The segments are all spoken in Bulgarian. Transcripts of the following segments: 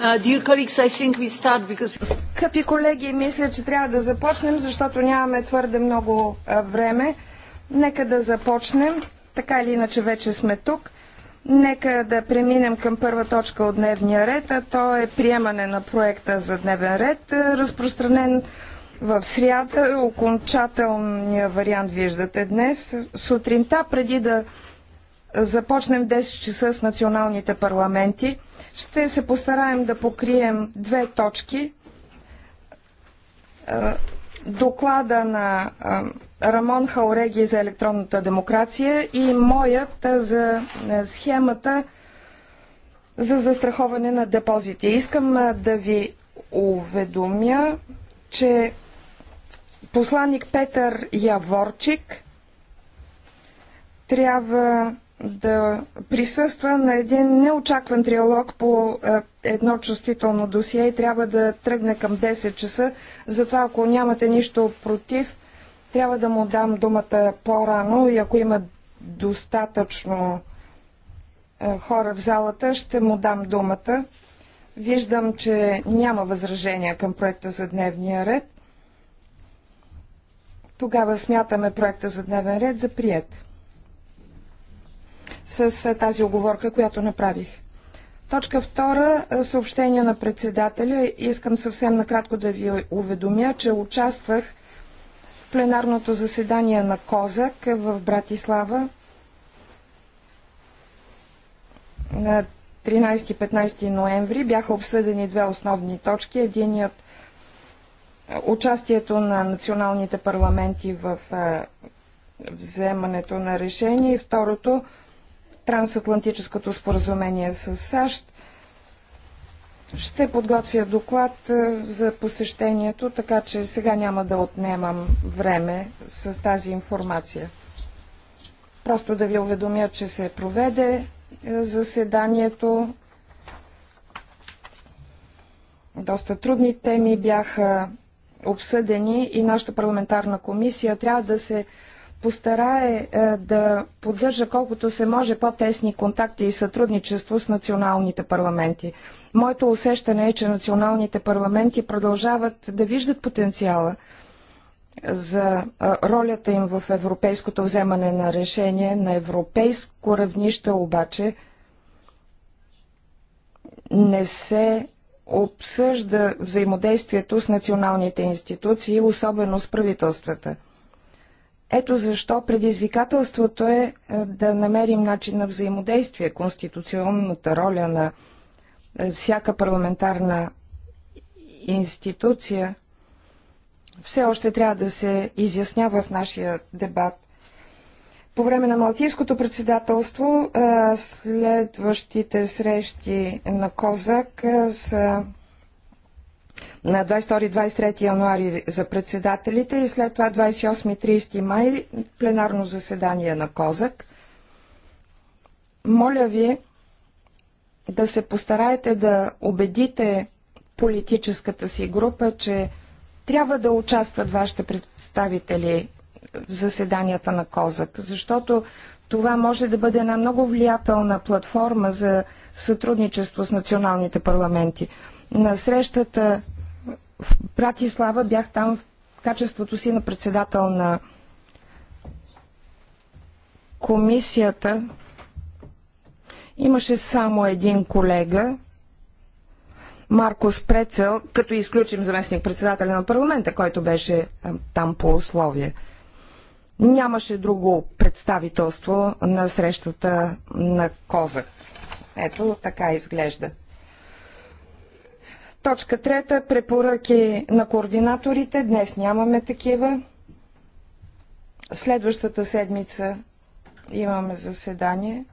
Uh, Скъпи колеги, мисля, че трябва да започнем, защото нямаме твърде много време. Нека да започнем. Така или иначе вече сме тук. Нека да преминем към първа точка от дневния ред, а то е приемане на проекта за дневен ред, разпространен в сряда. Окончателния вариант виждате днес. Сутринта, преди да започнем 10 часа с националните парламенти. Ще се постараем да покрием две точки. Доклада на Рамон Хауреги за електронната демокрация и моят за схемата за застраховане на депозити. Искам да ви уведомя, че посланник Петър Яворчик трябва да присъства на един неочакван триалог по е, едно чувствително досие и трябва да тръгне към 10 часа. Затова, ако нямате нищо против, трябва да му дам думата по-рано и ако има достатъчно е, хора в залата, ще му дам думата. Виждам, че няма възражения към проекта за дневния ред. Тогава смятаме проекта за дневен ред за приятел с тази оговорка, която направих. Точка втора – съобщение на председателя. Искам съвсем накратко да ви уведомя, че участвах в пленарното заседание на Козак в Братислава на 13-15 ноември. Бяха обсъдени две основни точки. Единият участието на националните парламенти в вземането на решение и второто – трансатлантическото споразумение с САЩ. Ще подготвя доклад е, за посещението, така че сега няма да отнемам време с тази информация. Просто да ви уведомя, че се проведе е, заседанието. Доста трудни теми бяха обсъдени и нашата парламентарна комисия трябва да се постарае е, да поддържа колкото се може по-тесни контакти и сътрудничество с националните парламенти. Моето усещане е, че националните парламенти продължават да виждат потенциала за е, ролята им в европейското вземане на решение на европейско равнище, обаче не се обсъжда взаимодействието с националните институции, особено с правителствата. Ето защо предизвикателството е, е да намерим начин на взаимодействие. Конституционната роля на е, всяка парламентарна институция все още трябва да се изяснява в нашия дебат. По време на Малтийското председателство е, следващите срещи на Козак са на 22-23 януари за председателите и след това 28-30 май пленарно заседание на Козак. Моля ви да се постараете да убедите политическата си група, че трябва да участват вашите представители в заседанията на Козак, защото това може да бъде една много влиятелна платформа за сътрудничество с националните парламенти на срещата в Братислава бях там в качеството си на председател на комисията. Имаше само един колега, Маркос Прецел, като изключим заместник председателя на парламента, който беше е, там по условие. Нямаше друго представителство на срещата на Козак. Ето така изглежда. Точка трета – препоръки на координаторите. Днес нямаме такива. Следващата седмица имаме заседание.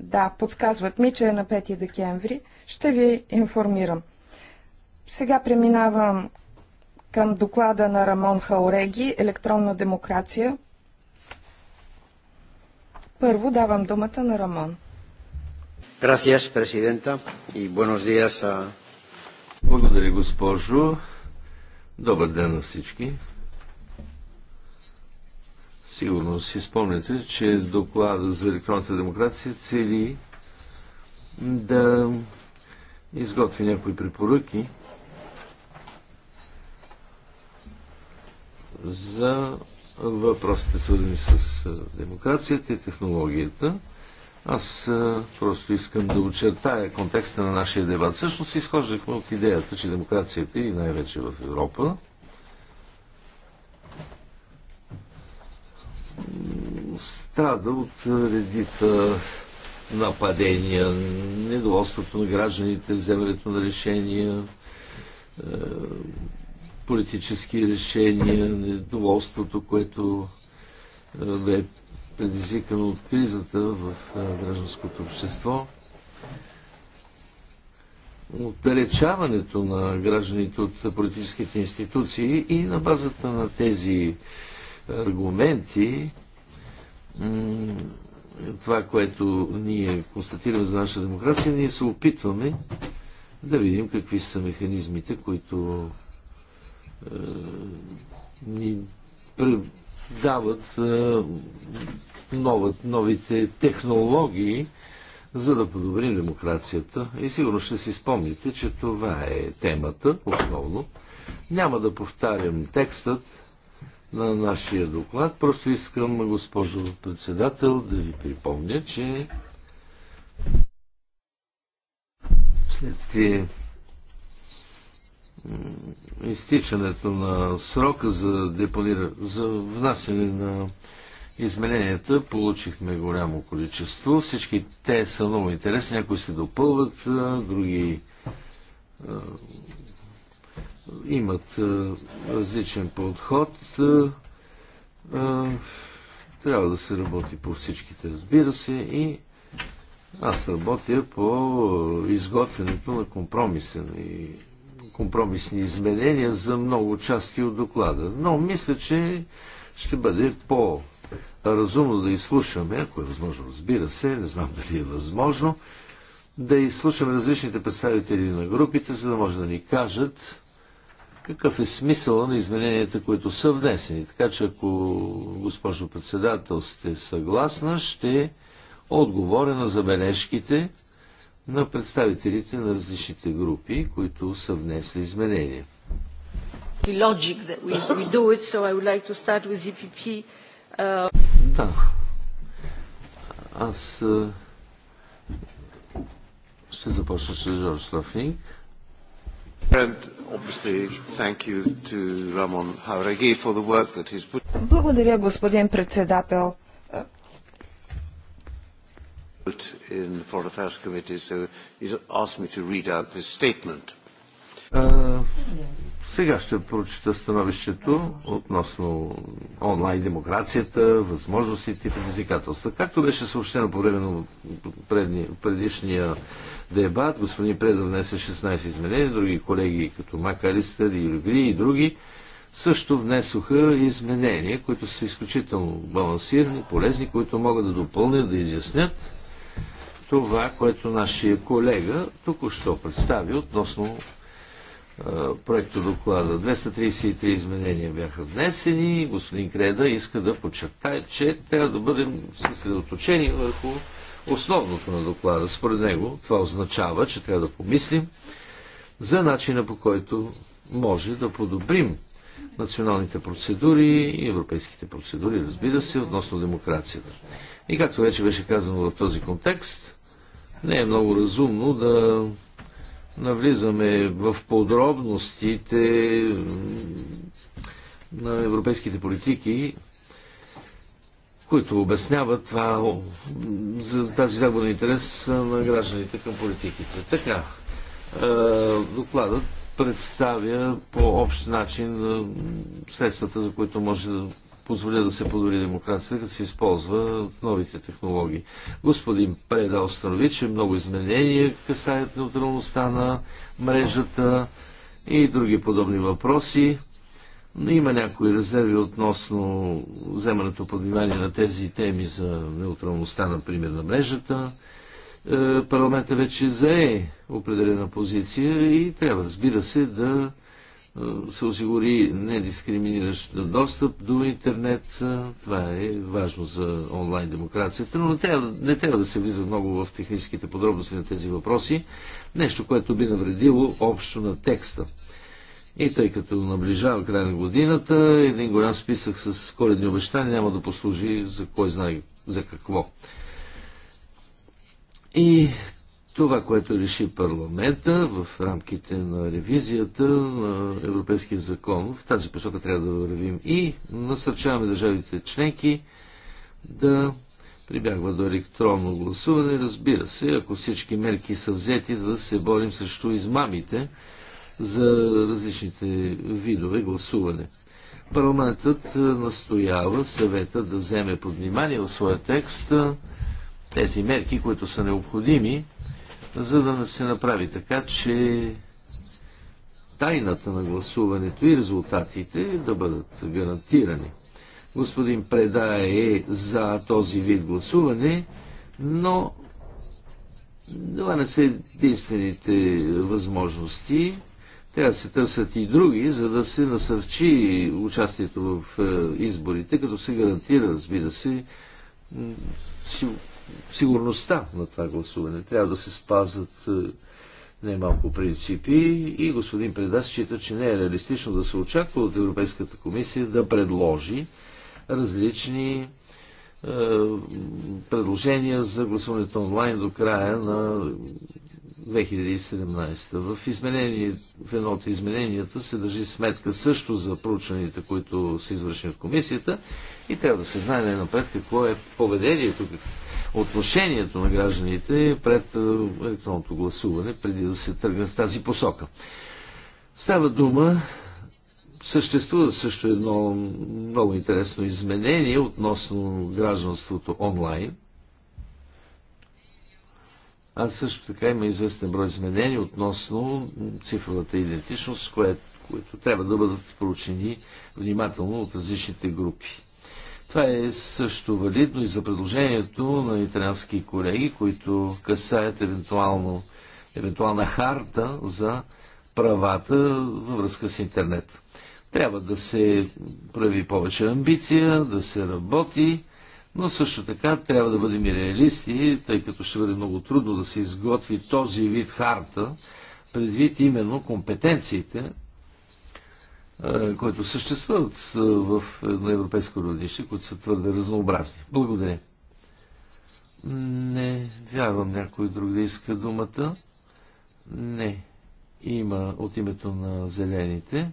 Да, подсказват ми, че е на 5 декември. Ще ви информирам. Сега преминавам към доклада на Рамон Хауреги «Електронна демокрация». Първо давам думата на Рамон. Gracias, Presidenta, y buenos días a благодаря, госпожо. Добър ден на всички. Сигурно си спомняте, че доклада за електронната демокрация цели да изготви някои препоръки за въпросите свързани с демокрацията и технологията. Аз е, просто искам да очертая контекста на нашия дебат. Всъщност изхождахме от идеята, че демокрацията и най-вече в Европа страда от редица нападения, недоволството на гражданите, вземането на решения, е, политически решения, недоволството, което е, бе предизвикано от кризата в гражданското общество, отдалечаването на гражданите от политическите институции и на базата на тези аргументи, това, което ние констатираме за наша демокрация, ние се опитваме да видим какви са механизмите, които е, ни дават е, нова, новите технологии, за да подобрим демокрацията. И сигурно ще си спомните, че това е темата основно. Няма да повтарям текстът на нашия доклад. Просто искам, госпожо председател, да ви припомня, че вследствие изтичането на срока за депонира, за внасяне на измененията. Получихме голямо количество. Всички те са много интересни. Някои се допълват, други имат различен подход. Трябва да се работи по всичките, разбира се, и аз работя по изготвянето на компромисен и компромисни изменения за много части от доклада. Но мисля, че ще бъде по разумно да изслушаме, ако е възможно, разбира се, не знам дали е възможно, да изслушаме различните представители на групите, за да може да ни кажат какъв е смисъл на измененията, които са внесени. Така че ако, госпожо председател, сте съгласна, ще отговоря на забележките, на представителите на различните групи, които са внесли изменения. Да. Аз ще започна с Жорж Лафинг. Благодаря, господин председател in the Foreign Affairs Committee, so he's asked me to read out this statement. Е, сега ще прочета становището относно онлайн демокрацията, възможностите и предизвикателства. Както беше съобщено по време на предишния дебат, господин Преда внесе 16 изменения, други колеги като Макалистър и Люгри и други също внесоха изменения, които са изключително балансирани, полезни, които могат да допълнят, да изяснят това, което нашия колега току-що представи относно проекта доклада. 233 изменения бяха внесени. Господин Креда иска да подчертае, че трябва да бъдем съсредоточени върху основното на доклада. Според него това означава, че трябва да помислим за начина по който може да подобрим националните процедури и европейските процедури, разбира се, относно демокрацията. И както вече беше казано в този контекст, не е много разумно да навлизаме в подробностите на европейските политики, които обясняват това, за тази загуба на интерес на гражданите към политиките. Така, е, докладът представя по общ начин е, средствата, за които може да позволя да се подобри демокрацията, като се използва от новите технологии. Господин Преда установи, че много изменения касаят неутралността на мрежата и други подобни въпроси. Но има някои резерви относно вземането под внимание на тези теми за неутралността, например, на мрежата. Е, парламента вече зае определена позиция и трябва, разбира се, да се осигури недискриминиращ достъп до интернет. Това е важно за онлайн демокрацията, но не трябва, не трябва да се влиза много в техническите подробности на тези въпроси. Нещо, което би навредило общо на текста. И тъй като наближава край на годината, един голям списък с коледни обещания няма да послужи за кой знае за какво. И това, което реши парламента в рамките на ревизията на Европейския закон, в тази посока трябва да вървим и насърчаваме държавите членки да прибягва до електронно гласуване. Разбира се, ако всички мерки са взети, за да се борим срещу измамите за различните видове гласуване. Парламентът е, настоява съвета да вземе под внимание в своя текст е, тези мерки, които са необходими за да не се направи така, че тайната на гласуването и резултатите да бъдат гарантирани. Господин Преда е за този вид гласуване, но това не са единствените възможности. Трябва да се търсят и други, за да се насърчи участието в е, изборите, като се гарантира, разбира се, сигурността на това гласуване. Трябва да се спазват е, най-малко принципи и господин Предас счита, че не е реалистично да се очаква от Европейската комисия да предложи различни е, предложения за гласуването онлайн до края на 2017. В, в едно от измененията се държи сметка също за проучванията, които са извършват в комисията и трябва да се знае най-напред какво е поведението, отношението на гражданите пред е, електронното гласуване, преди да се тръгне в тази посока. Става дума, съществува също едно много интересно изменение относно гражданството онлайн. А също така има известен брой изменения относно цифровата идентичност, което, които трябва да бъдат проучени внимателно от различните групи. Това е също валидно и за предложението на италиански колеги, които касаят евентуално, евентуална харта за правата във връзка с интернет. Трябва да се прави повече амбиция, да се работи, но също така трябва да бъдем и реалисти, тъй като ще бъде много трудно да се изготви този вид харта, предвид именно компетенциите които съществуват в, на европейско родище, които са твърде разнообразни. Благодаря. Не вярвам някой друг да иска думата. Не. Има от името на зелените.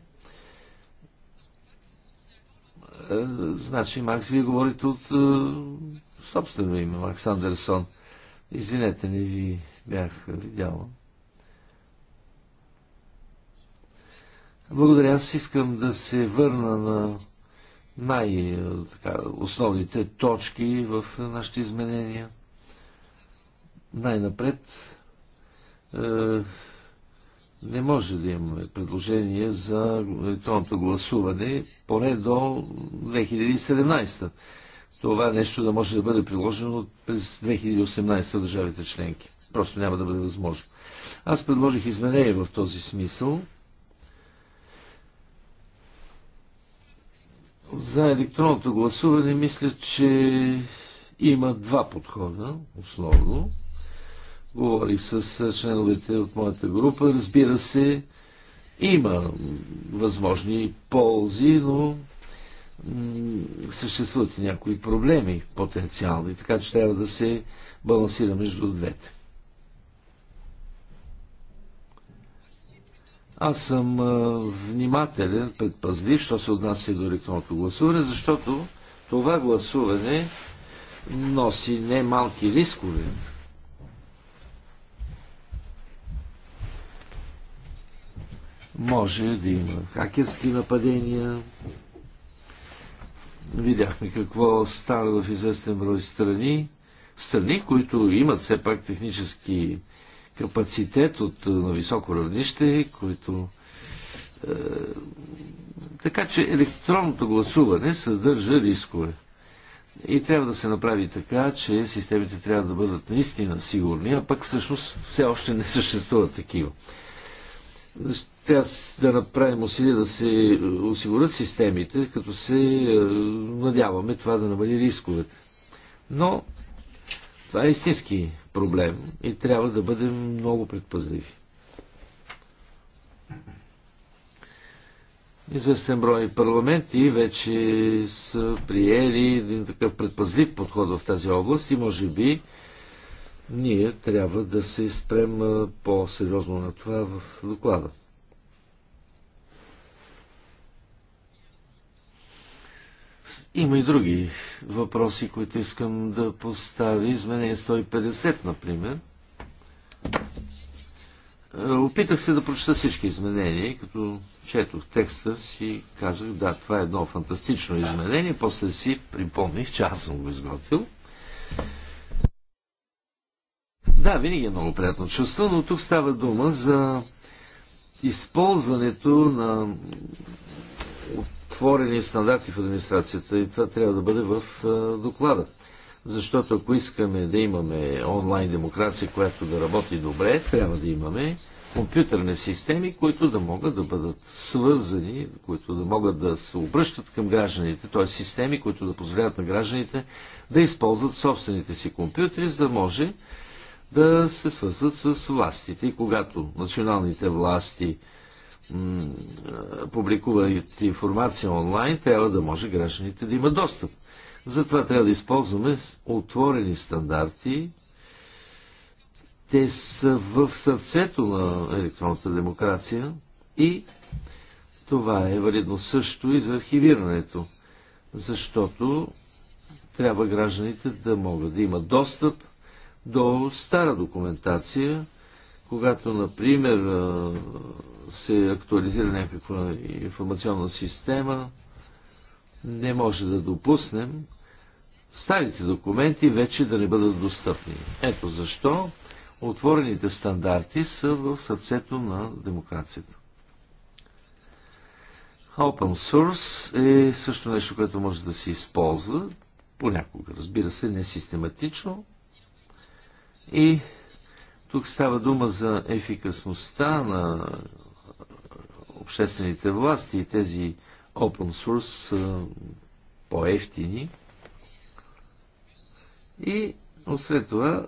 Значи, Макс, вие говорите от собствено име, Макс Андерсон. Извинете, не ви бях видял. Благодаря. Аз искам да се върна на най-основните точки в нашите изменения. Най-напред е, не може да имаме предложение за електронното гласуване поне до 2017. Това е нещо да може да бъде приложено през 2018 държавите членки. Просто няма да бъде възможно. Аз предложих изменение в този смисъл За електронното гласуване мисля, че има два подхода, основно. Говорих с членовете от моята група. Разбира се, има възможни ползи, но съществуват и някои проблеми потенциални, така че трябва да се балансира между двете. Аз съм внимателен, предпазлив, що се отнася до електронното гласуване, защото това гласуване носи немалки рискове. Може да има хакерски нападения. Видяхме какво стана в известен брой страни. Страни, които имат все пак технически капацитет от, е, на високо равнище, които е, така че електронното гласуване съдържа рискове. И трябва да се направи така, че системите трябва да бъдат наистина сигурни, а пък всъщност все още не съществуват такива. Трябва да направим усилия да се осигурят системите, като се е, надяваме това да намали рисковете. Но това е истински проблем и трябва да бъдем много предпазливи. Известен брой парламенти вече са приели един такъв предпазлив подход в тази област и може би ние трябва да се спрем по-сериозно на това в доклада. Има и други въпроси, които искам да поставя. Изменение 150, например. Е, опитах се да прочета всички изменения, като четох текста си и казах, да, това е едно фантастично изменение, после си припомних, че аз съм го изготвил. Да, винаги е много приятно чувство, но тук става дума за използването на отворени стандарти в администрацията и това трябва да бъде в доклада. Защото ако искаме да имаме онлайн демокрация, която да работи добре, трябва да имаме компютърни системи, които да могат да бъдат свързани, които да могат да се обръщат към гражданите, т.е. системи, които да позволяват на гражданите да използват собствените си компютри, за да може да се свързват с властите. И когато националните власти публикуват информация онлайн, трябва да може гражданите да имат достъп. Затова трябва да използваме отворени стандарти. Те са в сърцето на електронната демокрация и това е валидно също и за архивирането, защото трябва гражданите да могат да имат достъп до стара документация, когато, например, се актуализира някаква информационна система, не може да допуснем старите документи вече да не бъдат достъпни. Ето защо отворените стандарти са в сърцето на демокрацията. Open source е също нещо, което може да се използва понякога, разбира се, не систематично и тук става дума за ефикасността на обществените власти и тези open source са по-ефтини. И освен това,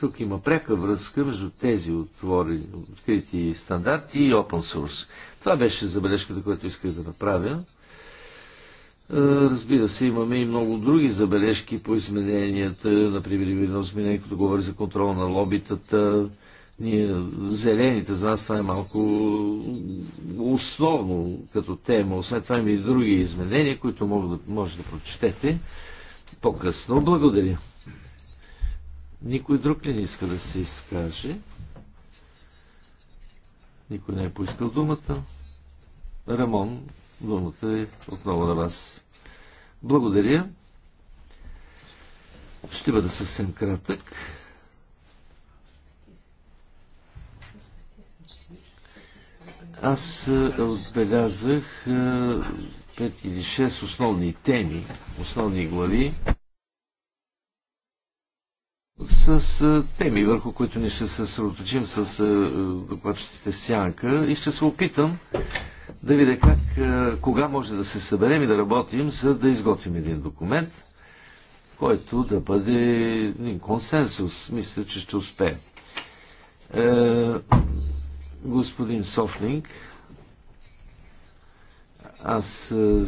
тук има пряка връзка между тези отвори, открити стандарти и open source. Това беше забележката, която исках да направя. Е, разбира се, имаме и много други забележки по измененията, например, едно изменение, като говори за контрол на лобитата. Ние, зелените, за нас това е малко основно като тема. Освен това има и други изменения, които мога да, може да прочетете по-късно. Благодаря. Никой друг ли не иска да се изкаже? Никой не е поискал думата. Рамон, Думата е отново на вас. Благодаря. Ще бъда съвсем кратък. Аз е, отбелязах 5 е, или 6 основни теми, основни глави с е, теми, върху които ни ще се съсредоточим с докладчиците в сянка и ще се опитам да видя как, е, кога може да се съберем и да работим, за да изготвим един документ, който да бъде един консенсус. Мисля, че ще успее. Е, господин Софлинг, аз е,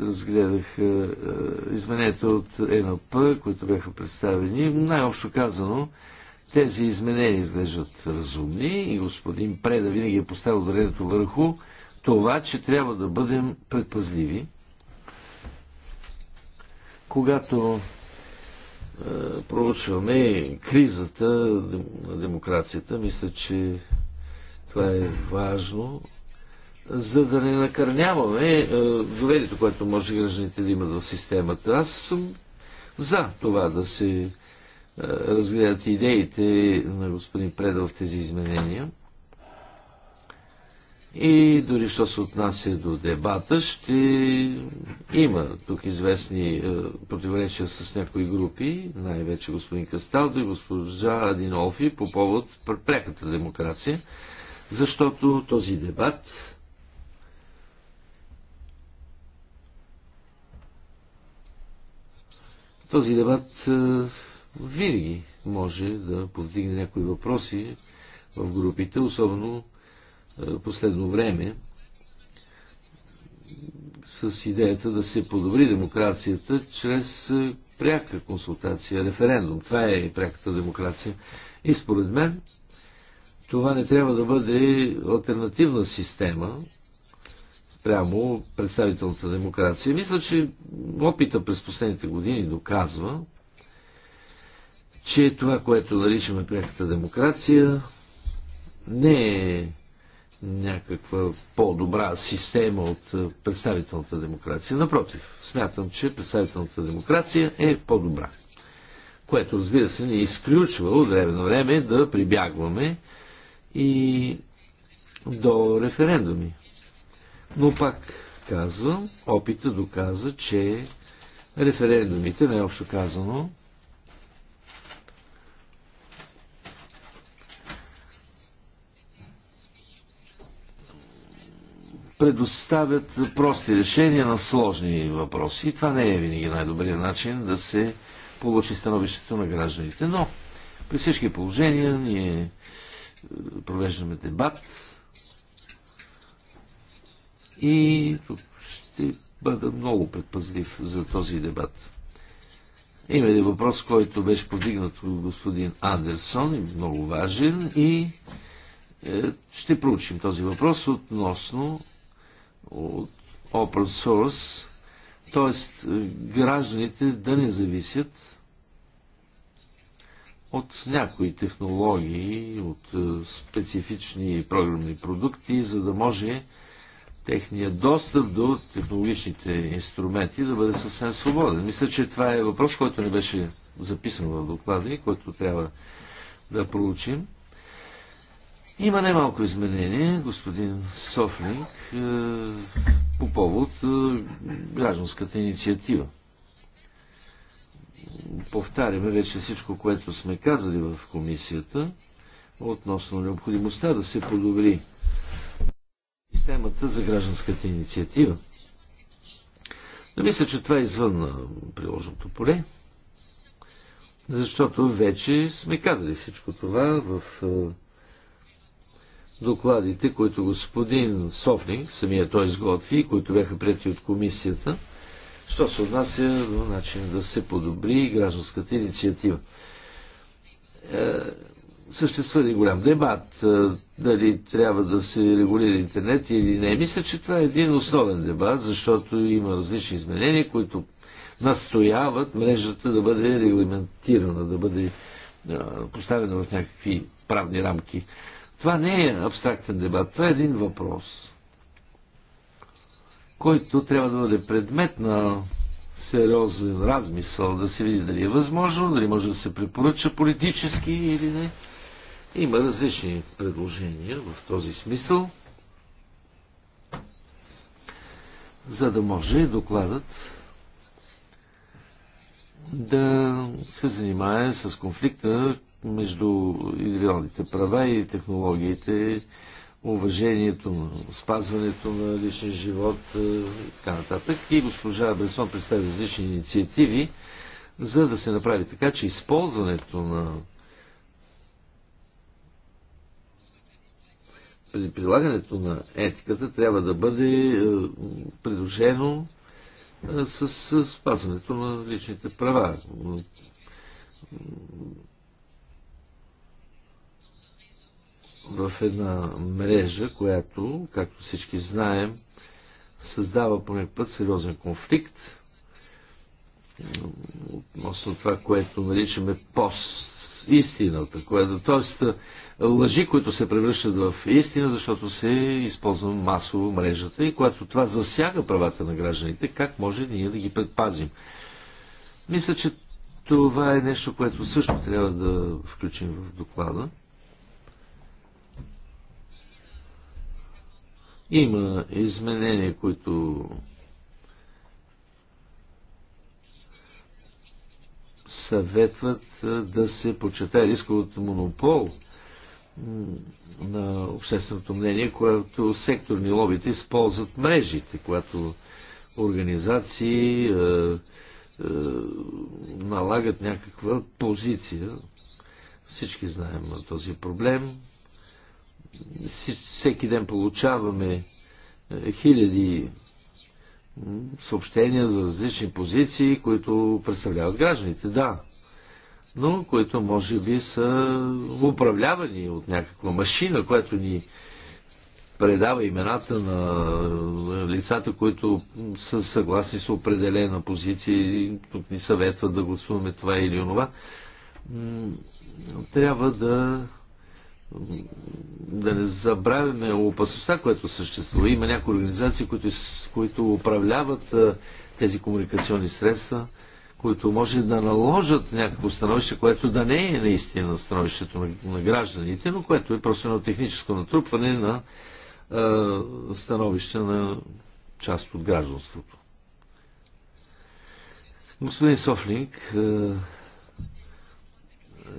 разгледах е, е, измененията от ЕНП, които бяха представени. Най-общо казано, тези изменения изглеждат разумни и господин Преда винаги е поставил дарението върху това, че трябва да бъдем предпазливи, когато е, проучваме кризата на демокрацията, мисля, че това е важно, за да не накърняваме е, доверието, което може гражданите да имат в системата. Аз съм за това да се е, разгледат идеите на господин Преда в тези изменения. И дори що се отнася до дебата, ще има тук известни е, противоречия с някои групи, най-вече господин Касталдо и госпожа Адинолфи по повод пряката демокрация, защото този дебат този дебат е, винаги може да повдигне някои въпроси в групите, особено последно време с идеята да се подобри демокрацията чрез е, пряка консултация, референдум. Това е пряката демокрация. И според мен това не трябва да бъде альтернативна система прямо представителната демокрация. Мисля, че опита през последните години доказва, че това, което наричаме пряката демокрация, не е някаква по-добра система от е, представителната демокрация. Напротив, смятам, че представителната демокрация е по-добра. Което, разбира се, не изключва от време на време да прибягваме и до референдуми. Но пак казвам, опита доказа, че референдумите, най-общо казано, предоставят прости решения на сложни въпроси. И това не е винаги най-добрият начин да се получи становището на гражданите. Но при всички положения ние е, провеждаме дебат и тук ще бъда много предпазлив за този дебат. Има един въпрос, който беше повдигнат от господин Андерсон, много важен и е, ще проучим този въпрос относно от open source, т.е. гражданите да не зависят от някои технологии, от е, специфични програмни продукти, за да може техният достъп до технологичните инструменти да бъде съвсем свободен. Мисля, че това е въпрос, който не беше записан в доклада и който трябва да проучим. Има немалко изменение, господин Софлинг, е, по повод е, гражданската инициатива. Повтаряме вече всичко, което сме казали в комисията относно необходимостта да се подобри системата за гражданската инициатива. Но мисля, че това е извън е, приложното поле, защото вече сме казали всичко това в докладите, които господин Софлинг, самия той изготви, които бяха прияти от комисията, що се отнася до начин да се подобри гражданската инициатива. Е, съществува и голям дебат е, дали трябва да се регулира интернет или не. Мисля, че това е един основен дебат, защото има различни изменения, които настояват мрежата да бъде регламентирана, да бъде е, поставена в някакви правни рамки. Това не е абстрактен дебат, това е един въпрос, който трябва да бъде предмет на сериозен размисъл, да се види дали е възможно, дали може да се препоръча политически или не. Има различни предложения в този смисъл, за да може докладът да се занимае с конфликта, между индивидуалните права и технологиите, уважението, спазването на личен живот е, и така нататък. И госпожа Бресон представи различни инициативи, за да се направи така, че използването на прилагането на етиката трябва да бъде е, придружено е, с спазването на личните права. в една мрежа, която, както всички знаем, създава по някакъв път сериозен конфликт относно това, което наричаме пост истината, което, т.е. лъжи, които се превръщат в истина, защото се използва масово мрежата и когато това засяга правата на гражданите, как може ние да ги предпазим? Мисля, че това е нещо, което също трябва да включим в доклада. Има изменения, които съветват да се почета риска от монопол на общественото мнение, което секторни лобите използват мрежите, когато организации е, е, налагат някаква позиция. Всички знаем този проблем всеки ден получаваме е, хиляди съобщения за различни позиции, които представляват гражданите, да, но които може би са управлявани от някаква машина, която ни предава имената на лицата, които са съгласни с определена позиция и тук ни съветват да гласуваме това или онова. Трябва да да не забравяме опасността, която съществува. Има някои организации, които, които управляват а, тези комуникационни средства, които може да наложат някакво становище, което да не е наистина становището на, на гражданите, но което е просто едно техническо натрупване на а, становище на част от гражданството. Господин Софлинг, а,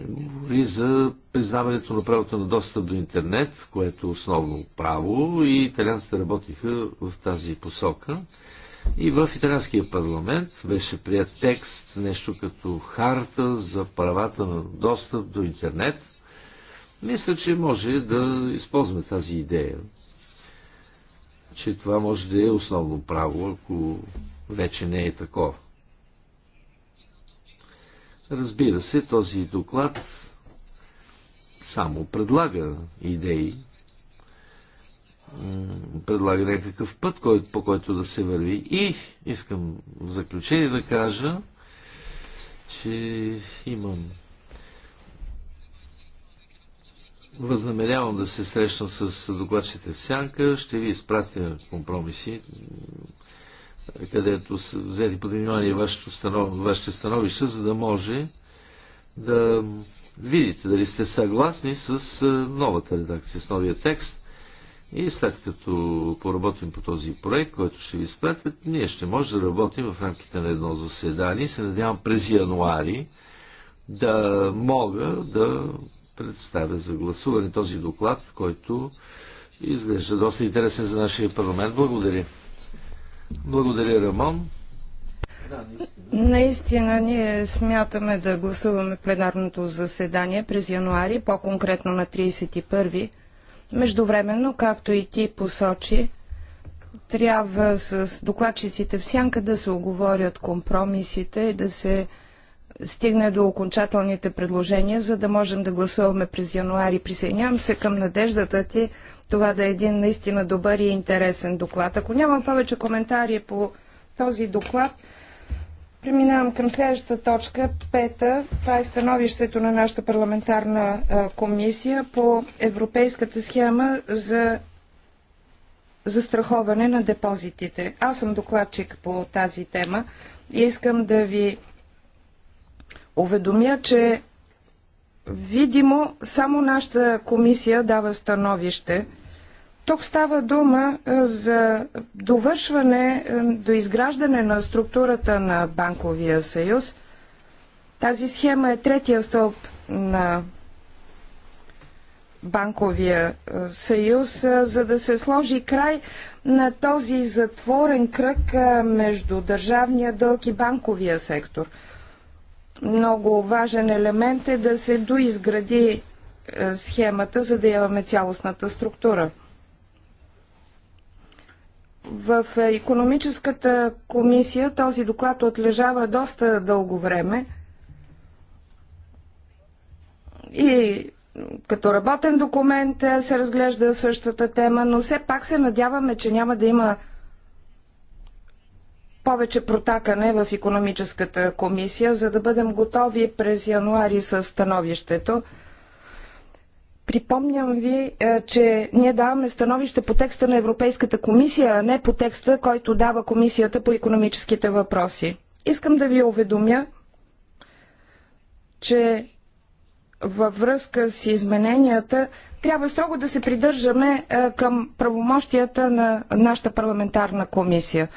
Говори за признаването на правото на достъп до интернет, което е основно право и италианците работиха в тази посока. И в италианския парламент беше прият текст, нещо като харта за правата на достъп до интернет. Мисля, че може да използваме тази идея, че това може да е основно право, ако вече не е такова. Разбира се, този доклад само предлага идеи, предлага някакъв път, по който да се върви. И искам в заключение да кажа, че имам Възнамерявам да се срещна с докладчите в Сянка. Ще ви изпратя компромиси, където са взели под внимание вашето становище, становища, за да може да видите дали сте съгласни с новата редакция, с новия текст. И след като поработим по този проект, който ще ви спратят, ние ще може да работим в рамките на едно заседание. Се надявам през януари да мога да представя за гласуване този доклад, който изглежда доста интересен за нашия парламент. Благодаря. Благодаря, Рамон. наистина. ние смятаме да гласуваме пленарното заседание през януари, по-конкретно на 31. Междувременно, както и ти посочи, трябва с докладчиците в сянка да се оговорят компромисите и да се стигне до окончателните предложения, за да можем да гласуваме през януари. Присъединявам се към надеждата ти това да е един наистина добър и интересен доклад. Ако няма повече коментари по този доклад, преминавам към следващата точка, пета. Това е становището на нашата парламентарна комисия по европейската схема за застраховане на депозитите. Аз съм докладчик по тази тема и искам да ви уведомя, че видимо само нашата комисия дава становище – тук става дума е, за довършване, е, до изграждане на структурата на Банковия съюз. Тази схема е третия стълб на Банковия е, съюз, за да се сложи край на този затворен кръг между държавния дълг и банковия сектор. Много важен елемент е да се доизгради схемата, за да имаме цялостната структура. В е, економическата комисия този доклад отлежава доста дълго време и като работен документ е, се разглежда същата тема, но все пак се надяваме, че няма да има повече протакане в економическата комисия, за да бъдем готови през януари с становището Припомням ви, е, че ние даваме становище по текста на Европейската комисия, а не по текста, който дава комисията по економическите въпроси. Искам да ви уведомя, че във връзка с измененията трябва строго да се придържаме е, към правомощията на нашата парламентарна комисия,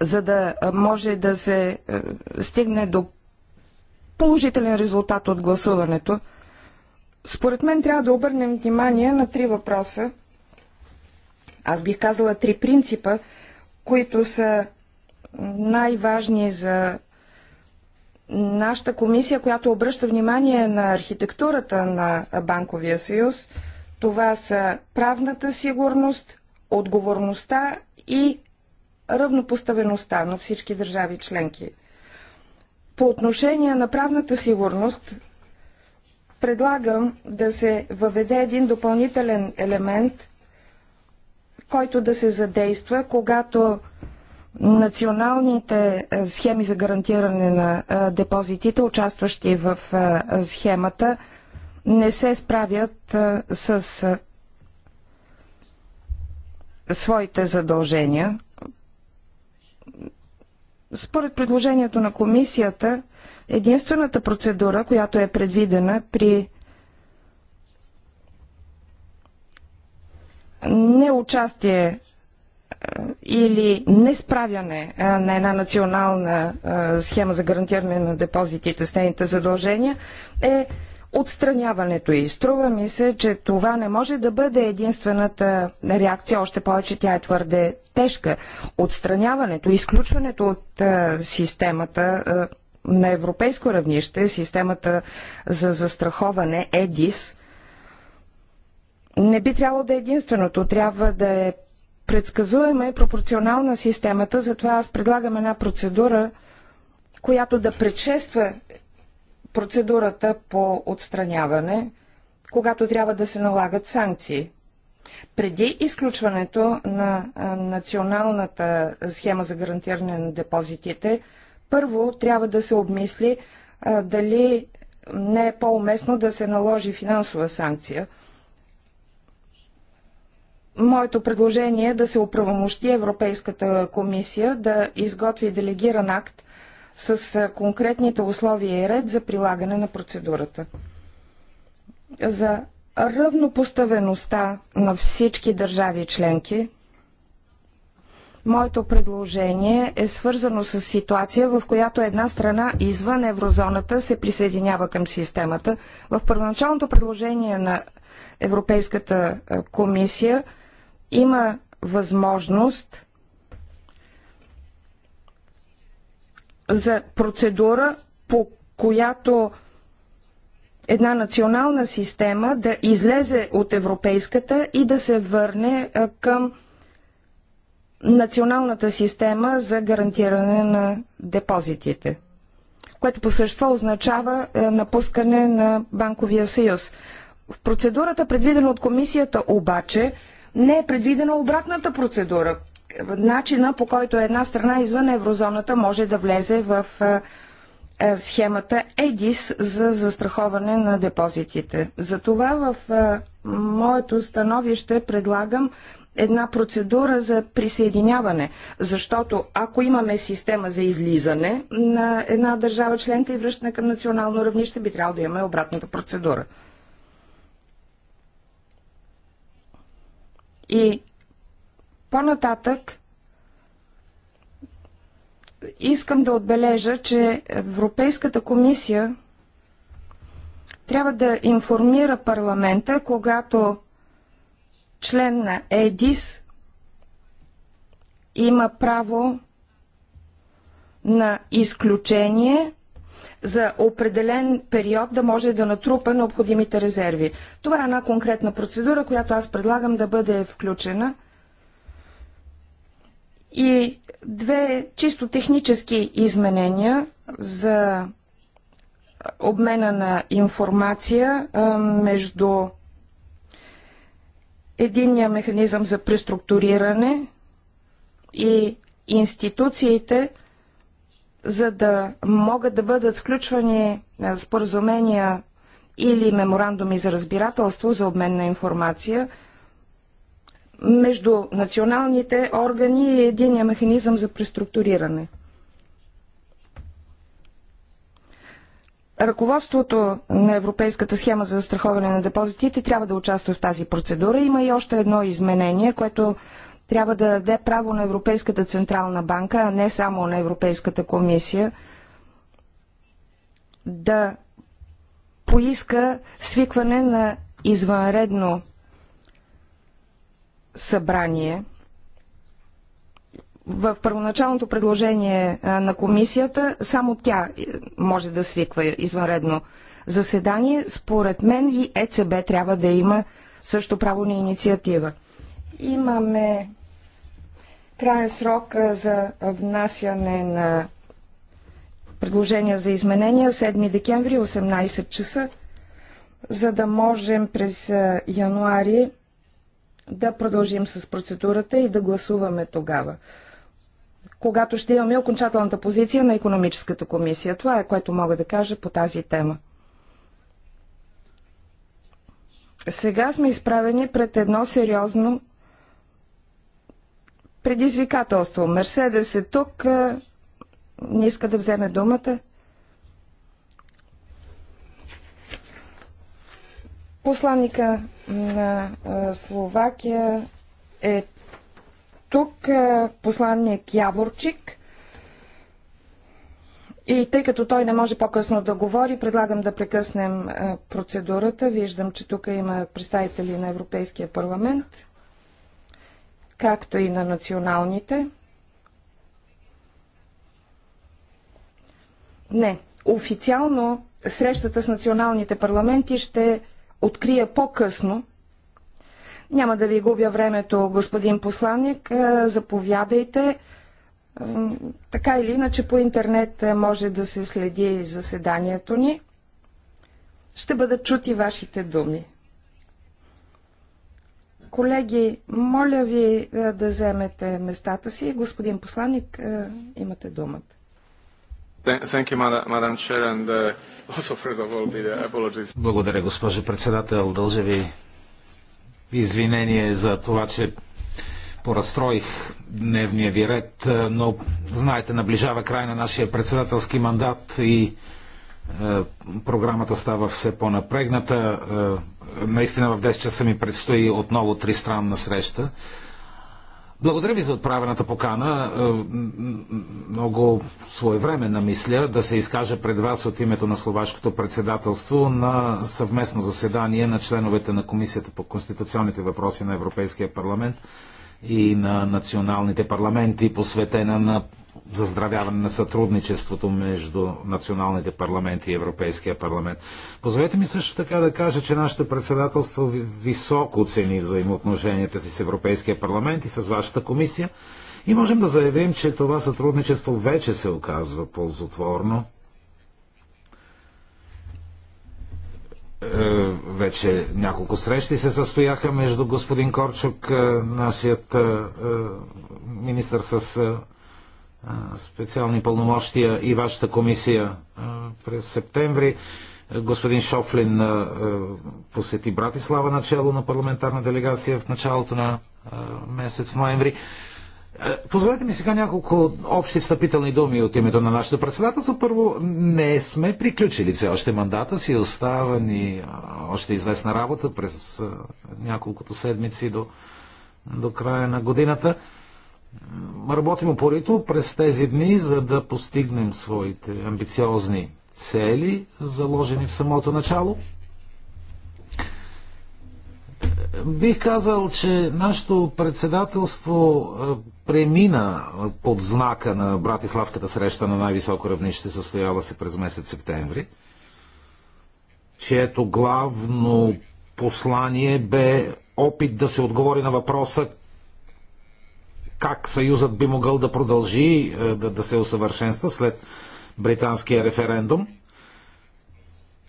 за да може да се е, стигне до положителен резултат от гласуването. Според мен трябва да обърнем внимание на три въпроса. Аз бих казала три принципа, които са най-важни за нашата комисия, която обръща внимание на архитектурата на Банковия съюз. Това са правната сигурност, отговорността и равнопоставеността на всички държави членки. По отношение на правната сигурност, предлагам да се въведе един допълнителен елемент, който да се задейства, когато националните е, схеми за гарантиране на е, депозитите, участващи в е, схемата, не се справят с своите задължения. Според предложението на комисията, Единствената процедура, която е предвидена при неучастие е, или несправяне е, на една национална е, схема за гарантиране на депозитите с нейните задължения е отстраняването и струва ми се, че това не може да бъде единствената реакция, още повече тя е твърде тежка. Отстраняването, изключването от системата на европейско равнище системата за застраховане ЕДИС не би трябвало да е единственото. Трябва да е предсказуема и пропорционална системата, затова аз предлагам една процедура, която да предшества процедурата по отстраняване, когато трябва да се налагат санкции. Преди изключването на националната схема за гарантиране на депозитите – първо трябва да се обмисли а, дали не е по-уместно да се наложи финансова санкция. Моето предложение е да се оправомощи Европейската комисия да изготви делегиран акт с конкретните условия и ред за прилагане на процедурата. За равнопоставеността на всички държави членки Моето предложение е свързано с ситуация, в която една страна извън еврозоната се присъединява към системата. В първоначалното предложение на Европейската комисия има възможност за процедура, по която една национална система да излезе от европейската и да се върне към националната система за гарантиране на депозитите, което по същество означава е, напускане на банковия съюз. В процедурата, предвидена от комисията, обаче не е предвидена обратната процедура, начина по който една страна извън еврозоната може да влезе в е, е, схемата ЕДИС за застраховане на депозитите. Затова в моето становище предлагам една процедура за присъединяване, защото ако имаме система за излизане на една държава членка и връщане към национално равнище, би трябвало да имаме обратната процедура. И по-нататък искам да отбележа, че Европейската комисия трябва да информира парламента, когато член на ЕДИС има право на изключение за определен период да може да натрупа необходимите резерви. Това е една конкретна процедура, която аз предлагам да бъде включена. И две чисто технически изменения за обмена на информация между единния механизъм за преструктуриране и институциите, за да могат да бъдат сключвани е, споразумения или меморандуми за разбирателство за обмен на информация между националните органи и единия механизъм за преструктуриране. Ръководството на Европейската схема за застраховане на депозитите трябва да участва в тази процедура. Има и още едно изменение, което трябва да даде право на Европейската Централна банка, а не само на Европейската комисия, да поиска свикване на извънредно събрание – в първоначалното предложение на комисията само тя е, може да свиква извънредно заседание. Според мен и ЕЦБ трябва да има също право на инициатива. Имаме краен срок за внасяне на предложения за изменения 7 декември 18 часа, за да можем през януари да продължим с процедурата и да гласуваме тогава когато ще имаме окончателната позиция на економическата комисия. Това е което мога да кажа по тази тема. Сега сме изправени пред едно сериозно предизвикателство. Мерседес е тук, не иска да вземе думата. Посланника на Словакия е тук е, посланник Яворчик. И тъй като той не може по-късно да говори, предлагам да прекъснем е, процедурата. Виждам, че тук има представители на Европейския парламент, както и на националните. Не, официално срещата с националните парламенти ще открия по-късно, няма да ви губя времето, господин посланник. Е, заповядайте. Е, така или иначе по интернет е, може да се следи заседанието ни. Ще бъдат чути вашите думи. Колеги, моля ви да вземете местата си. Господин посланник, имате думата. Благодаря, госпожо председател. Дължа ви Извинение за това, че поразстроих дневния ви ред, е, но знаете, наближава край на нашия председателски мандат и е, програмата става все по-напрегната. Е, наистина в 10 часа ми предстои отново тристранна среща благодаря ви за отправената покана. Е, много своевременна мисля да се изкажа пред вас от името на Словашкото председателство на съвместно заседание на членовете на Комисията по конституционните въпроси на Европейския парламент и на националните парламенти, посветена на заздравяване на сътрудничеството между националните парламенти и Европейския парламент. Позволете ми също така да кажа, че нашето председателство високо цени взаимоотношенията си с Европейския парламент и с вашата комисия. И можем да заявим, че това сътрудничество вече се оказва ползотворно. Е, вече няколко срещи се състояха между господин Корчук, е, нашият е, министр с специални пълномощия и вашата комисия през септември. Господин Шофлин посети Братислава начало на парламентарна делегация в началото на месец ноември. Позволете ми сега няколко общи встъпителни думи от името на нашата председателство. Първо, не сме приключили все още мандата си, остава ни още известна работа през няколкото седмици до, до края на годината. Работим упорито през тези дни, за да постигнем своите амбициозни цели, заложени в самото начало. Бих казал, че нашето председателство премина под знака на Братиславката среща на най-високо равнище, състояла се през месец септември, чието главно послание бе опит да се отговори на въпроса как Съюзът би могъл да продължи е, да, да се усъвършенства след британския референдум.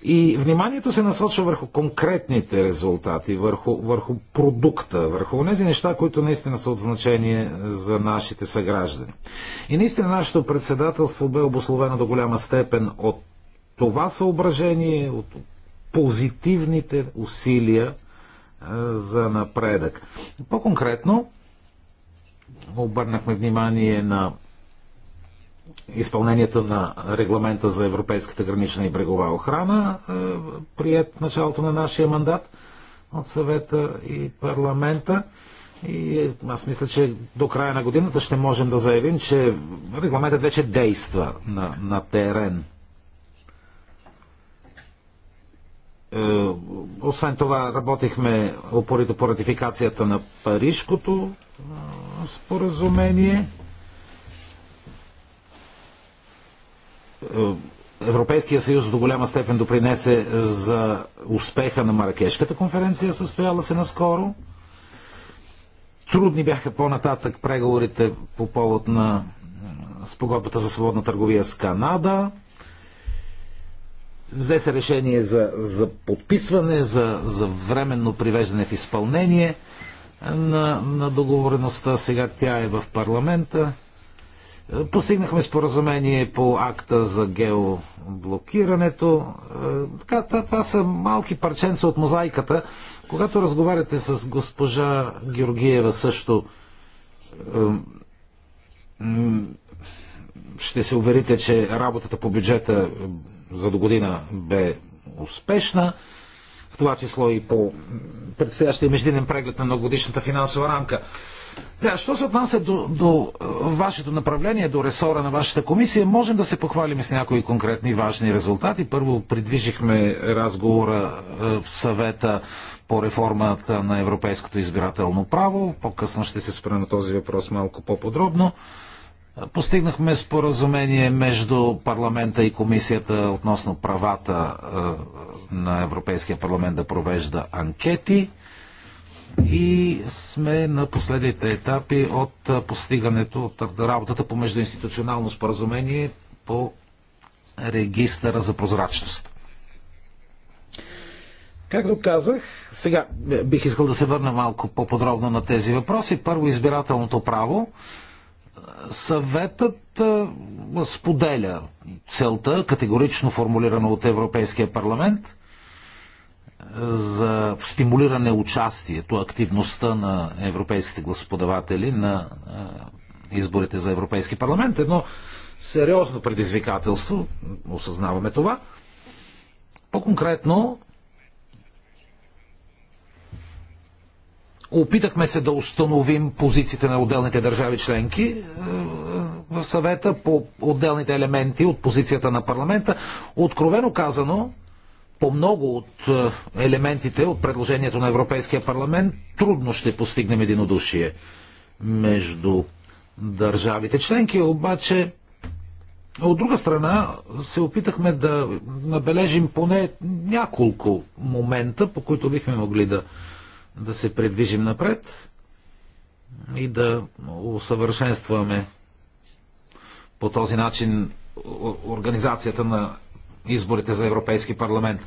И вниманието се насочва върху конкретните резултати, върху, върху продукта, върху тези неща, които наистина са от значение за нашите съграждани. И наистина нашето председателство бе обословено до голяма степен от това съображение, от позитивните усилия е, за напредък. По-конкретно, обърнахме внимание на изпълнението на регламента за Европейската гранична и брегова охрана, е, прият началото на нашия мандат от съвета и парламента. И аз мисля, че до края на годината ще можем да заявим, че регламентът вече действа на, на терен. Е, освен това, работихме опорито по ратификацията на Парижкото споразумение. Европейския съюз до голяма степен допринесе за успеха на Маракешката конференция, състояла се наскоро. Трудни бяха по-нататък преговорите по повод на спогодбата за свободна търговия с Канада. Взе се решение за, за подписване, за, за временно привеждане в изпълнение на, на договореността. Сега тя е в парламента. Е, постигнахме споразумение по акта за геоблокирането. Е, така, това, това са малки парченца от мозайката. Когато разговаряте с госпожа Георгиева също, е, ще се уверите, че работата по бюджета за до година бе успешна в това число и по предстоящия междинен преглед на многогодишната финансова рамка. Да, що се отнася до, до е, вашето направление, до ресора на вашата комисия, можем да се похвалим с някои конкретни важни резултати. Първо придвижихме разговора е, в съвета по реформата на европейското избирателно право. По-късно ще се спра на този въпрос малко по-подробно. Постигнахме споразумение между парламента и комисията относно правата на Европейския парламент да провежда анкети и сме на последните етапи от постигането от работата по междуинституционално споразумение по регистъра за прозрачност. Както казах, сега бих искал да се върна малко по-подробно на тези въпроси. Първо, избирателното право. Съветът споделя целта, категорично формулирана от Европейския парламент, за стимулиране участието, активността на европейските гласоподаватели на изборите за Европейски парламент. Едно сериозно предизвикателство, осъзнаваме това. По-конкретно, Опитахме се да установим позициите на отделните държави членки е, в съвета по отделните елементи от позицията на парламента. Откровено казано, по много от е, елементите от предложението на Европейския парламент трудно ще постигнем единодушие между държавите членки, обаче от друга страна се опитахме да набележим поне няколко момента, по които бихме могли да да се предвижим напред и да усъвършенстваме по този начин организацията на изборите за Европейски парламент.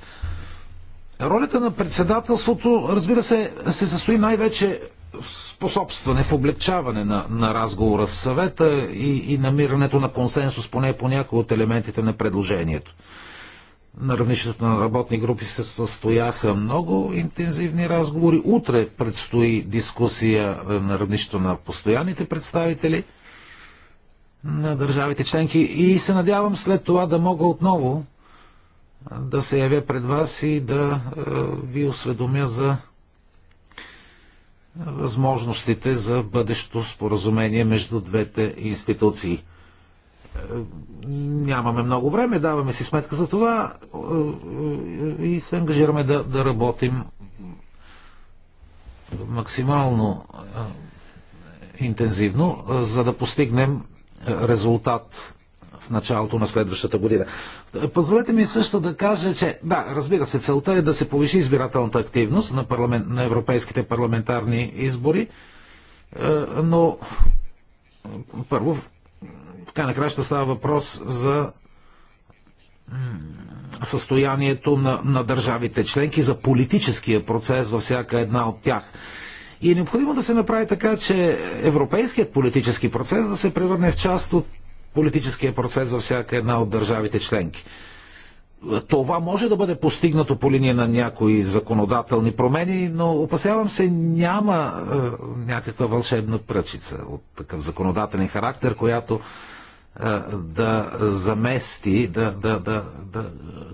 Ролята на председателството, разбира се, се състои най-вече в способстване, в облегчаване на, на разговора в съвета и, и намирането на консенсус поне по някои от елементите на предложението на равнището на работни групи се състояха много интензивни разговори. Утре предстои дискусия е, на равнището на постоянните представители на държавите членки и се надявам след това да мога отново е, да се явя пред вас и да е, ви осведомя за възможностите за бъдещо споразумение между двете институции нямаме много време, даваме си сметка за това е, е, и се ангажираме да, да работим максимално е, интензивно, за да постигнем резултат в началото на следващата година. Позволете ми също да кажа, че да, разбира се, целта е да се повиши избирателната активност на, парламент, на европейските парламентарни избори, но първо така накрая ще става въпрос за състоянието на, на държавите членки, за политическия процес във всяка една от тях. И е необходимо да се направи така, че европейският политически процес да се превърне в част от политическия процес във всяка една от държавите членки. Това може да бъде постигнато по линия на някои законодателни промени, но опасявам се няма е, някаква вълшебна пръчица от такъв законодателен характер, която да замести, да, да, да, да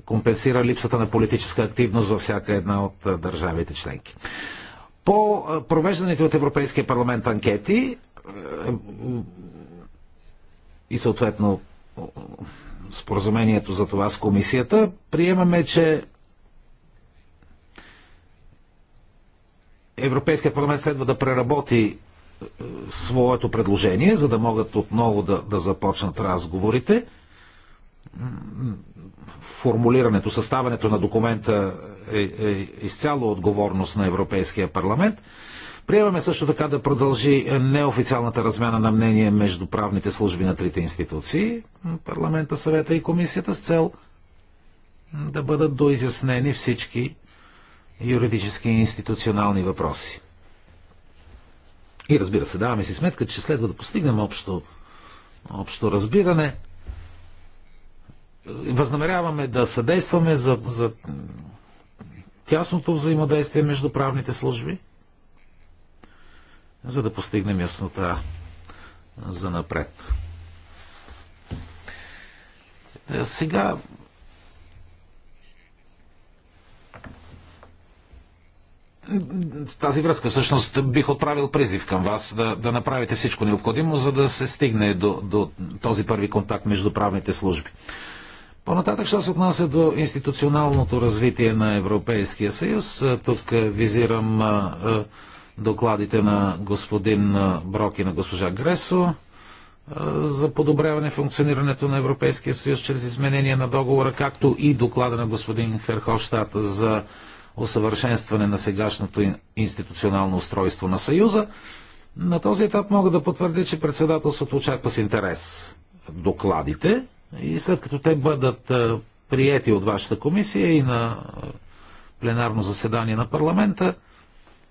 компенсира липсата на политическа активност във всяка една от държавите членки. По провежданите от Европейския парламент анкети и съответно споразумението за това с комисията, приемаме, че Европейският парламент следва да преработи своето предложение, за да могат отново да, да започнат разговорите. Формулирането, съставането на документа е, е изцяло отговорност на Европейския парламент. Приемаме също така да продължи неофициалната размяна на мнение между правните служби на трите институции, парламента, съвета и комисията, с цел да бъдат доизяснени всички юридически и институционални въпроси. И разбира се, даваме си сметка, че следва да постигнем общо, общо разбиране. Възнамеряваме да съдействаме за, за тясното взаимодействие между правните служби, за да постигнем яснота за напред. Сега В тази връзка всъщност бих отправил призив към вас да, да направите всичко необходимо, за да се стигне до, до този първи контакт между правните служби. По-нататък, що се отнася до институционалното развитие на Европейския съюз, тук визирам докладите на господин Брок и на госпожа Гресо за подобряване функционирането на Европейския съюз чрез изменение на договора, както и доклада на господин Ферховщата за усъвършенстване на сегашното институционално устройство на Съюза. На този етап мога да потвърдя, че председателството очаква с интерес докладите и след като те бъдат е, приети от вашата комисия и на е, пленарно заседание на парламента,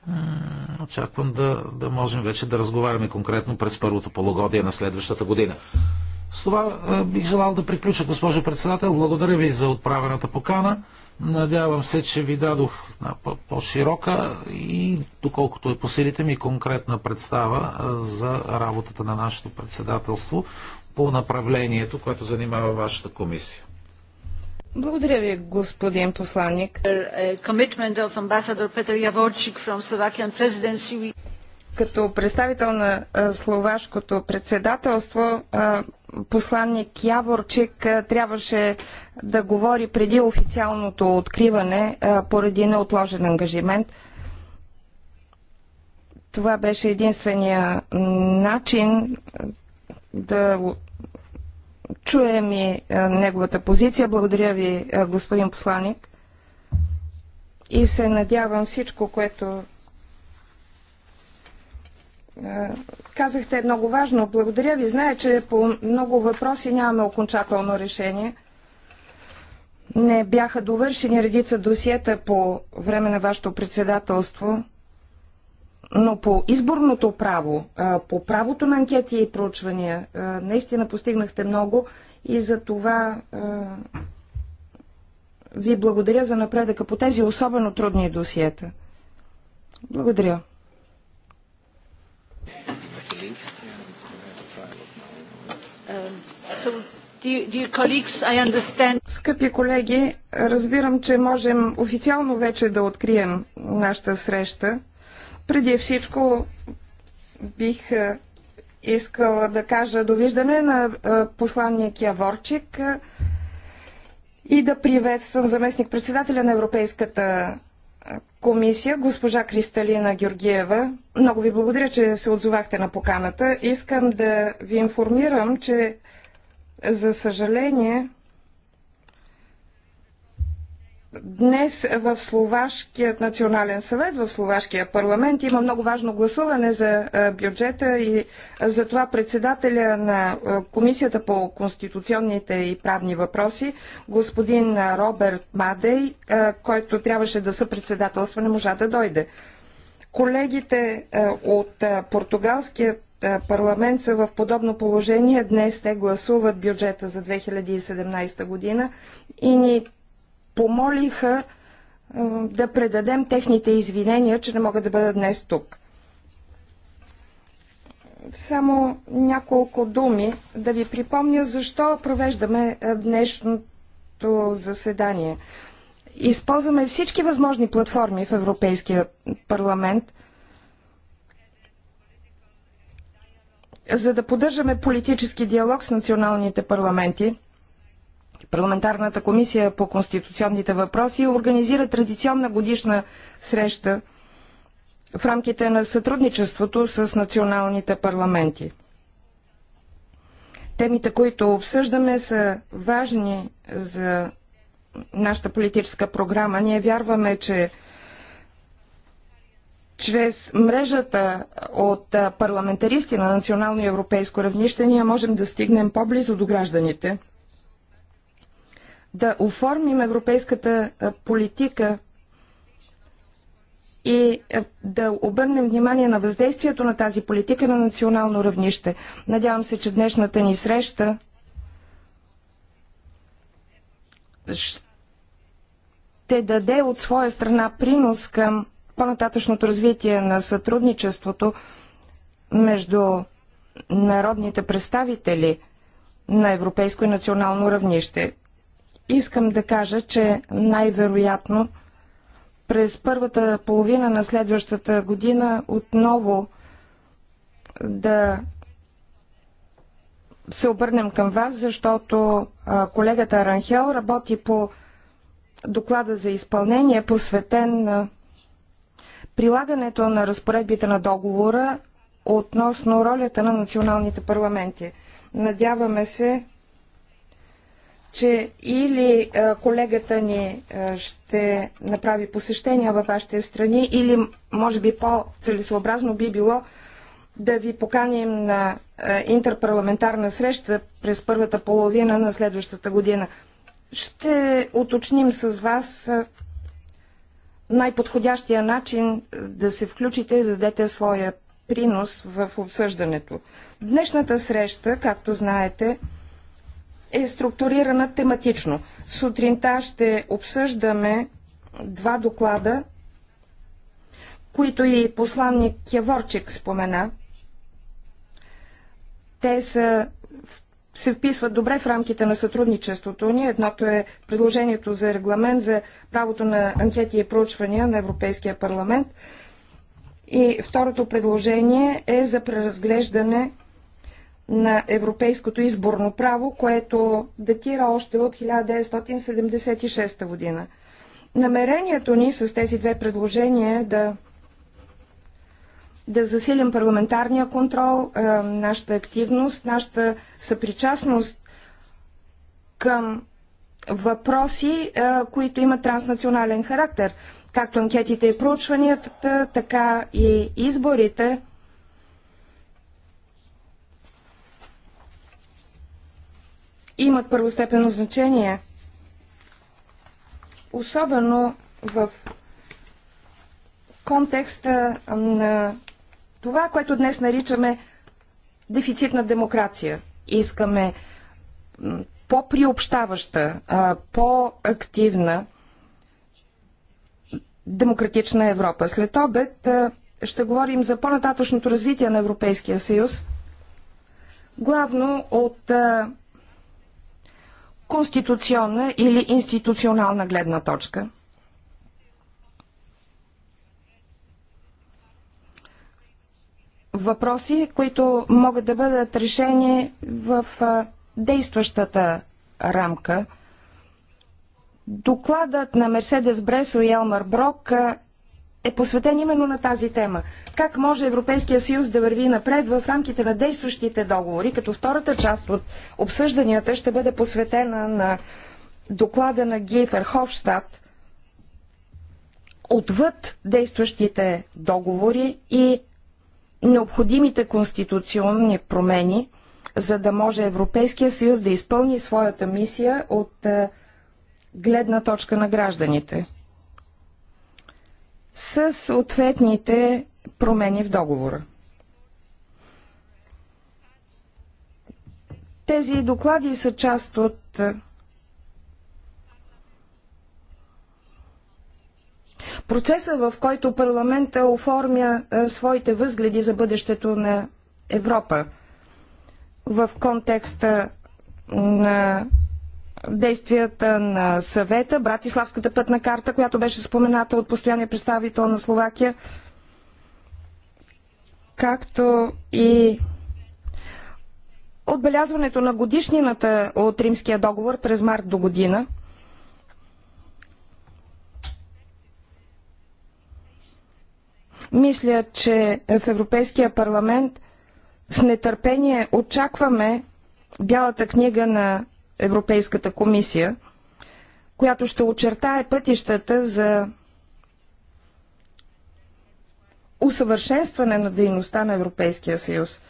е, очаквам да, да можем вече да разговаряме конкретно през първото полугодие на следващата година. С това бих желал да приключа, госпожо председател. Благодаря ви за отправената покана. Надявам се, че ви дадох по-широка и доколкото е по силите ми конкретна представа за работата на нашето председателство по направлението, което занимава вашата комисия. Благодаря ви, господин посланник. Е, е, Като представител на словашкото председателство, посланник Яворчик трябваше да говори преди официалното откриване поради неотложен ангажимент. Това беше единствения начин да чуем и неговата позиция. Благодаря ви, господин посланник. И се надявам всичко, което казахте е много важно. Благодаря ви. Зная, че по много въпроси нямаме окончателно решение. Не бяха довършени редица досиета по време на вашето председателство, но по изборното право, по правото на анкети и проучвания, наистина постигнахте много и за това ви благодаря за напредъка по тези особено трудни досиета. Благодаря. Скъпи колеги, разбирам, че можем официално вече да открием нашата среща. Преди всичко бих е, искала да кажа довиждане на е, посланник Яворчик е, и да приветствам заместник-председателя на Европейската комисия, госпожа Кристалина Георгиева. Много ви благодаря, че се отзовахте на поканата. Искам да ви информирам, че за съжаление, Днес в Словашкият национален съвет, в Словашкия парламент има много важно гласуване за бюджета и за това председателя на Комисията по конституционните и правни въпроси, господин Роберт Мадей, който трябваше да председателства, не можа да дойде. Колегите от португалският е, парламент са в подобно положение. Днес те гласуват бюджета за 2017 година и ни помолиха е, да предадем техните извинения, че не могат да бъдат днес тук. Само няколко думи да ви припомня защо провеждаме е, днешното заседание. Използваме всички възможни платформи в Европейския парламент – за да поддържаме политически диалог с националните парламенти, Парламентарната комисия по конституционните въпроси организира традиционна годишна среща в рамките на сътрудничеството с националните парламенти. Темите, които обсъждаме, са важни за нашата политическа програма. Ние вярваме, че чрез мрежата от парламентаристи на национално и европейско равнище ние можем да стигнем по-близо до гражданите, да оформим европейската политика и да обърнем внимание на въздействието на тази политика на национално равнище. Надявам се, че днешната ни среща ще даде от своя страна принос към по-нататъчното развитие на сътрудничеството между народните представители на европейско и национално равнище. Искам да кажа, че най-вероятно през първата половина на следващата година отново да се обърнем към вас, защото колегата Аранхел работи по доклада за изпълнение, посветен на прилагането на разпоредбите на договора относно ролята на националните парламенти. Надяваме се, че или е, колегата ни е, ще направи посещения във вашите страни, или може би по-целесообразно би било да ви поканим на е, интерпарламентарна среща през първата половина на следващата година. Ще уточним с вас най-подходящия начин е, да се включите и да дадете своя принос в обсъждането. Днешната среща, както знаете, е структурирана тематично. Сутринта ще обсъждаме два доклада, които и посланник Яворчик спомена. Те са се вписват добре в рамките на сътрудничеството ни. Едното е предложението за регламент за правото на анкети и проучвания на Европейския парламент. И второто предложение е за преразглеждане на европейското изборно право, което датира още от 1976 година. Намерението ни с тези две предложения е да да засилим парламентарния контрол, е, нашата активност, нашата съпричастност към въпроси, е, които имат транснационален характер, както анкетите и проучванията, така и изборите. имат първостепенно значение, особено в контекста на това, което днес наричаме дефицит на демокрация. Искаме по-приобщаваща, по-активна демократична Европа. След обед ще говорим за по-нататъчното развитие на Европейския съюз, главно от конституционна или институционална гледна точка – въпроси, които могат да бъдат решени в действащата рамка. Докладът на Мерседес Бресо и Елмар Брок е посветен именно на тази тема. Как може Европейския съюз да върви напред в рамките на действащите договори, като втората част от обсъжданията ще бъде посветена на доклада на Ги Ферховщад отвъд действащите договори и необходимите конституционни промени, за да може Европейския съюз да изпълни своята мисия от е, гледна точка на гражданите с съответните промени в договора. Тези доклади са част от е, процеса, в който парламента оформя е, своите възгледи за бъдещето на Европа в контекста на действията на съвета, Братиславската пътна карта, която беше спомената от постоянния представител на Словакия, както и отбелязването на годишнината от Римския договор през март до година – Мисля, че в Европейския парламент с нетърпение очакваме Бялата книга на Европейската комисия, която ще очертае пътищата за усъвършенстване на дейността на Европейския съюз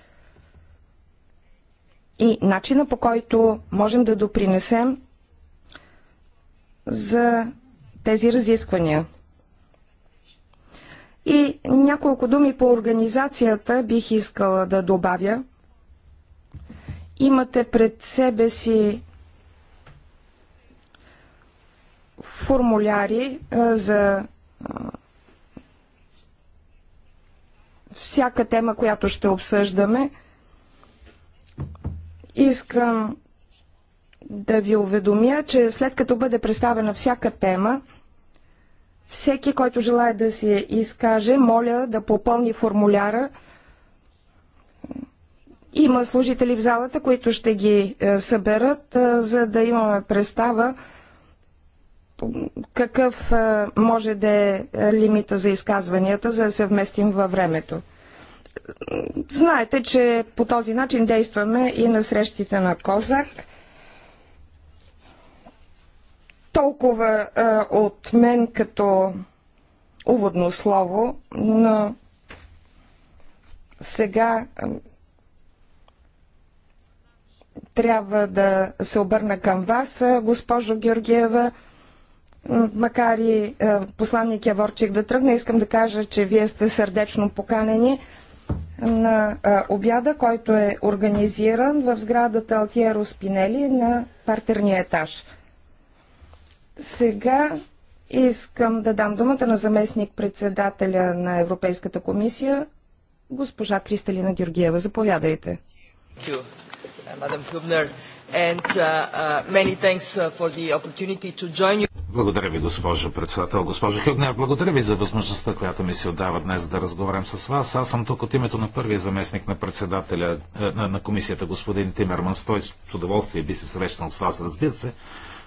и начина по който можем да допринесем за тези разисквания. И няколко думи по организацията бих искала да добавя. Имате пред себе си формуляри за всяка тема, която ще обсъждаме. Искам да ви уведомя, че след като бъде представена всяка тема, всеки, който желая да се изкаже, моля да попълни формуляра. Има служители в залата, които ще ги е, съберат, е, за да имаме представа какъв е, може да е лимита за изказванията, за да се вместим във времето. Знаете, че по този начин действаме и на срещите на Козак – толкова а, от мен като уводно слово, но сега а, трябва да се обърна към вас, госпожо Георгиева. Макар и а, посланник Яворчик да тръгне, искам да кажа, че вие сте сърдечно поканени на а, обяда, който е организиран в сградата Алтиеро Спинели на партерния етаж. Сега искам да дам думата на заместник-председателя на Европейската комисия, госпожа Кристалина Георгиева. Заповядайте. Uh, uh, uh, благодаря ви, госпожо председател. Госпожо Хюбнер, благодаря ви за възможността, която ми се отдава днес да разговарям с вас. Аз съм тук от името на първия заместник на председателя е, на, на комисията, господин Тимерманс. Той с удоволствие би се срещнал с вас, разбира се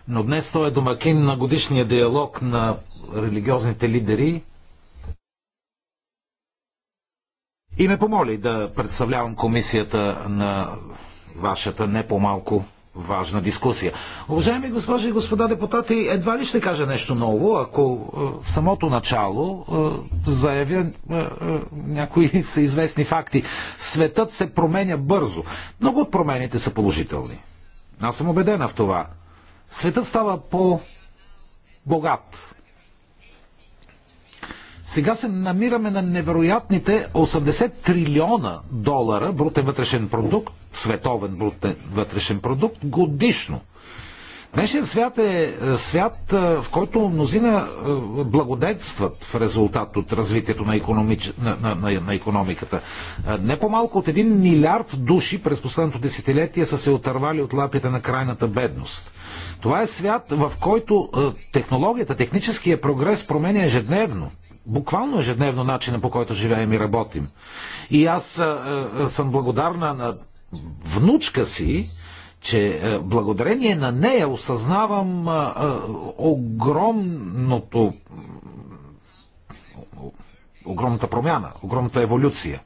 но днес той е домакин на годишния диалог на религиозните лидери и ме помоли да представлявам комисията на вашата не по-малко важна дискусия. Уважаеми госпожи и господа депутати, едва ли ще кажа нещо ново, ако е, в самото начало е, заявя е, някои всеизвестни факти. Светът се променя бързо. Много от промените са положителни. Аз съм убедена в това. Светът става по-богат. Сега се намираме на невероятните 80 трилиона долара брутен вътрешен продукт, световен брутен вътрешен продукт годишно. Днешният свят е, е свят, е, в който мнозина е, благодетстват в резултат от развитието на, економич... на, на, на, на економиката. Не по-малко от 1 милиард души през последното десетилетие са се отървали от лапите на крайната бедност. Това е свят, в който е, технологията, техническия прогрес променя ежедневно буквално ежедневно начина по който живеем и работим. И аз е, е, съм благодарна на внучка си, че благодарение на нея осъзнавам огромното огромната промяна, огромната еволюция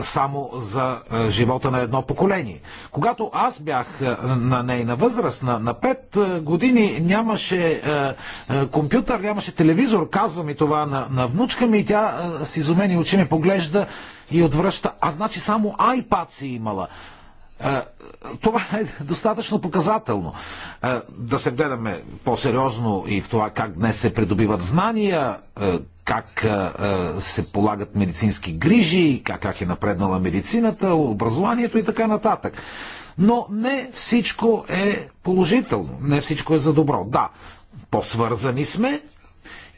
само за живота на едно поколение. Когато аз бях на нейна възраст, на, на 5 години, нямаше компютър, нямаше телевизор, казва ми това на, на внучка ми и тя с изумени очи ме поглежда и отвръща. А значи само iPad си имала. Това е достатъчно показателно. Да се гледаме по-сериозно и в това как днес се придобиват знания, как се полагат медицински грижи, как е напреднала медицината, образованието и така нататък. Но не всичко е положително, не всичко е за добро. Да, по-свързани сме,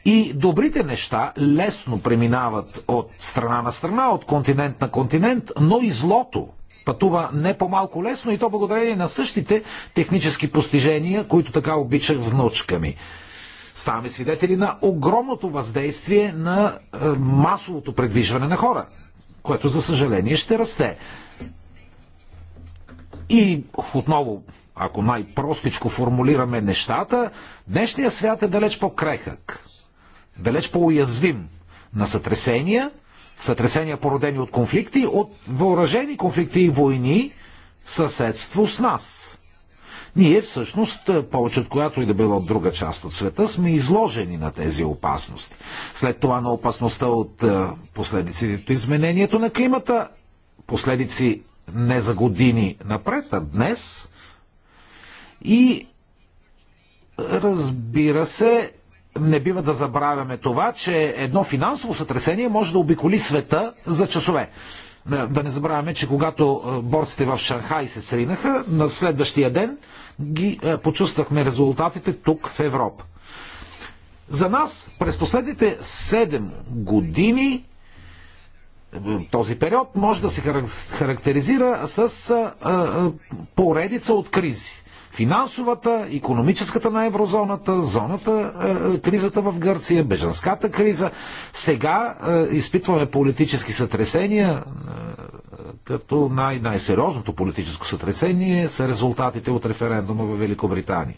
и добрите неща лесно преминават от страна на страна, от континент на континент, но и злото, пътува не по-малко лесно и то благодарение на същите технически постижения, които така обичах внучка ми. Ставаме свидетели на огромното въздействие на е, масовото предвижване на хора, което за съжаление ще расте. И отново, ако най-простичко формулираме нещата, днешният свят е далеч по-крехък, далеч по-уязвим на сътресения – сътресения породени от конфликти, от въоръжени конфликти и войни съседство с нас. Ние всъщност, повече от която и да била от друга част от света, сме изложени на тези опасности. След това на опасността от е, последиците от изменението на климата, последици не за години напред, а днес. И разбира се, не бива да забравяме това, че едно финансово сътресение може да обиколи света за часове. Да не забравяме, че когато е, борците в Шанхай се сринаха, на следващия ден ги е, почувствахме резултатите тук в Европа. За нас през последните 7 години е, този период може да се характеризира с поредица от кризи. Финансовата, економическата на еврозоната, зоната, е, е, кризата в Гърция, бежанската криза. Сега е, изпитваме политически сътресения, е, като най- най-сериозното политическо сътресение са резултатите от референдума в Великобритания.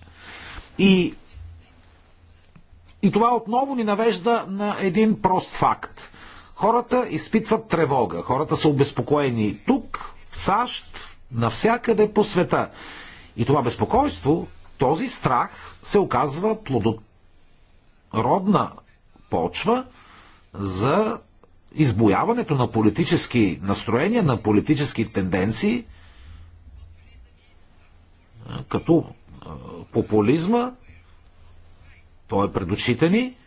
И, и това отново ни навежда на един прост факт. Хората изпитват тревога, хората са обезпокоени тук, в САЩ, навсякъде по света. И това безпокойство, този страх се оказва плодородна почва за избояването на политически настроения, на политически тенденции, като популизма, той е пред очите ни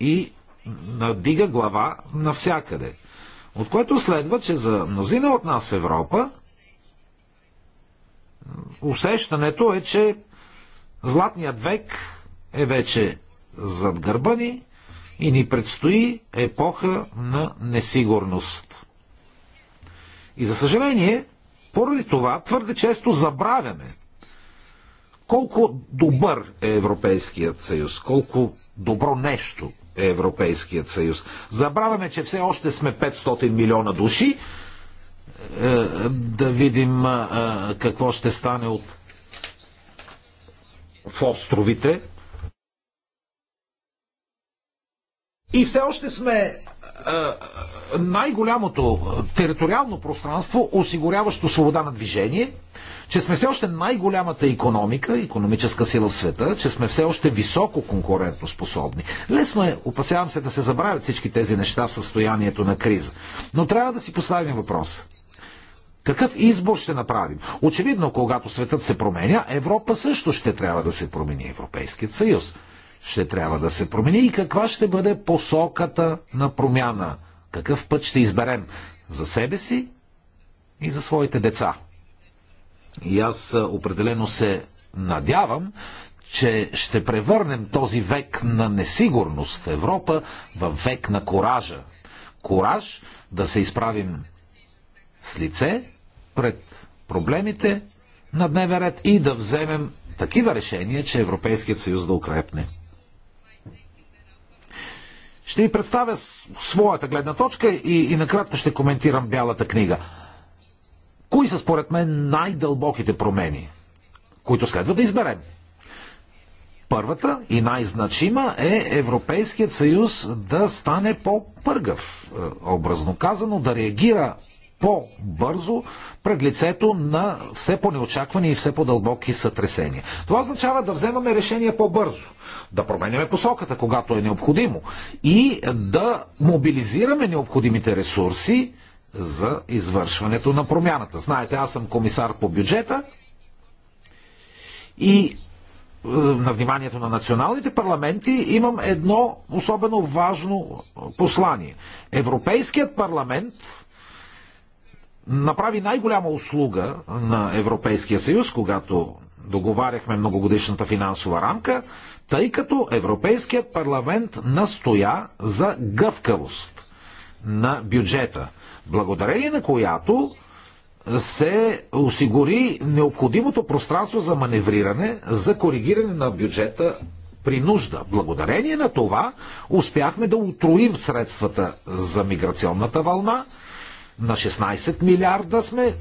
и надига глава навсякъде. От което следва, че за мнозина от нас в Европа усещането е, че златният век е вече зад гърба ни и ни предстои епоха на несигурност. И за съжаление, поради това твърде често забравяме колко добър е Европейският съюз, колко добро нещо е Европейският съюз. Забравяме, че все още сме 500 милиона души, е, да видим е, какво ще стане от в островите. И все още сме е, най-голямото териториално пространство, осигуряващо свобода на движение, че сме все още най-голямата економика, економическа сила в света, че сме все още високо конкурентно способни. Лесно е, опасявам се, да се забравят всички тези неща в състоянието на криза. Но трябва да си поставим въпрос. Какъв избор ще направим? Очевидно, когато светът се променя, Европа също ще трябва да се промени. Европейският съюз ще трябва да се промени. И каква ще бъде посоката на промяна? Какъв път ще изберем за себе си и за своите деца? И аз определено се надявам, че ще превърнем този век на несигурност в Европа в век на коража. Кораж да се изправим с лице пред проблемите на дневен ред и да вземем такива решения, че Европейският съюз да укрепне. Ще ви представя своята гледна точка и, и накратко ще коментирам Бялата книга. Кои са според мен най-дълбоките промени, които следва да изберем? Първата и най-значима е Европейският съюз да стане по-пъргав, е, образно казано, да реагира по-бързо пред лицето на все по-неочаквани и все по-дълбоки сътресения. Това означава да вземаме решение по-бързо, да променяме посоката, когато е необходимо и да мобилизираме необходимите ресурси за извършването на промяната. Знаете, аз съм комисар по бюджета и е, на вниманието на националните парламенти имам едно особено важно е, послание. Европейският парламент направи най-голяма услуга на Европейския съюз, когато договаряхме многогодишната финансова рамка, тъй като Европейският парламент настоя за гъвкавост на бюджета, благодарение на която се осигури необходимото пространство за маневриране, за коригиране на бюджета при нужда. Благодарение на това успяхме да утроим средствата за миграционната вълна, на 16 милиарда сме.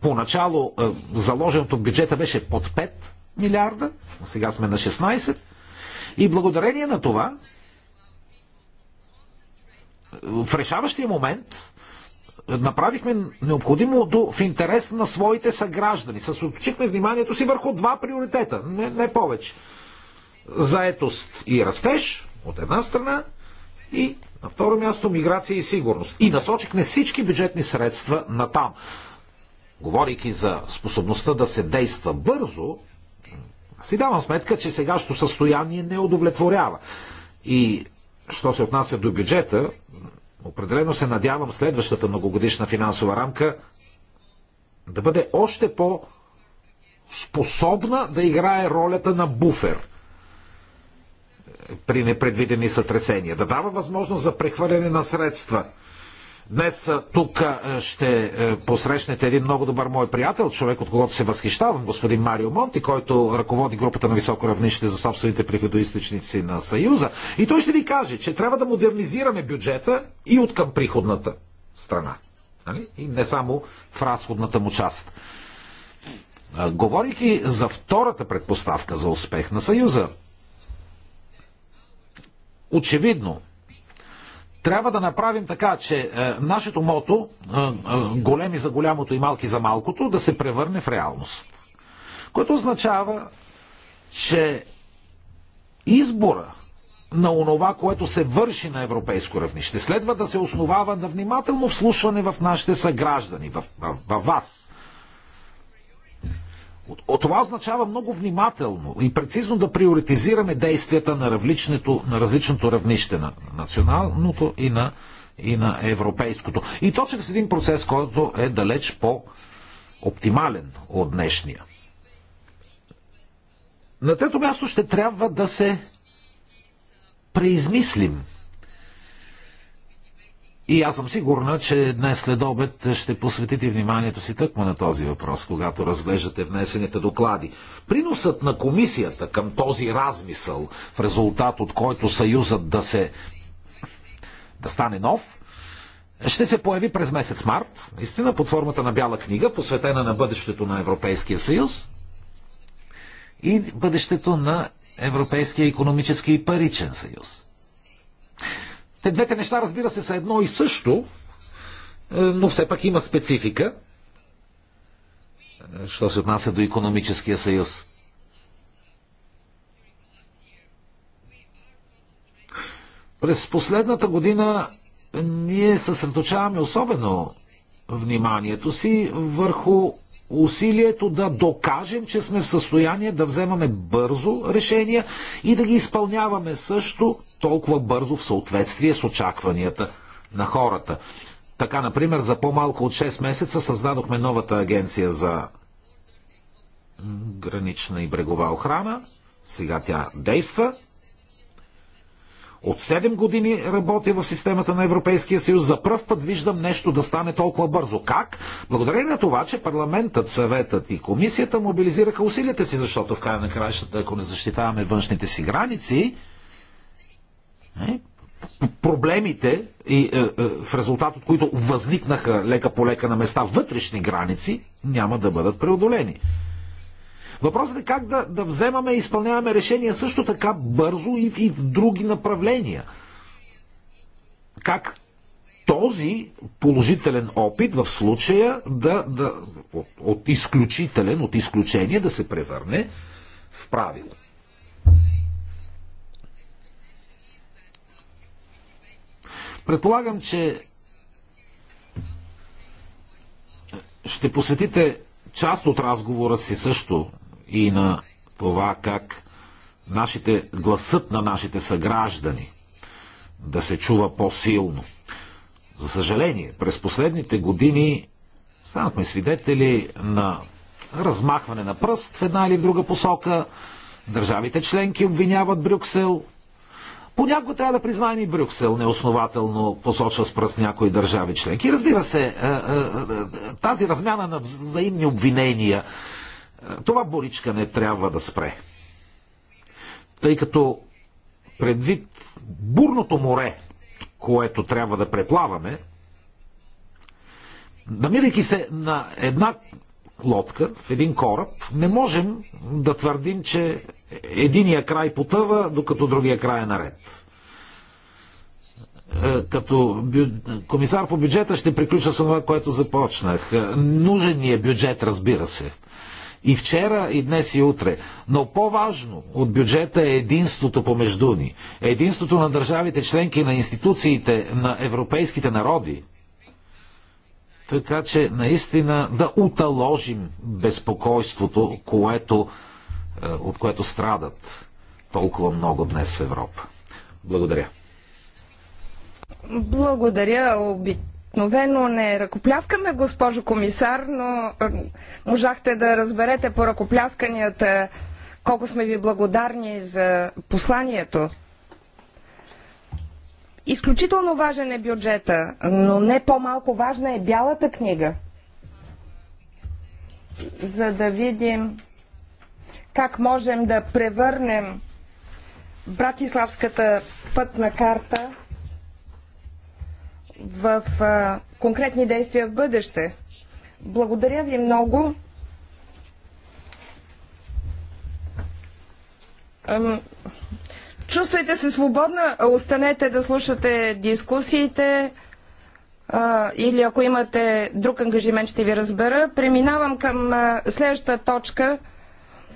Поначало е, заложеното в бюджета беше под 5 милиарда, а сега сме на 16. И благодарение на това, в решаващия момент е, направихме необходимото в интерес на своите съграждани. Съсоточихме вниманието си върху два приоритета, не, не повече. Заетост и растеж, от една страна, и на второ място миграция и сигурност. И насочихме всички бюджетни средства на там. Говорейки за способността да се действа бързо, си давам сметка, че сегашното състояние не удовлетворява. И що се отнася до бюджета, определено се надявам следващата многогодишна финансова рамка да бъде още по- способна да играе ролята на буфер – при непредвидени сътресения, да дава възможност за прехвърляне на средства. Днес тук ще посрещнете един много добър мой приятел, човек от когото се възхищавам, господин Марио Монти, който ръководи групата на високо равнище за собствените приходоисточници на Съюза. И той ще ви каже, че трябва да модернизираме бюджета и от към приходната страна. Нали? И не само в разходната му част. Говорейки за втората предпоставка за успех на Съюза, очевидно трябва да направим така, че е, нашето мото, е, е, големи за голямото и малки за малкото, да се превърне в реалност. Което означава, че избора на онова, което се върши на европейско равнище, следва да се основава на внимателно вслушване в нашите съграждани, в, в, в вас, от това означава много внимателно и прецизно да приоритизираме действията на, на различното равнище, на националното и на, и на европейското. И то чрез един процес, който е далеч по-оптимален от днешния. На трето място ще трябва да се преизмислим и аз съм сигурна, че днес след обед ще посветите вниманието си тъкмо на този въпрос, когато разглеждате внесените доклади. Приносът на комисията към този размисъл, в резултат от който съюзът да се да стане нов, ще се появи през месец март, истина под формата на бяла книга, посветена на бъдещето на Европейския съюз и бъдещето на Европейския економически и паричен съюз. Те двете неща, разбира се, са едно и също, е, но все пак има специфика, е, що се отнася до економическия съюз. През последната година ние съсредоточаваме особено вниманието си върху усилието да докажем, че сме в състояние да вземаме бързо решения и да ги изпълняваме също толкова бързо в съответствие с очакванията на хората. Така, например, за по-малко от 6 месеца създадохме новата агенция за гранична и брегова охрана. Сега тя действа. От 7 години работя в системата на Европейския съюз. За първ път виждам нещо да стане толкова бързо. Как? Благодарение на това, че парламентът, съветът и комисията мобилизираха усилията си, защото в края на краищата, ако не защитаваме външните си граници, е, проблемите, и, е, е, в резултат от които възникнаха лека по лека на места вътрешни граници, няма да бъдат преодолени. Въпросът е как да, да вземаме и изпълняваме решения също така бързо и, и в други направления. Как този положителен опит в случая да, да от, от изключителен, от изключение да се превърне в правило. Предполагам, че ще посветите част от разговора си също и на това как нашите, гласът на нашите съграждани да се чува по-силно. За съжаление, през последните години станахме свидетели на размахване на пръст в една или в друга посока. Държавите членки обвиняват Брюксел. Понякога трябва да признаем и Брюксел неоснователно посочва с пръст някои държави членки. Разбира се, е, е, е, тази размяна на взаимни обвинения това боричка не трябва да спре. Тъй като предвид бурното море, което трябва да преплаваме, намирайки се на една лодка, в един кораб, не можем да твърдим, че единия край потъва, докато другия край е наред. Е, като бю... комисар по бюджета ще приключа с това, което започнах. Е, нужен ни е бюджет, разбира се и вчера, и днес, и утре. Но по-важно от бюджета е единството помежду ни. Единството на държавите членки, на институциите, на европейските народи. Така че наистина да уталожим безпокойството, което, е, от което страдат толкова много днес в Европа. Благодаря. Благодаря. Обикновено не ръкопляскаме, госпожо комисар, но е, можахте да разберете по ръкоплясканията колко сме ви благодарни за посланието. Изключително важен е бюджета, но не по-малко важна е бялата книга. За да видим как можем да превърнем Братиславската пътна карта в а, конкретни действия в бъдеще. Благодаря ви много. Чувствайте се свободна, останете да слушате дискусиите а, или ако имате друг ангажимент, ще ви разбера. Преминавам към а, следващата точка.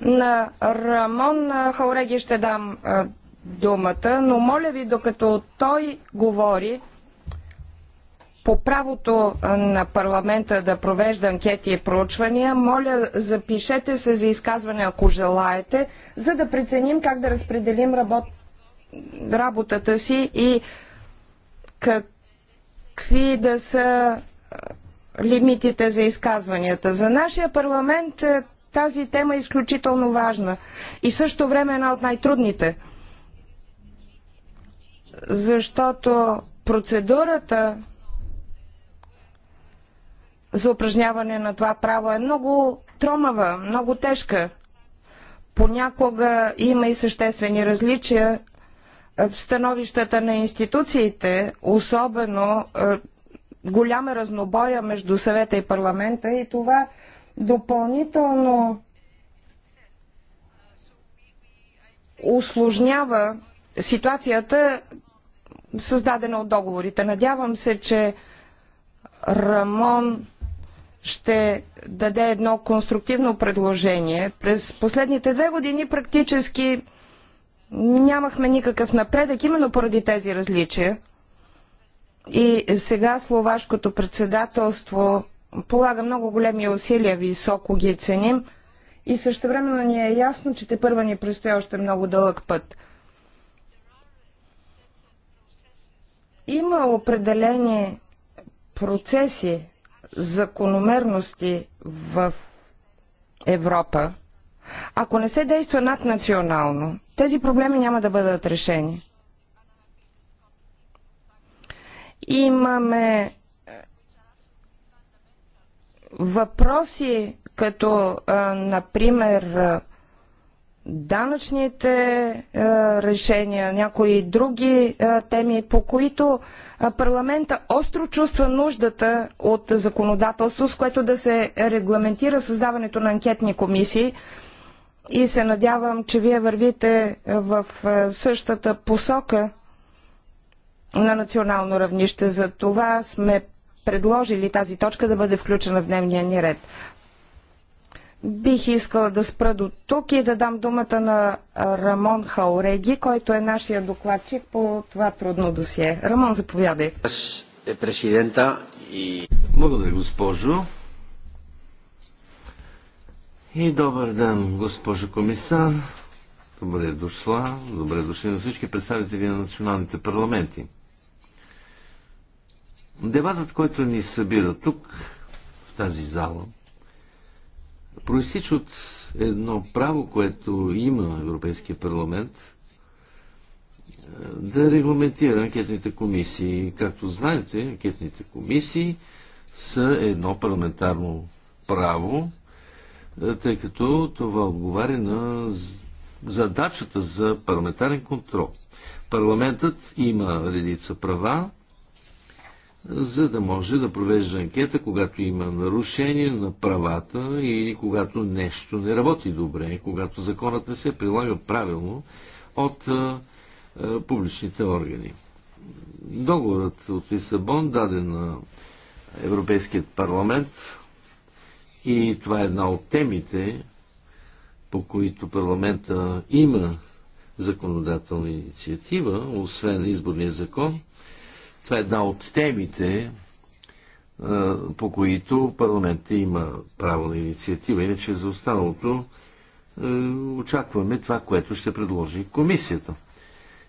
На Рамон Хауреги ще дам а, думата, но моля ви, докато той говори, по правото на парламента да провежда анкети и проучвания, моля запишете се за изказване, ако желаете, за да преценим как да разпределим работ... работата си и какви да са лимитите за изказванията. За нашия парламент тази тема е изключително важна и в същото време е една от най-трудните, защото процедурата за упражняване на това право е много тромава, много тежка. Понякога има и съществени различия в становищата на институциите, особено е, голяма разнобоя между съвета и парламента и това допълнително усложнява ситуацията, създадена от договорите. Надявам се, че Рамон ще даде едно конструктивно предложение. През последните две години практически нямахме никакъв напредък, именно поради тези различия. И сега словашкото председателство полага много големи усилия, високо ги ценим. И също времено ни е ясно, че те първа ни предстои още много дълъг път. Има определени процеси, закономерности в Европа, ако не се действа наднационално, тези проблеми няма да бъдат решени. Имаме е, въпроси, като, е, например, е, данъчните решения, някои други теми, по които парламента остро чувства нуждата от законодателство, с което да се регламентира създаването на анкетни комисии и се надявам, че вие вървите в същата посока на национално равнище. За това сме предложили тази точка да бъде включена в дневния ни ред. Бих искала да спра до тук и да дам думата на Рамон Хауреги, който е нашия докладчик по това трудно досие. Рамон, заповядай. Е, Благодаря, госпожо. И добър ден, госпожо комисар. Добре дошла, добре дошли на всички представители на националните парламенти. Дебатът, който ни събира тук, в тази зала – проистича от едно право, което има Европейския парламент е, да регламентира анкетните комисии. Както знаете, анкетните комисии са едно парламентарно право, е, тъй като това отговаря на задачата за парламентарен контрол. Парламентът има редица права, за да може да провежда анкета, когато има нарушение на правата или когато нещо не работи добре, когато законът не се прилага правилно от а, а, публичните органи. Договорът от Лисабон даден на Европейският парламент и това е една от темите, по които парламента има законодателна инициатива, освен изборния закон, това е една от темите, по които парламентът има право на инициатива. Иначе за останалото очакваме това, което ще предложи комисията.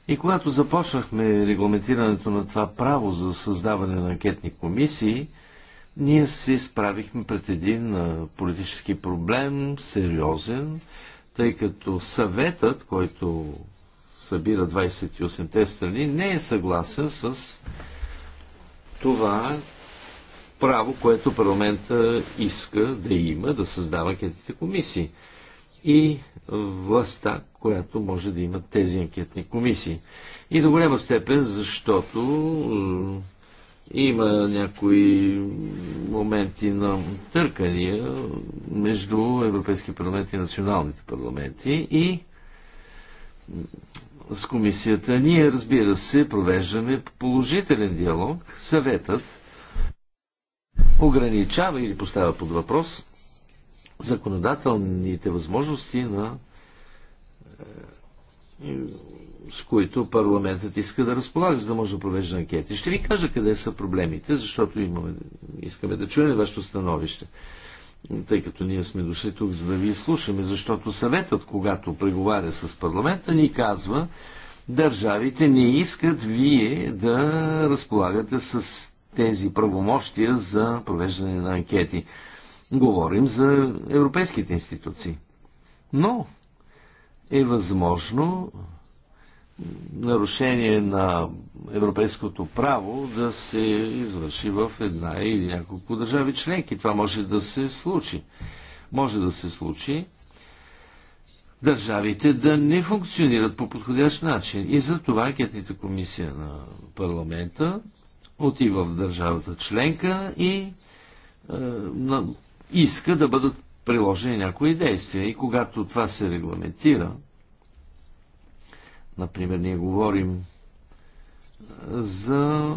И когато започнахме регламентирането на това право за създаване на анкетни комисии, ние се справихме пред един политически проблем, сериозен, тъй като съветът, който събира 28-те страни, не е съгласен с това право, което парламента иска да има, да създава анкетните комисии. И властта, която може да има тези анкетни комисии. И до голяма степен, защото е, има някои моменти на търкания между Европейския парламент и националните парламенти и с комисията. Ние, разбира се, провеждаме положителен диалог. Съветът ограничава или поставя под въпрос законодателните възможности на е, с които парламентът иска да разполага, за да може да провежда анкети. Ще ви кажа къде са проблемите, защото имаме, искаме да чуем вашето становище тъй като ние сме дошли тук, за да ви слушаме, защото съветът, когато преговаря с парламента, ни казва, държавите не искат вие да разполагате с тези правомощия за провеждане на анкети. Говорим за европейските институции. Но е възможно нарушение на европейското право да се извърши в една или няколко държави членки. Това може да се случи. Може да се случи държавите да не функционират по подходящ начин. И за това анкетната комисия на парламента отива в държавата членка и е, на, иска да бъдат приложени някои действия. И когато това се регламентира, Например, ние говорим за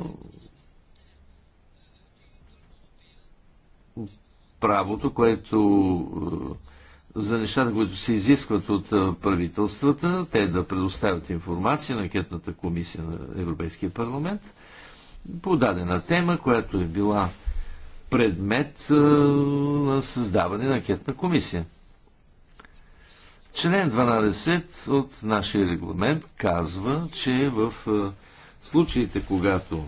правото, което за нещата, които се изискват от правителствата, те да предоставят информация на анкетната комисия на Европейския парламент по дадена тема, която е била предмет на създаване на анкетна комисия. Член 12 от нашия регламент казва, че в е, случаите, когато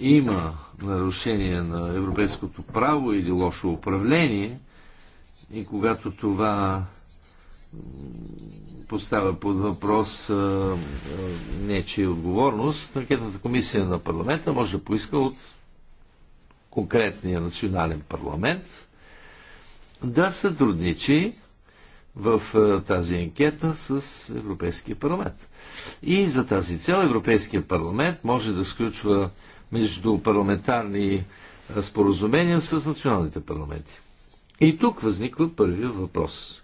има нарушение на европейското право или лошо управление, и когато това поставя под въпрос е, е, нечия отговорност, анкетната комисия на парламента може да поиска от конкретния национален парламент да сътрудничи в е, тази анкета с Европейския парламент. И за тази цел Европейския парламент може да сключва между парламентарни е, споразумения с националните парламенти. И тук възниква първият въпрос.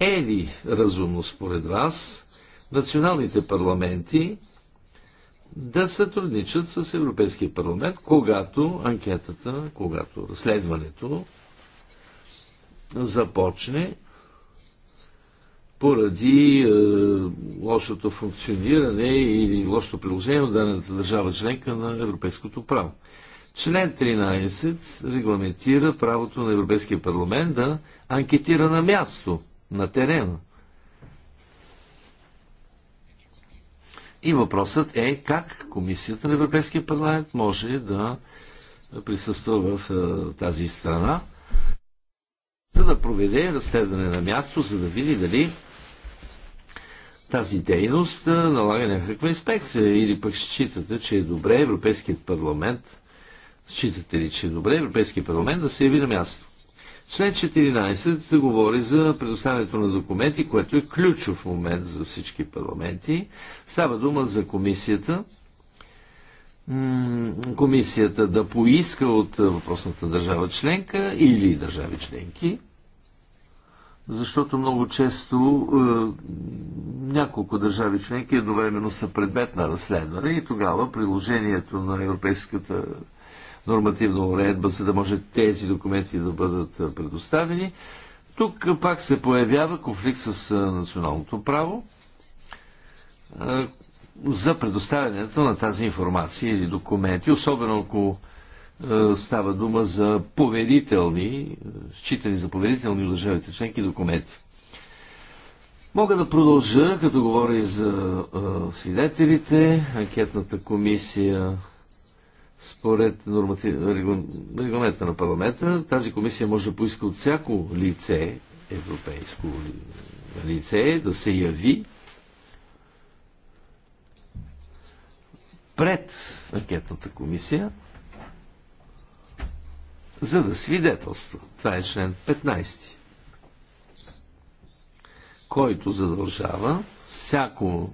Е ли разумно според вас националните парламенти да сътрудничат с Европейския парламент, когато анкетата, когато разследването започне поради е, лошото функциониране или лошото приложение от дадената държава членка на европейското право. Член 13 регламентира правото на Европейския парламент да анкетира на място, на терена. И въпросът е как Комисията на Европейския парламент може да присъства в е, тази страна, за да проведе разследване на място, за да види дали тази дейност налага някаква инспекция или пък считате, че е добре Европейският парламент считате ли, че е добре Европейският парламент да се яви на място. Член 14 се говори за предоставянето на документи, което е ключов момент за всички парламенти. Става дума за комисията. Комисията да поиска от въпросната държава членка или държави членки защото много често е, няколко държави членки едновременно са предмет на разследване и тогава приложението на европейската нормативна уредба, за да може тези документи да бъдат е, предоставени. Тук пак се появява конфликт с е, националното право е, за предоставянето на тази информация или документи, особено ако е, става дума за поверителни, считани за поверителни от държавите членки документи. Мога да продължа, като говоря и за а, е, свидетелите. Анкетната комисия, според норматив... регламента на парламента, тази комисия може да поиска от всяко лице, европейско лице, да се яви пред анкетната комисия за да свидетелства. Това е член 15, който задължава всяко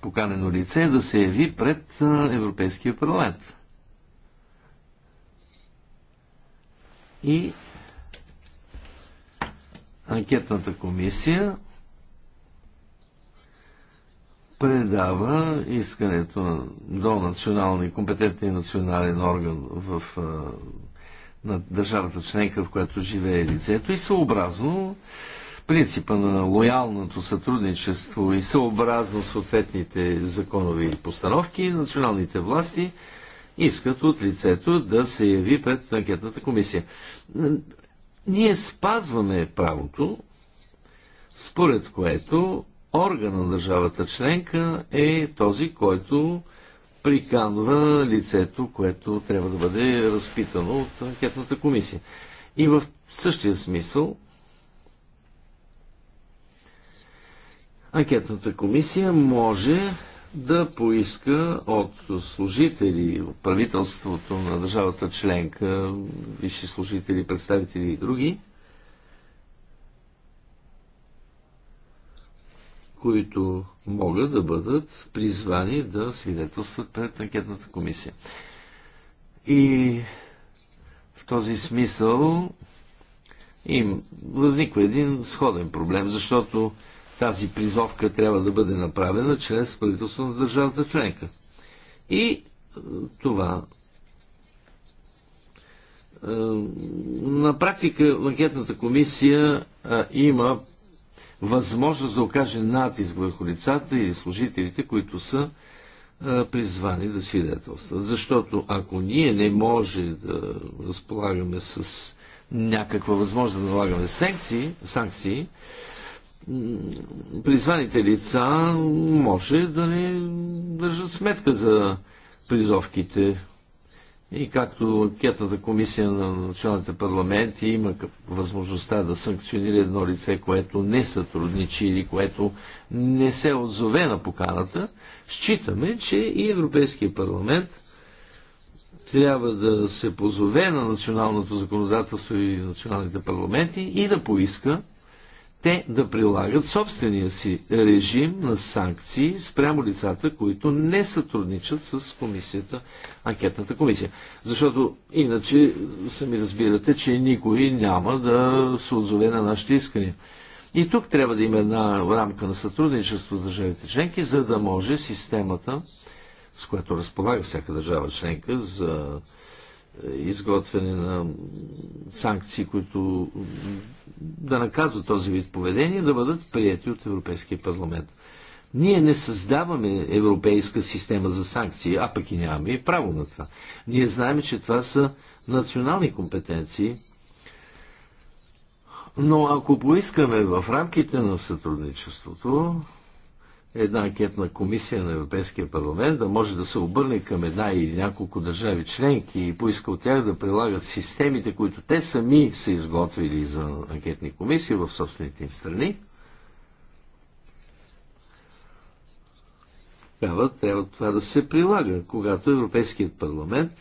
поканено лице да се яви пред Европейския парламент. И анкетната комисия предава искането до национални, компетентния национален орган в, на държавата членка, в която живее лицето и съобразно принципа на лоялното сътрудничество и съобразно съответните законови постановки, националните власти искат от лицето да се яви пред анкетната комисия. Ние спазваме правото, според което орган на държавата членка е този, който приканва лицето, което трябва да бъде разпитано от анкетната комисия. И в същия смисъл анкетната комисия може да поиска от служители, от правителството на държавата членка, висши служители, представители и други, които могат да бъдат призвани да свидетелстват пред анкетната комисия. И в този смисъл им възниква един сходен проблем, защото тази призовка трябва да бъде направена чрез правителство на държавата членка. И е, това е, на практика анкетната комисия е, има възможност да окаже натиск върху лицата или служителите, които са призвани да свидетелстват. Защото ако ние не може да разполагаме с някаква възможност да налагаме санкции, санкции призваните лица може да не държат сметка за призовките и както анкетната комисия на националните парламенти има възможността да санкционира едно лице, което не сътрудничи или което не се отзове на поканата, считаме, че и Европейския парламент трябва да се позове на националното законодателство и националните парламенти и да поиска те да прилагат собствения си режим на санкции спрямо лицата, които не сътрудничат с комисията, анкетната комисия. Защото иначе сами разбирате, че никой няма да се отзове на нашите искания. И тук трябва да има една рамка на сътрудничество с държавите членки, за да може системата, с която разполага всяка държава членка за изготвяне на санкции, които да наказват този вид поведение, да бъдат прияти от Европейския парламент. Ние не създаваме европейска система за санкции, а пък и нямаме и право на това. Ние знаем, че това са национални компетенции, но ако поискаме в рамките на сътрудничеството една анкетна комисия на Европейския парламент да може да се обърне към една или няколко държави членки и поиска от тях да прилагат системите, които те сами са изготвили за анкетни комисии в собствените им страни. Трябва, трябва това да се прилага, когато Европейският парламент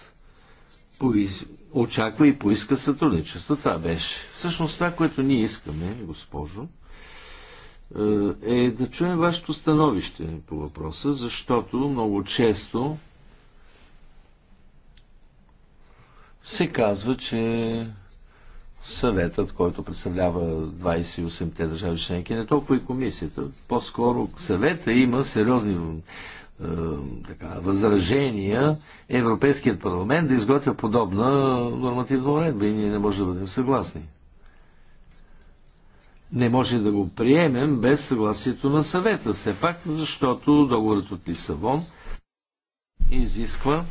поиз... очаква и поиска сътрудничество. Това беше. Всъщност това, което ние искаме, госпожо, е, е да чуем вашето становище по въпроса, защото много често се казва, че съветът, който представлява 28-те държави членки, не толкова и комисията. По-скоро съвета има сериозни е, така, възражения Европейският парламент да изготвя подобна нормативна уредба и ние не можем да бъдем съгласни не може да го приемем без съгласието на съвета. Все пак, защото договорът от Лисавон изисква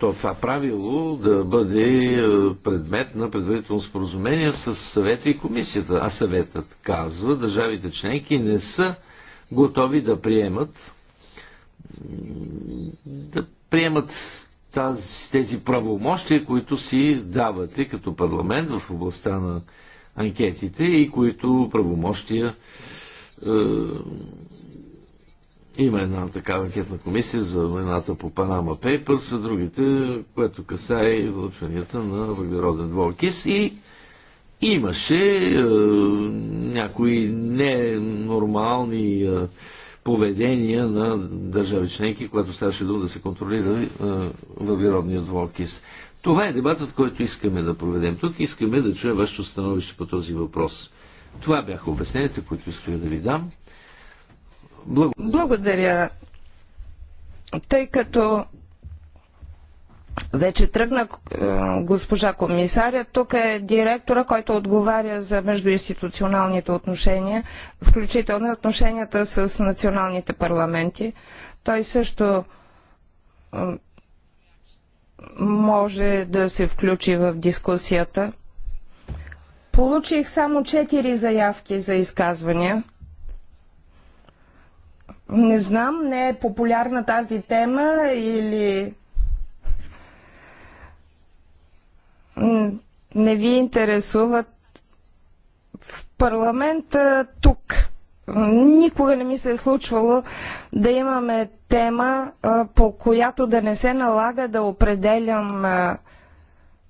то това правило да бъде предмет на предварително споразумение с съвета и комисията. А съветът казва, държавите членки не са готови да приемат да приемат тази, тези правомощия, които си давате като парламент в областта на анкетите и които правомощия е, има една такава анкетна комисия за войната по Панама Пейпърс, а другите, което касае излъчванията на въглероден двуокис и имаше е, някои ненормални е, поведение на държави членки, когато ставаше дума да се контролира е, въглеродния двуокис. Това е дебатът, който искаме да проведем тук. Искаме да чуем вашето становище по този въпрос. Това бяха обясненията, които искам да ви дам. Благодаря. Благодаря. Тъй като вече тръгна е, госпожа комисаря. Тук е директора, който отговаря за междуинституционалните отношения, включително отношенията с националните парламенти. Той също може да се включи в дискусията. Получих само четири заявки за изказвания. Не знам, не е популярна тази тема или не ви интересуват в парламента тук. Никога не ми се е случвало да имаме тема, по която да не се налага да определям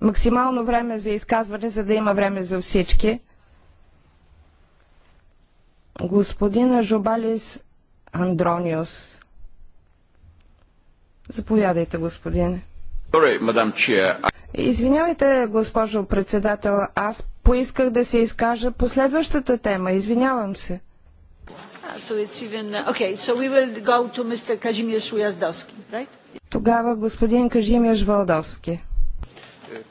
максимално време за изказване, за да има време за всички. Господина Жобалис Андрониус. Заповядайте, господине. мадам Чия. Извинявайте, госпожо председател, аз поисках да се изкажа по следващата тема. Извинявам се. Uh, Тогава господин Кажимирz Waldowski. Е,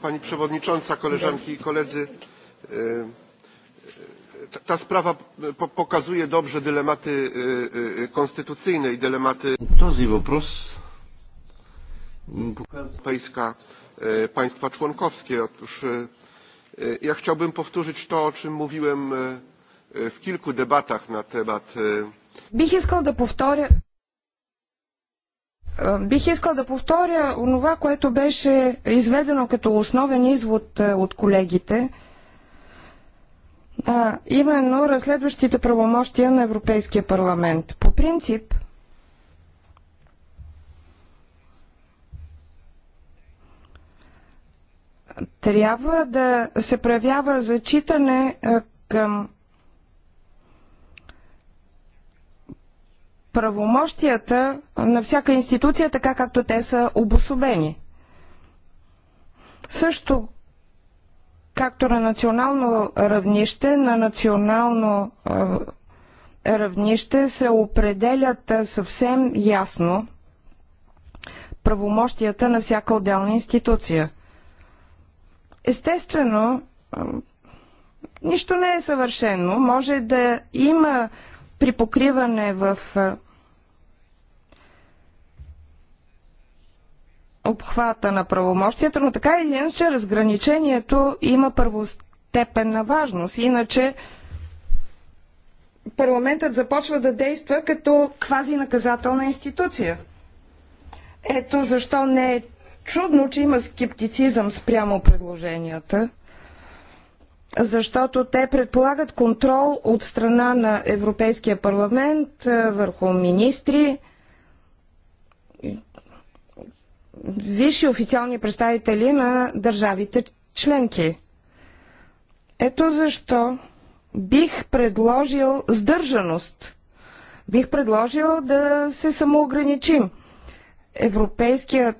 Пани przewodnicząca, koleżanki i koledzy, е, e, ta sprawa pokazuje dobrze dylematy e, e, konstytucyjne i dylematy Този въпрос показва E, państwa członkowskie. Otóż e, e, ja chciałbym powtórzyć to, o czym mówiłem w kilku debatach na temat. Бих искал да повторя, е, бих искал да повторя онова, което беше изведено като основен извод е, от колегите, именно разследващите правомощия на Европейския парламент. По принцип, трябва да се проявява зачитане към правомощията на всяка институция, така както те са обособени. Също както на национално равнище, на национално равнище се определят съвсем ясно правомощията на всяка отделна институция – Естествено, нищо не е съвършено. Може да има припокриване в обхвата на правомощията, но така или иначе разграничението има първостепенна важност. Иначе парламентът започва да действа като квази наказателна институция. Ето защо не е Чудно, че има скептицизъм спрямо предложенията, защото те предполагат контрол от страна на Европейския парламент върху министри, висши официални представители на държавите членки. Ето защо бих предложил сдържаност. Бих предложил да се самоограничим. Европейският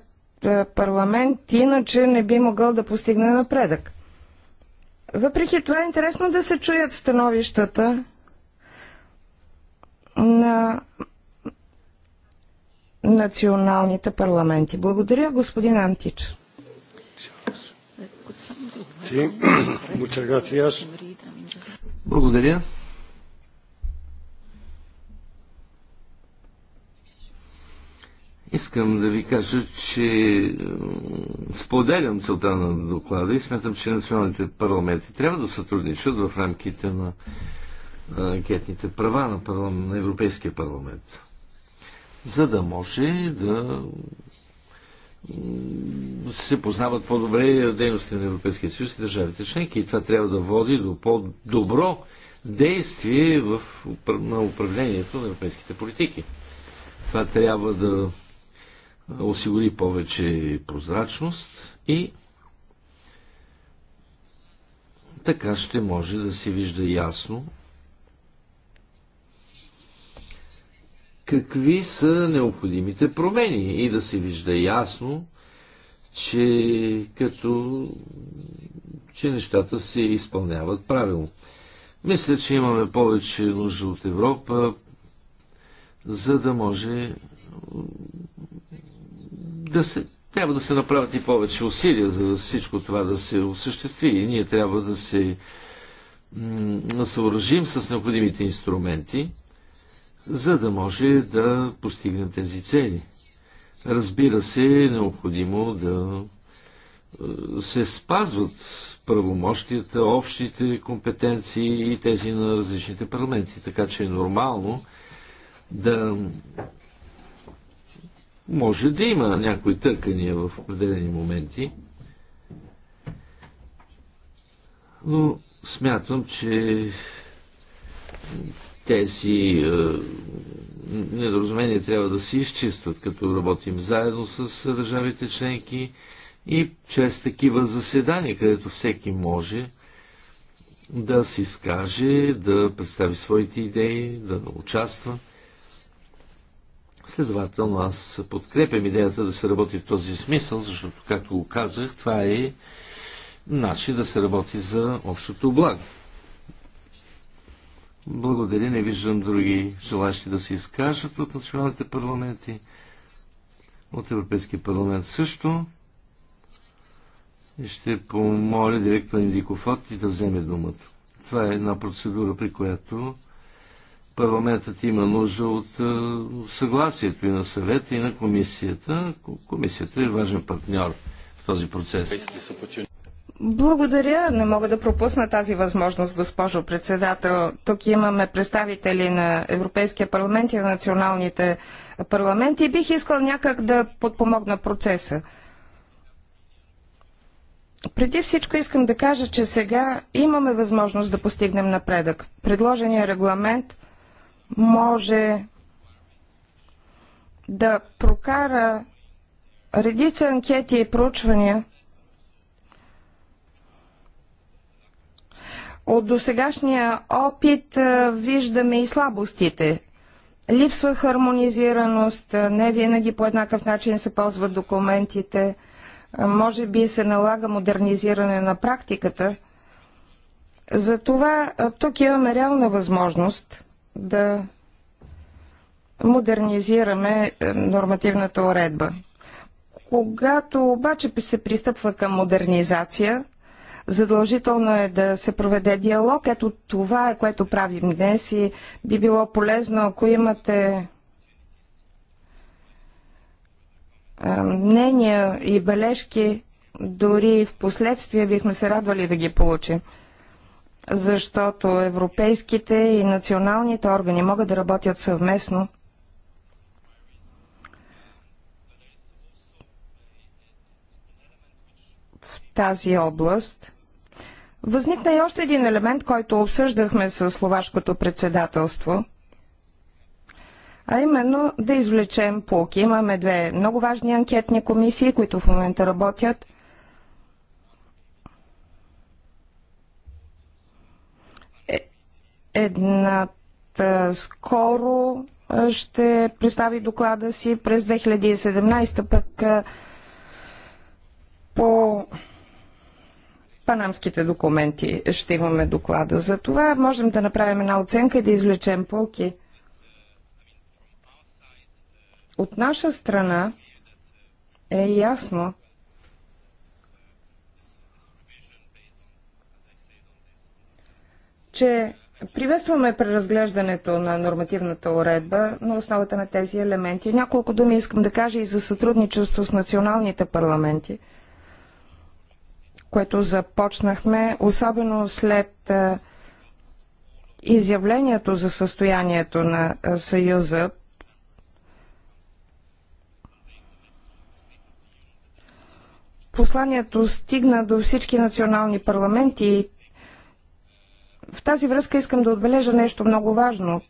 парламент иначе не би могъл да постигне напредък. Въпреки това е интересно да се чуят становищата на националните парламенти. Благодаря, господин Антич. Благодаря. Искам да ви кажа, че споделям целта на доклада и смятам, че националните парламенти трябва да сътрудничат в рамките на анкетните права на, парлам... на Европейския парламент, за да може да се познават по-добре дейности на Европейския съюз и държавите членки. И това трябва да води до по-добро действие в, на управлението на европейските политики. Това трябва да осигури повече прозрачност и така ще може да се вижда ясно какви са необходимите промени и да се вижда ясно, че като че нещата се изпълняват правилно. Мисля, че имаме повече нужда от Европа, за да може да се, трябва да се направят и повече усилия за всичко това да се осъществи. И ние трябва да се съоръжим с необходимите инструменти, за да може да постигнем тези цели. Разбира се, е необходимо да е, се спазват правомощията, общите компетенции и тези на различните парламенти. Така че е нормално да може да има някои търкания в определени моменти, но смятам, че тези е, недоразумения трябва да се изчистват, като работим заедно с държавите членки и чрез такива заседания, където всеки може да се изкаже, да представи своите идеи, да участва. Следователно аз подкрепям идеята да се работи в този смисъл, защото, както го казах, това е начин да се работи за общото благо. Благодаря, не виждам други желащи да се изкажат от националните парламенти, от Европейския парламент също. И ще помоля директор Индикофот и да вземе думата. Това е една процедура, при която парламентът има нужда от е, съгласието и на съвета, и на комисията. Комисията е важен партньор в този процес. Благодаря. Не мога да пропусна тази възможност, госпожо председател. Тук имаме представители на Европейския парламент и на националните парламенти. Бих искал някак да подпомогна процеса. Преди всичко искам да кажа, че сега имаме възможност да постигнем напредък. Предложения регламент – може да прокара редица анкети и проучвания от досегашния опит виждаме и слабостите. Липсва хармонизираност, не винаги по еднакъв начин се ползват документите, може би се налага модернизиране на практиката. Затова тук имаме реална възможност да модернизираме е, нормативната уредба. Когато обаче се пристъпва към модернизация, задължително е да се проведе диалог. Ето това е което правим днес и би било полезно, ако имате е, мнения и бележки, дори в последствие бихме се радвали да ги получим защото европейските и националните органи могат да работят съвместно. В тази област възникна и още един елемент, който обсъждахме с словашкото председателство, а именно да извлечем полки. Имаме две много важни анкетни комисии, които в момента работят – Едната скоро ще представи доклада си през 2017, пък по панамските документи ще имаме доклада. За това можем да направим една оценка и да извлечем полки. От наша страна е ясно, че Приветстваме преразглеждането на нормативната уредба на основата на тези елементи. Няколко думи искам да кажа и за сътрудничество с националните парламенти, което започнахме, особено след изявлението за състоянието на Съюза посланието стигна до всички национални парламенти и в тази връзка искам да отбележа нещо много важно.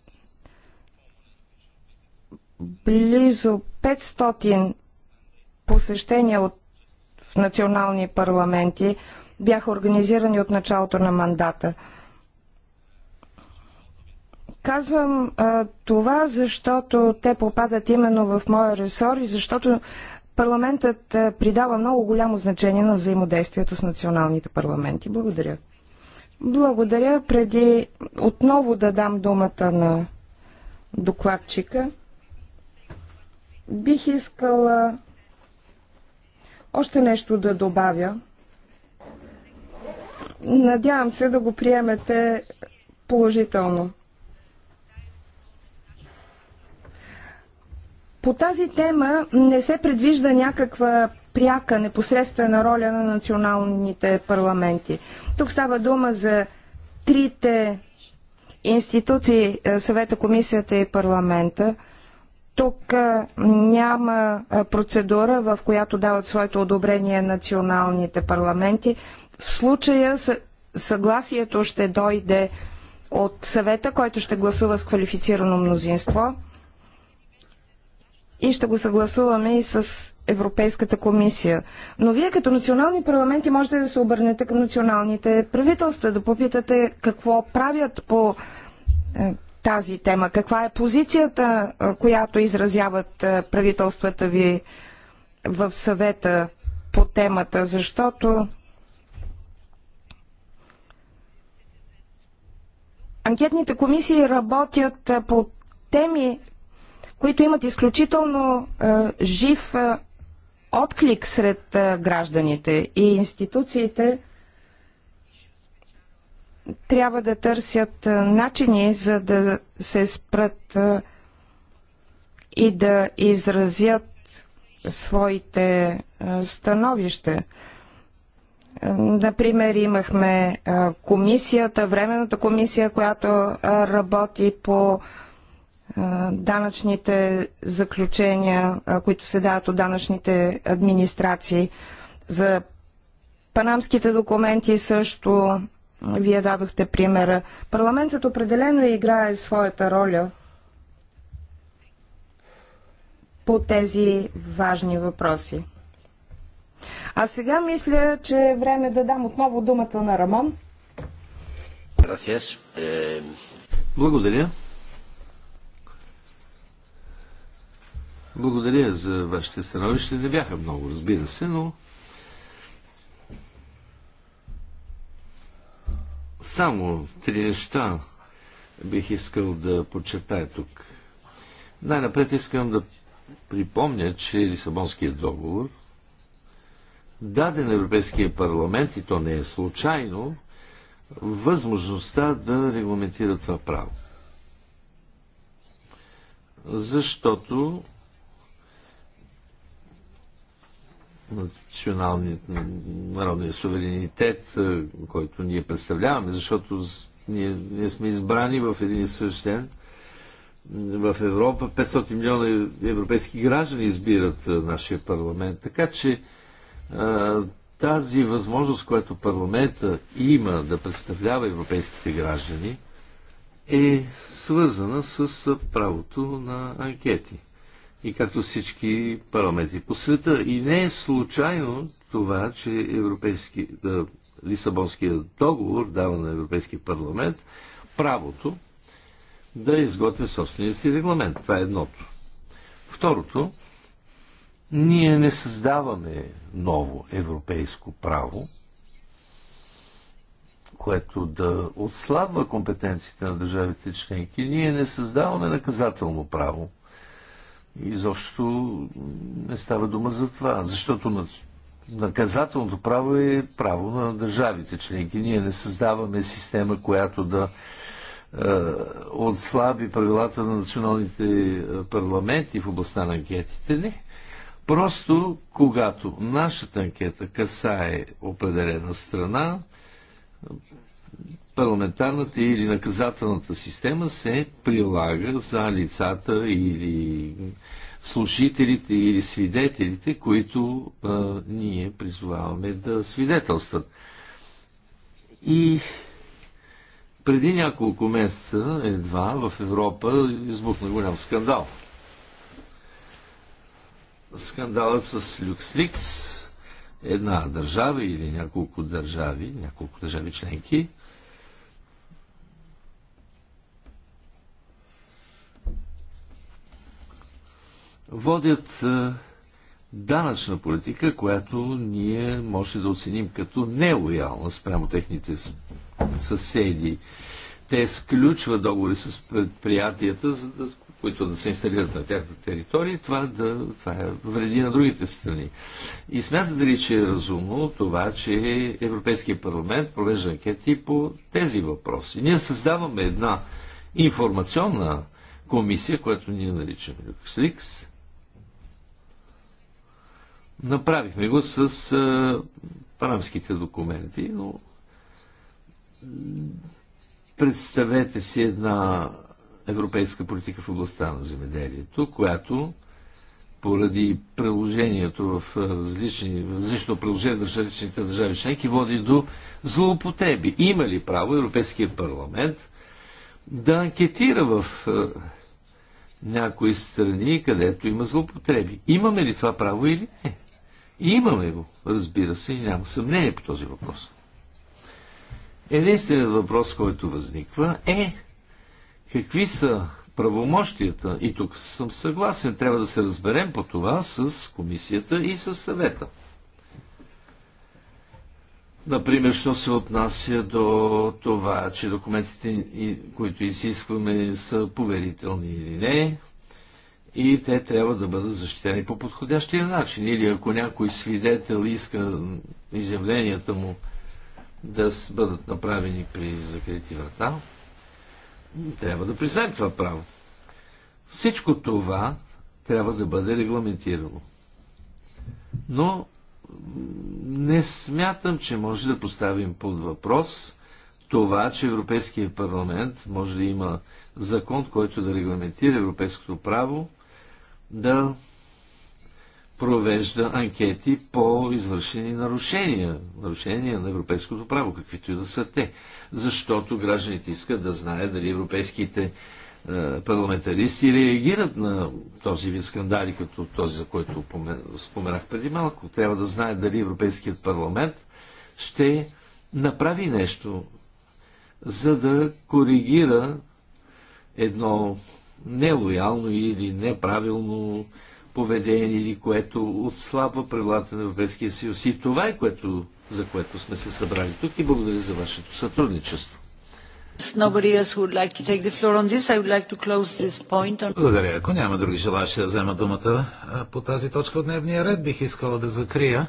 Близо 500 посещения от национални парламенти бяха организирани от началото на мандата. Казвам а, това, защото те попадат именно в моя ресор и защото парламентът а, придава много голямо значение на взаимодействието с националните парламенти. Благодаря. Благодаря. Преди отново да дам думата на докладчика, бих искала още нещо да добавя. Надявам се да го приемете положително. По тази тема не се предвижда някаква пряка, непосредствена роля на националните парламенти. Тук става дума за трите институции, е, съвета, комисията и парламента. Тук е, няма е, процедура, в която дават своето одобрение националните парламенти. В случая съгласието ще дойде от съвета, който ще гласува с квалифицирано мнозинство и ще го съгласуваме и с Европейската комисия. Но вие като национални парламенти можете да се обърнете към националните правителства, да попитате какво правят по е, тази тема, каква е позицията, е, която изразяват е, правителствата ви в съвета по темата, защото анкетните комисии работят по теми, които имат изключително е, жив е, отклик сред е, гражданите и институциите трябва да търсят начини за да се спрат и да изразят своите становища. Например, имахме комисията, временната комисия, която работи по данъчните заключения, които се дават от данъчните администрации. За панамските документи също вие дадохте примера. Парламентът определено играе своята роля по тези важни въпроси. А сега мисля, че е време да дам отново думата на Рамон. Е, Благодаря. Благодаря за вашите становища. Не бяха много, разбира се, но само три неща бих искал да подчертая тук. Най-напред искам да припомня, че Лисабонският договор даде на Европейския парламент, и то не е случайно, възможността да регламентира това право. Защото националният народния суверенитет, който ние представляваме, защото ние, ние сме избрани в един и същ ден в Европа. 500 милиона европейски граждани избират нашия парламент. Така че тази възможност, която парламента има да представлява европейските граждани, е свързана с правото на анкети и както всички парламенти по света. И не е случайно това, че европейски, да, Лисабонският договор дава на Европейския парламент правото да изготвя собствения си регламент. Това е едното. Второто, ние не създаваме ново европейско право, което да отслабва компетенциите на държавите членки. Ние не създаваме наказателно право. Изобщо не става дума за това, защото наказателното право е право на държавите членки. Ние не създаваме система, която да е, отслаби правилата на националните е, парламенти в областта на анкетите. ни, Просто, когато нашата анкета касае определена страна, парламентарната или наказателната система се прилага за лицата или слушителите или свидетелите, които а, ние призоваваме да свидетелстват. И преди няколко месеца едва в Европа избухна голям скандал. Скандалът с Люксликс, една държава или няколко държави, няколко държави членки, водят е, данъчна политика, която ние може да оценим като нелоялна спрямо техните съседи. Те сключват договори с предприятията, за да, които да се инсталират на тяхната територия. Това, да, това е вреди на другите страни. И смятате ли, че е разумно това, че Европейския парламент провежда анкети по тези въпроси? Ние създаваме една информационна комисия, която ние наричаме Люкс-Ликс. Направихме го с а, панамските документи, но представете си една европейска политика в областта на земеделието, която поради приложението в, различни, в различно приложение на различните държави членки води до злоупотреби. Има ли право Европейския парламент да анкетира в някои страни, където има злоупотреби? Имаме ли това право или не? И имаме го, разбира се, и няма съмнение по този въпрос. Единственият въпрос, който възниква е какви са правомощията, и тук съм съгласен, трябва да се разберем по това с комисията и с съвета. Например, що се отнася до това, че документите, които изискваме, са поверителни или не, и те трябва да бъдат защитени по подходящия начин. Или ако някой свидетел иска изявленията му да бъдат направени при закрити врата, трябва да признаем това право. Всичко това трябва да бъде регламентирано. Но не смятам, че може да поставим под въпрос това, че Европейския парламент може да има закон, който да регламентира европейското право да провежда анкети по извършени нарушения, нарушения на европейското право, каквито и да са те. Защото гражданите искат да знаят дали европейските е, парламентаристи реагират на този вид скандали, като този, за който споменах преди малко. Трябва да знаят дали Европейският парламент ще направи нещо, за да коригира едно нелоялно или неправилно поведение или което отслабва правилата на Европейския съюз. И това е което, за което сме се събрали тук и благодаря за вашето сътрудничество. Благодаря. Ако няма други желащи да взема думата по тази точка от дневния ред, бих искала да закрия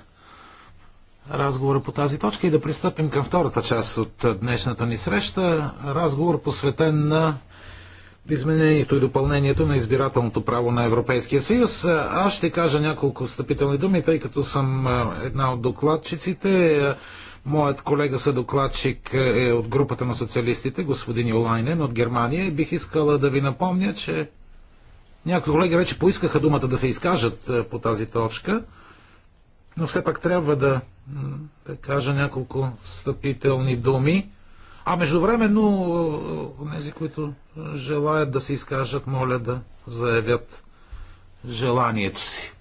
разговора по тази точка и да пристъпим към втората част от днешната ни среща. Разговор посветен на изменението и допълнението на избирателното право на Европейския съюз. Аз ще кажа няколко встъпителни думи, тъй като съм една от докладчиците. Моят колега съдокладчик е от групата на социалистите, господин Олайнен от Германия. бих искала да ви напомня, че някои колеги вече поискаха думата да се изкажат по тази точка, но все пак трябва да, да кажа няколко встъпителни думи. А междувременно, тези, е, които е, желаят да се изкажат, моля да заявят желанието си.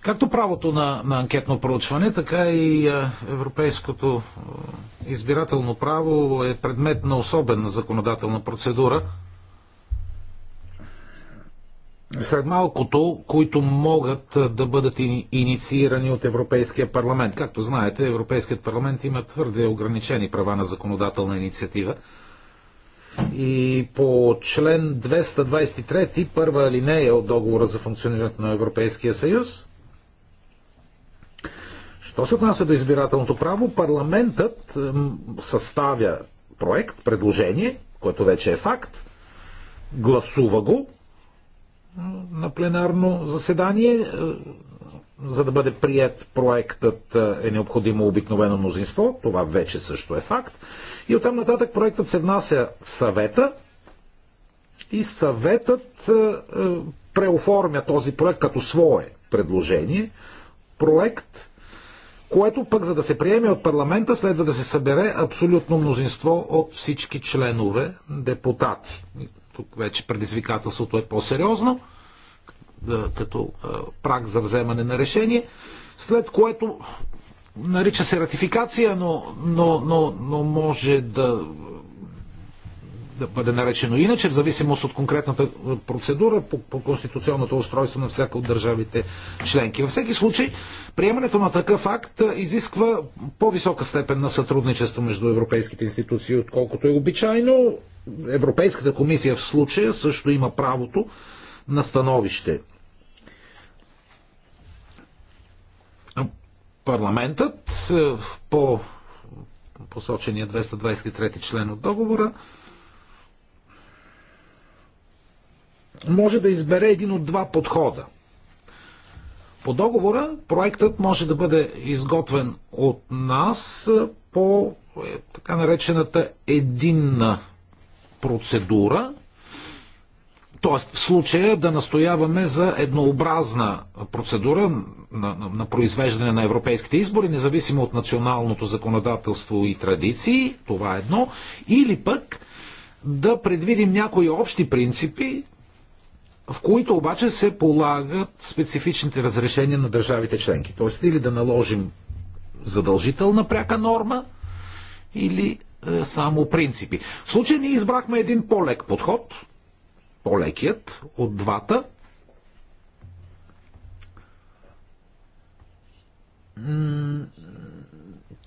Както правото на, на анкетно проучване, така и е, европейското избирателно право е предмет на особена законодателна процедура – сред малкото, които могат да бъдат инициирани от Европейския парламент. Както знаете, Европейският парламент има твърде ограничени права на законодателна инициатива. И по член 223, първа линея от договора за функционирането на Европейския съюз, що се отнася до избирателното право, парламентът съставя проект, предложение, което вече е факт, гласува го, на пленарно заседание. Е, за да бъде прият проектът е, е необходимо обикновено мнозинство. Това вече също е факт. И оттам нататък проектът се внася в съвета и съветът е, преоформя този проект като свое предложение. Проект, което пък за да се приеме от парламента следва да се събере абсолютно мнозинство от всички членове депутати. Тук вече предизвикателството е по-сериозно, като прак за вземане на решение, след което нарича се ратификация, но, но, но, но може да да бъде наречено иначе, в зависимост от конкретната е, процедура по, по конституционното устройство на всяка от държавите членки. Във всеки случай, приемането на такъв акт е, изисква по-висока степен на сътрудничество между европейските институции, отколкото е обичайно. Европейската комисия в случая също има правото на становище. Парламентът по посочения 223 член от договора може да избере един от два подхода. По договора проектът може да бъде изготвен от нас по е, така наречената единна процедура, т.е. в случая да настояваме за еднообразна процедура на, на, на произвеждане на европейските избори, независимо от националното законодателство и традиции, това е едно, или пък да предвидим някои общи принципи, в които обаче се полагат специфичните разрешения на държавите членки. Тоест или да наложим задължителна пряка норма, или е, само принципи. В случай ние избрахме един по-лек подход, по-лекият от двата,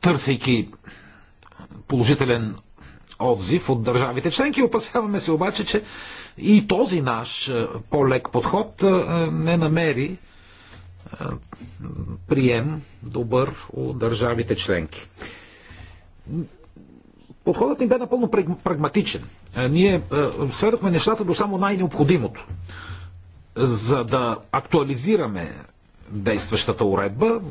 търсейки положителен отзив от държавите членки. Опасяваме се обаче, че и този наш е, по-лек подход е, е, не намери прием добър от държавите членки. Подходът ни бе напълно прагматичен. Ние сведохме нещата до само най-необходимото. За да актуализираме действащата уредба,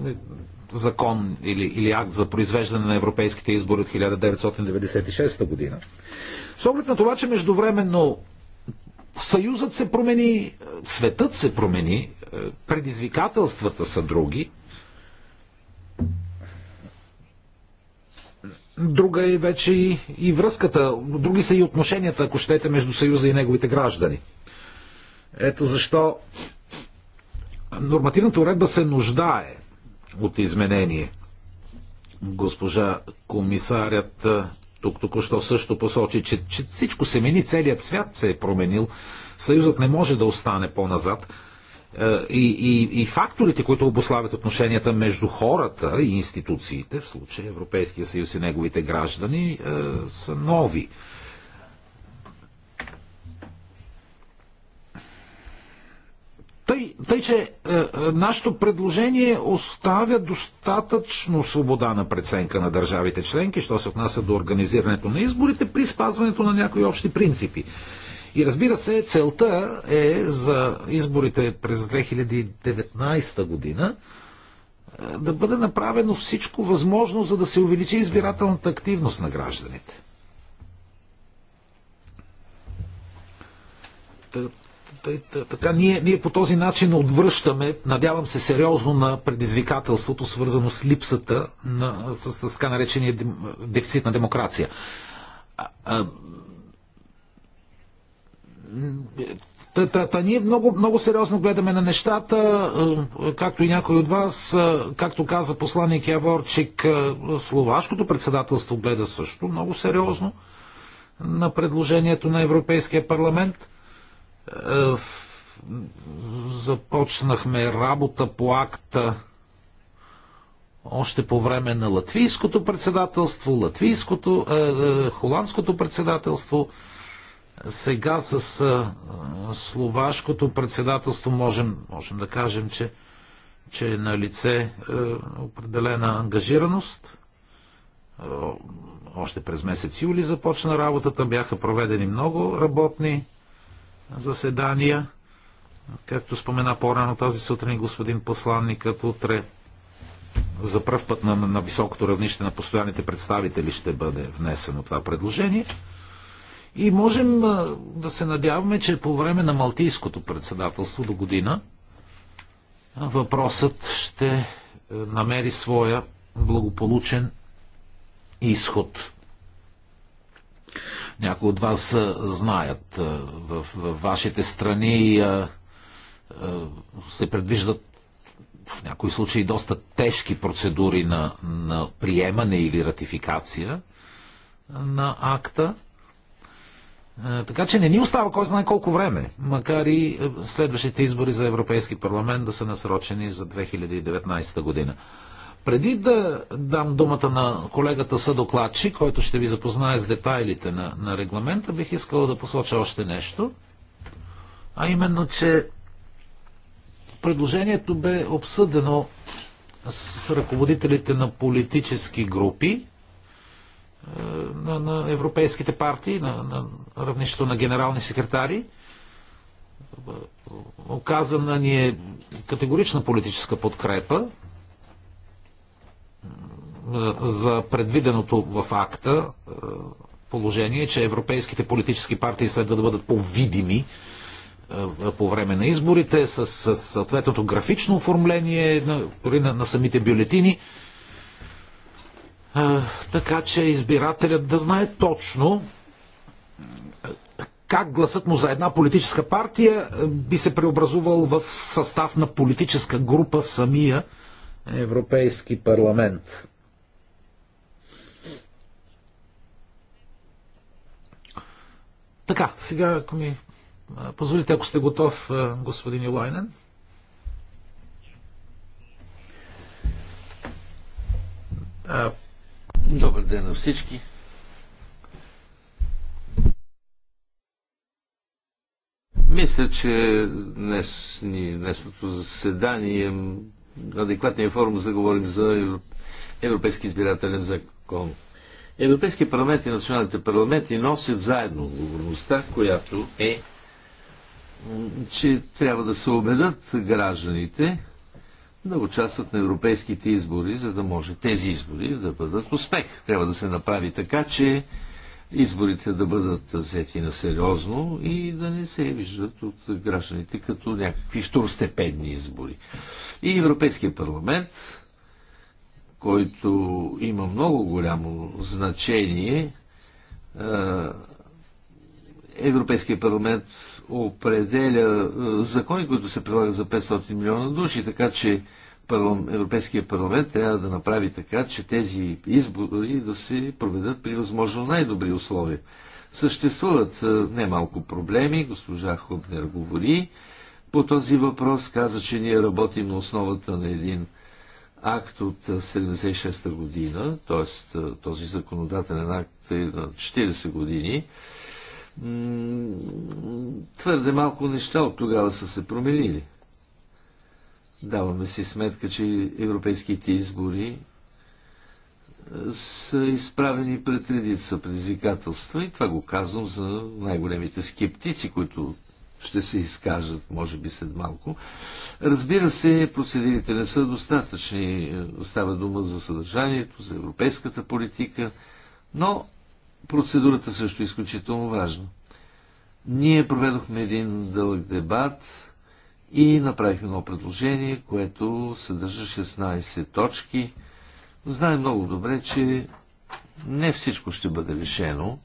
закон или, или акт за произвеждане на европейските избори от 1996 година. С оглед на това, че междувременно Съюзът се промени, е, светът се промени, е, предизвикателствата са други. Друга е вече и, и връзката, други са и отношенията, ако щете, между Съюза и неговите граждани. Ето защо нормативната уредба се нуждае от изменение. Госпожа комисарят е, тук току-що също посочи, че, че всичко се мени, целият свят се е променил. Съюзът не може да остане по-назад. Е, и, и, и факторите, които обославят отношенията между хората и институциите, в случая Европейския съюз и неговите граждани, е, са нови. Тъй, че е, е, нашето предложение оставя достатъчно свобода на преценка на държавите членки, що се отнася до организирането на изборите при спазването на някои общи принципи. И разбира се, целта е за изборите през 2019 година е, да бъде направено всичко възможно, за да се увеличи избирателната активност на гражданите. Е, така ние, ние по този начин отвръщаме, надявам се сериозно, на предизвикателството, свързано с липсата на, с, с така наречения дефицит на демокрация. Та, та, та, ние много, много сериозно гледаме на нещата, е, както и някой от вас, е, както каза посланник Яворчик, словашкото председателство гледа също много сериозно на предложението на Европейския парламент. Е, започнахме работа по акта още по време на латвийското председателство, латвийското, е, е, холандското председателство. Сега с е, словашкото председателство можем, можем да кажем, че, че е на лице е, определена ангажираност. Е, още през месец юли започна работата, бяха проведени много работни заседания. Както спомена по-рано тази сутрин господин посланникът, утре за първ път на, на високото равнище на постоянните представители ще бъде внесено това предложение. И можем да се надяваме, че по време на Малтийското председателство до година въпросът ще намери своя благополучен изход. Някои от вас знаят, в, в вашите страни се предвиждат в някои случаи доста тежки процедури на, на приемане или ратификация на акта. Така че не ни остава кой знае колко време, макар и следващите избори за Европейски парламент да са насрочени за 2019 година. Преди да дам думата на колегата Съдокладчи, който ще ви запознае с детайлите на, на регламента, бих искал да посоча още нещо. А именно, че предложението бе обсъдено с ръководителите на политически групи е, на, на европейските партии, на, на равнището на генерални секретари. Оказана ни е категорична политическа подкрепа е, за предвиденото в акта е, положение, че европейските политически партии следва да бъдат по-видими е, по време на изборите, с, с съответното графично оформление на, на, на самите бюлетини, така че избирателят да знае точно как гласът му за една политическа партия би се преобразувал в състав на политическа група в самия Европейски парламент. Така, сега, ако ми позволите, ако сте готов, господин Илайнен. А... Добър ден на всички. Мисля, че днес, ни, днесното заседание адекватния форум, за да говорим за Европейски избирателен закон. Европейския парламент и националните парламенти носят заедно отговорността, която е, че трябва да се убедат гражданите да участват на европейските избори, за да може тези избори да бъдат успех. Трябва да се направи така, че изборите да бъдат взети на сериозно и да не се виждат от гражданите като някакви второстепенни избори. И Европейския парламент, който има много голямо значение, Европейския парламент определя закони, които се прилагат за 500 милиона души, така че Европейския парламент трябва да направи така, че тези избори да се проведат при възможно най-добри условия. Съществуват е, немалко проблеми, госпожа Хубнер говори по този въпрос, каза, че ние работим на основата на един акт от 76-та е, година, т.е. този законодателен акт е на 40 години. Твърде малко неща от тогава са се променили. Даваме си сметка, че европейските избори са изправени пред редица предизвикателства и това го казвам за най-големите скептици, които ще се изкажат, може би след малко. Разбира се, процедурите не са достатъчни. Е, става дума за съдържанието, за европейската политика, но процедурата също е изключително важна. Ние проведохме един дълъг дебат, и направих едно предложение, което съдържа 16 точки. Знаем много добре, че не всичко ще бъде решено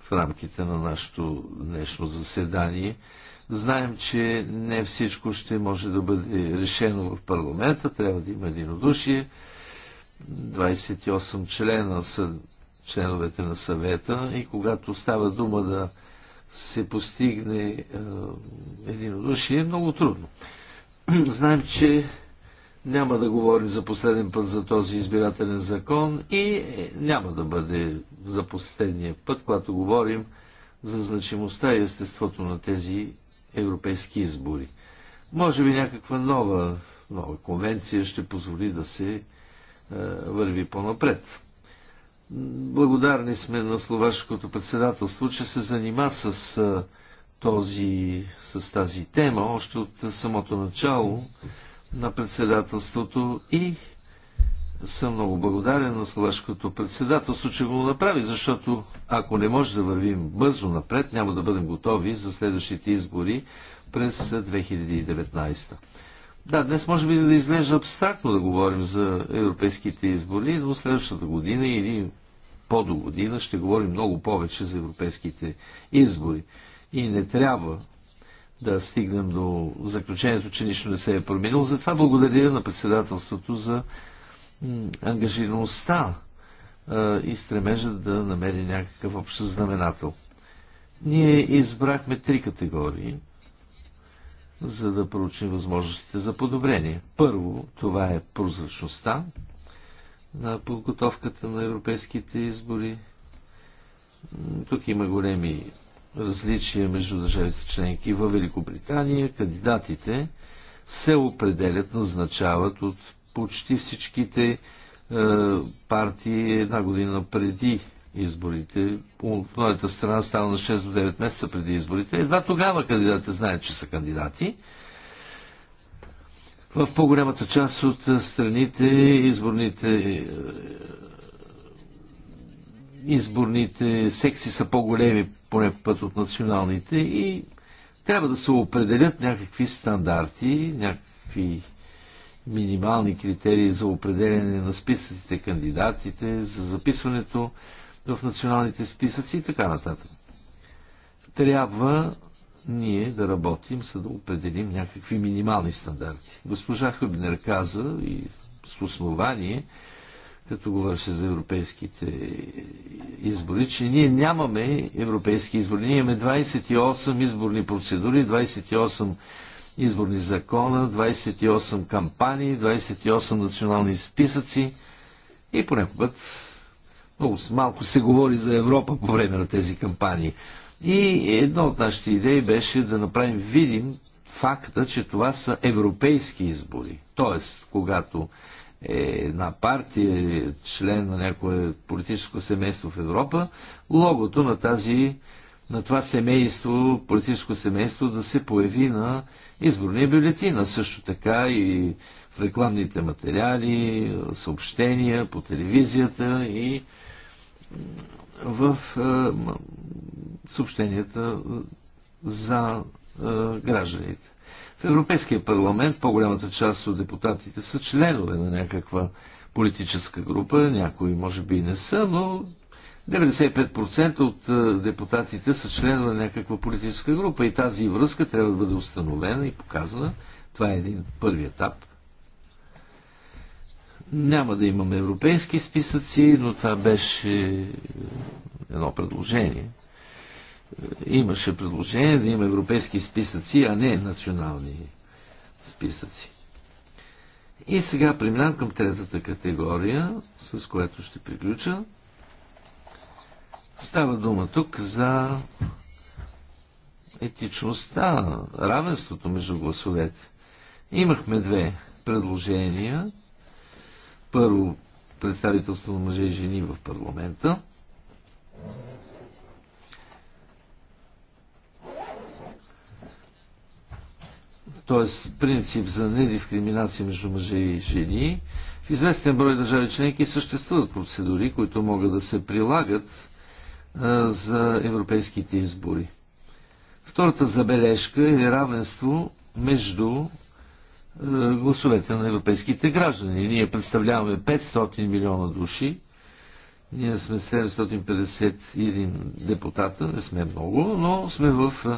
в рамките на нашето днешно заседание. Знаем, че не всичко ще може да бъде решено в парламента, трябва да има единодушие. 28 члена са членовете на съвета и когато става дума да се постигне е, единодушие е много трудно. Знаем, че няма да говорим за последен път за този избирателен закон и е, няма да бъде за последния път, когато говорим за значимостта и естеството на тези европейски избори. Може би някаква нова, нова конвенция ще позволи да се е, върви по-напред. Благодарни сме на словашкото председателство, че се занима с, този, с тази тема още от самото начало на председателството и съм много благодарен на словашкото председателство, че го направи, защото ако не може да вървим бързо напред, няма да бъдем готови за следващите избори през 2019. Да, днес може би да изглежда абстрактно да говорим за европейските избори, но следващата година или по до година ще говорим много повече за европейските избори. И не трябва да стигнем до заключението, че нищо не се е променило. Затова благодаря на председателството за ангажираността и стремежа да намери някакъв общ знаменател. Ние избрахме три категории, за да проучим възможностите за подобрение. Първо, това е прозрачността, на подготовката на европейските избори. Тук има големи различия между държавите членки. Във Великобритания кандидатите се определят, назначават от почти всичките е, партии една година преди изборите. От моята страна стана на 6 до 9 месеца преди изборите. Едва тогава кандидатите знаят, че са кандидати. В по-голямата част от страните изборните е, изборните секции са по-големи поне път от националните и трябва да се определят някакви стандарти, някакви минимални критерии за определене на списъците, кандидатите, за записването в националните списъци и така нататък. Трябва ние да работим, за да определим някакви минимални стандарти. Госпожа Хъбнер каза и с основание, като говореше за европейските избори, че ние нямаме европейски избори. Ние имаме 28 изборни процедури, 28 изборни закона, 28 кампании, 28 национални списъци и понякога много малко се говори за Европа по време на тези кампании. И една от нашите идеи беше да направим видим факта, че това са европейски избори. Тоест, когато е една партия, е член на някое политическо семейство в Европа, логото на тази на това семейство, политическо семейство да се появи на изборния бюлетин, а също така и в рекламните материали, съобщения по телевизията и в е, съобщенията е, за е, гражданите. В Европейския парламент по-голямата част от депутатите са членове на някаква политическа група, някои може би не са, но 95% от депутатите са членове на някаква политическа група и тази връзка трябва да бъде установена и показана. Това е един първи етап – няма да имаме европейски списъци, но това беше е, едно предложение. Е, имаше предложение да има европейски списъци, а не национални списъци. И сега преминавам към третата категория, с която ще приключа. Става дума тук за етичността, равенството между гласовете. Имахме две предложения първо, представителство на мъже и жени в парламента. т.е. принцип за недискриминация между мъже и жени. В известен брой държави членки съществуват процедури, които могат да се прилагат а, за европейските избори. Втората забележка е равенство между е, гласовете на европейските граждани. Ние представляваме 500 милиона души. Ние сме 751 депутата, не сме много, но сме в е,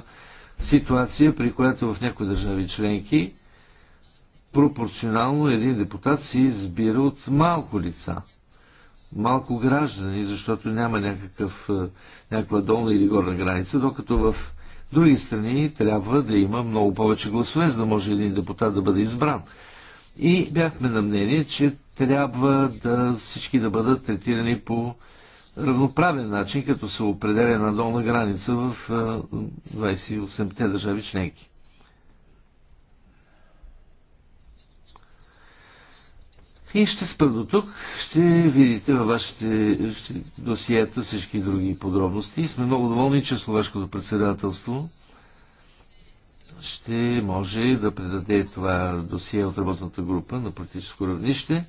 ситуация, при която в някои държави членки пропорционално един депутат се избира от малко лица, малко граждани, защото няма някакъв, е, някаква долна или горна граница, докато в други страни трябва да има много повече гласове, за да може един депутат да бъде избран. И бяхме на мнение, че трябва да всички да бъдат третирани по равноправен начин, като се определя на долна граница в 28-те е, държави членки. И ще спра до тук. Ще видите във вашите досиета всички други подробности. И сме много доволни, че Словешкото председателство ще може да предаде това досие от работната група на политическо равнище,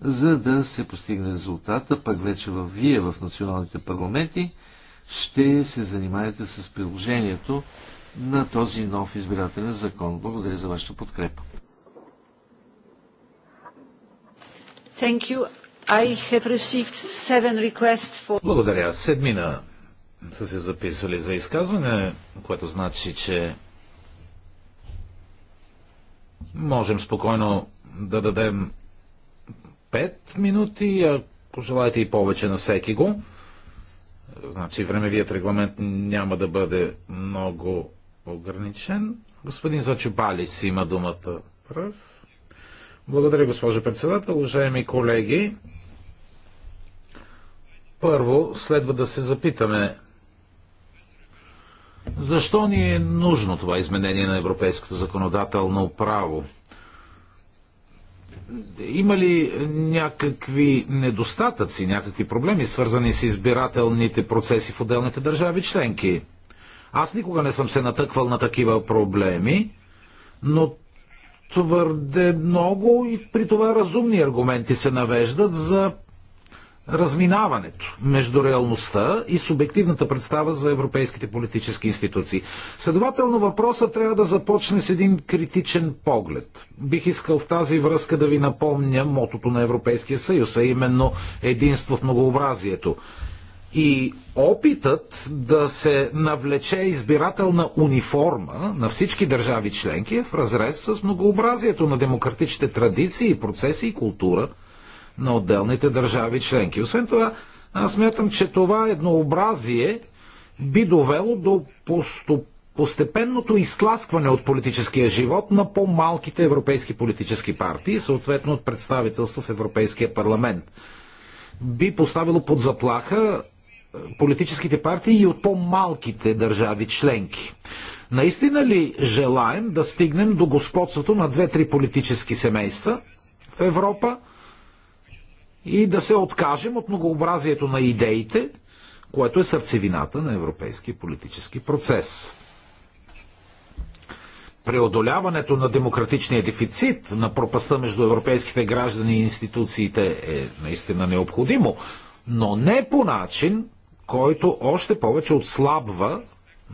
за да се постигне резултата, пък вече във вие, в националните парламенти, ще се занимаете с приложението на този нов избирателен закон. Благодаря за вашата подкрепа. Благодаря. Седмина са се записали за изказване, което значи, че можем спокойно да дадем пет минути, ако желаете и повече на всеки го. Значи времевият регламент няма да бъде много ограничен. Господин Зачубалис има думата пръв. Благодаря, госпожо председател. Уважаеми колеги, първо следва да се запитаме защо ни е нужно това изменение на европейското законодателно право? Има ли някакви недостатъци, някакви проблеми, свързани с избирателните процеси в отделните държави членки? Аз никога не съм се натъквал на такива проблеми, но твърде много и при това разумни аргументи се навеждат за разминаването между реалността и субективната представа за европейските политически институции. Следователно въпроса трябва да започне с един критичен поглед. Бих искал в тази връзка да ви напомня мотото на Европейския съюз, а именно единство в многообразието. И опитът да се навлече избирателна униформа на всички държави членки е в разрез с многообразието на демократичните традиции, процеси и култура на отделните държави членки. Освен това, аз смятам, че това еднообразие би довело до постепенното изтласкване от политическия живот на по-малките европейски политически партии, съответно от представителство в Европейския парламент. Би поставило под заплаха политическите партии и от по-малките държави членки. Наистина ли желаем да стигнем до господството на две-три политически семейства в Европа и да се откажем от многообразието на идеите, което е сърцевината на европейския политически процес? преодоляването на демократичния дефицит, на пропаста между европейските граждани и институциите е наистина необходимо, но не по начин, който още повече отслабва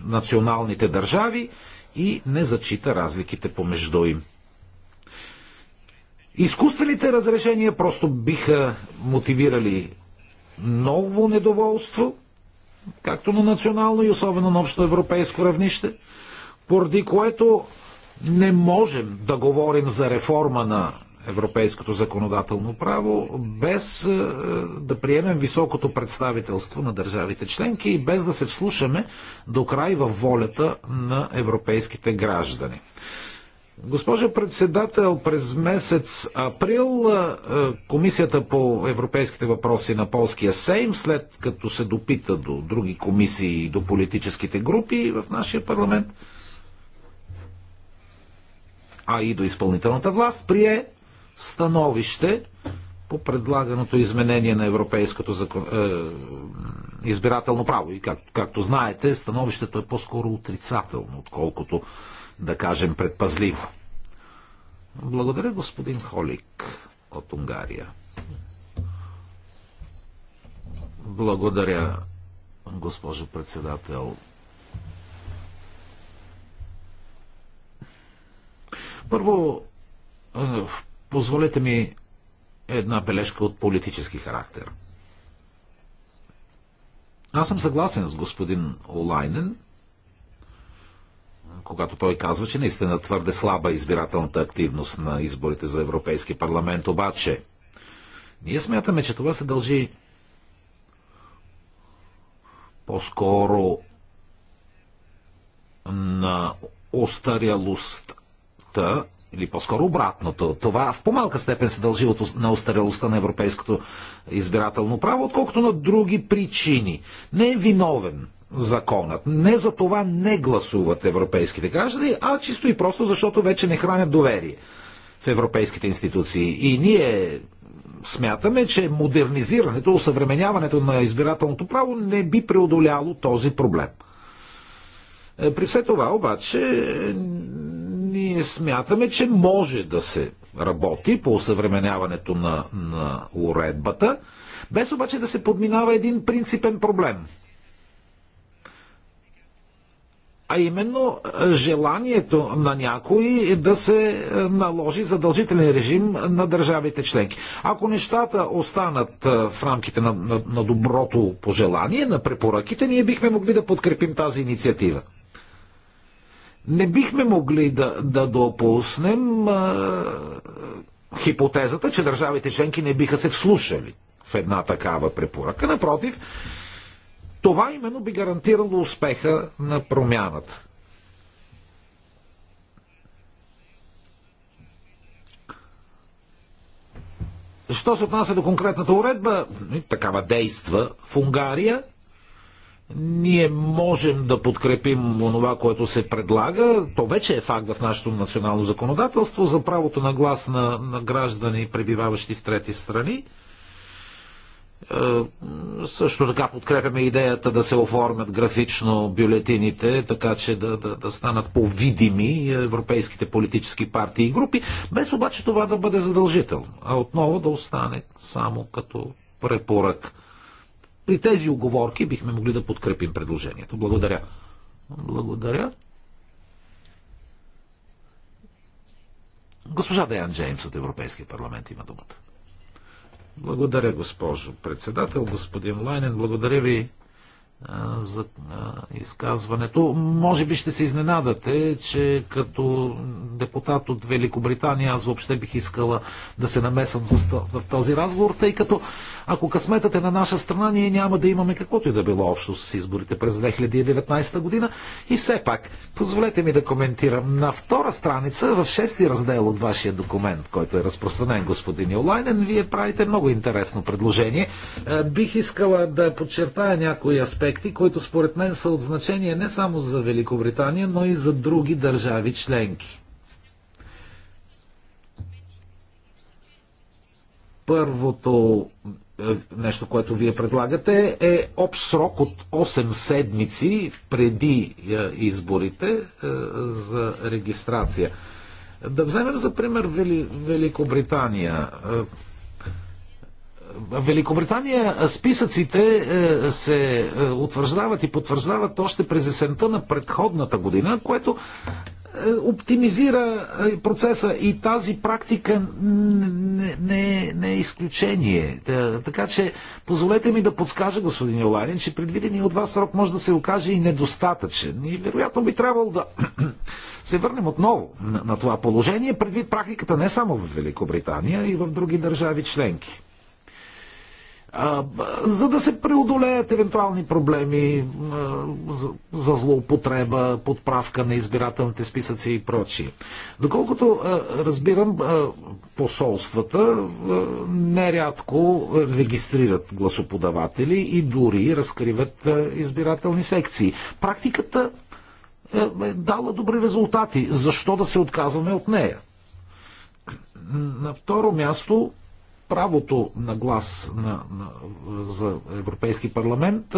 националните държави и не зачита разликите помежду им. Изкуствените разрешения просто биха мотивирали много недоволство, както на национално и особено на общо европейско равнище, поради което не можем да говорим за реформа на европейското законодателно право, без е, е, да приемем високото представителство на държавите членки и без да се вслушаме до край във волята на европейските граждани. Госпожо председател, през месец април е, Комисията по европейските въпроси на Полския Сейм, след като се допита до други комисии и до политическите групи в нашия парламент, а и до изпълнителната власт, прие становище по предлаганото изменение на европейското закон... е... избирателно право. И как, както знаете, становището е по-скоро отрицателно, отколкото, да кажем, предпазливо. Благодаря, господин Холик от Унгария. Благодаря, госпожо председател. Първо, е, Позволете ми една бележка от политически характер. Аз съм съгласен с господин Олайнен, когато той казва, че наистина твърде слаба е избирателната активност на изборите за Европейски парламент. Обаче, ние смятаме, че това се дължи по-скоро на остарялостта или по-скоро обратното. Това в по-малка степен се дължи от, на устарелостта на европейското избирателно право, отколкото на други причини. Не е виновен законът. Не за това не гласуват европейските граждани, а чисто и просто защото вече не хранят доверие в европейските институции. И ние смятаме, че модернизирането, усъвременяването на избирателното право не би преодоляло този проблем. Е, при все това обаче ние смятаме, че може да се работи по осъвременяването на, на уредбата, без обаче да се подминава един принципен проблем. А именно е, желанието на някой да се е, наложи задължителен режим на държавите членки. Ако нещата останат е, в рамките на, на, на доброто пожелание, на препоръките, ние бихме могли да подкрепим тази инициатива не бихме могли да, да допуснем а, хипотезата, че държавите членки не биха се вслушали в една такава препоръка. Напротив, това именно би гарантирало успеха на промяната. Що се отнася до конкретната уредба, такава действа в Унгария – ние можем да подкрепим онова, което се предлага. То вече е факт в нашето национално законодателство за правото на глас на, на граждани, пребиваващи в трети страни. Е, също така подкрепяме идеята да се оформят графично бюлетините, така че да, да, да станат по-видими европейските политически партии и групи, без обаче това да бъде задължително, а отново да остане само като препорък при тези оговорки бихме могли да подкрепим предложението. Благодаря. Благодаря. Госпожа Даян Джеймс от Европейския парламент има думата. Благодаря, госпожо председател, господин Лайнен. Благодаря ви за изказването. Може би ще се изненадате, че като депутат от Великобритания аз въобще бих искала да се намесам в този разговор, тъй като ако късметът е на наша страна, ние няма да имаме каквото и да било общо с изборите през 2019 година. И все пак, позволете ми да коментирам на втора страница, в шести раздел от вашия документ, който е разпространен, господин Олайнен, вие правите много интересно предложение. Е, бих искала да подчертая някои аспекти аспекти, които според мен са от значение не само за Великобритания, но и за други държави членки. Първото е, нещо, което вие предлагате, е общ срок от 8 седмици преди е, изборите е, за регистрация. Да вземем за пример Великобритания. В Великобритания списъците е, се е, утвърждават и потвърждават още през есента на предходната година, което е, оптимизира процеса и тази практика не, не, не е изключение. Така че позволете ми да подскажа, господин Оларин, че предвидения от вас срок може да се окаже и недостатъчен. И вероятно би трябвало да се върнем отново на, на това положение, предвид практиката не само в Великобритания, и в други държави членки за да се преодолеят евентуални проблеми за злоупотреба, подправка на избирателните списъци и прочие. Доколкото разбирам, посолствата нерядко регистрират гласоподаватели и дори разкриват избирателни секции. Практиката е дала добри резултати. Защо да се отказваме от нея? На второ място, правото на глас на, на, за Европейски парламент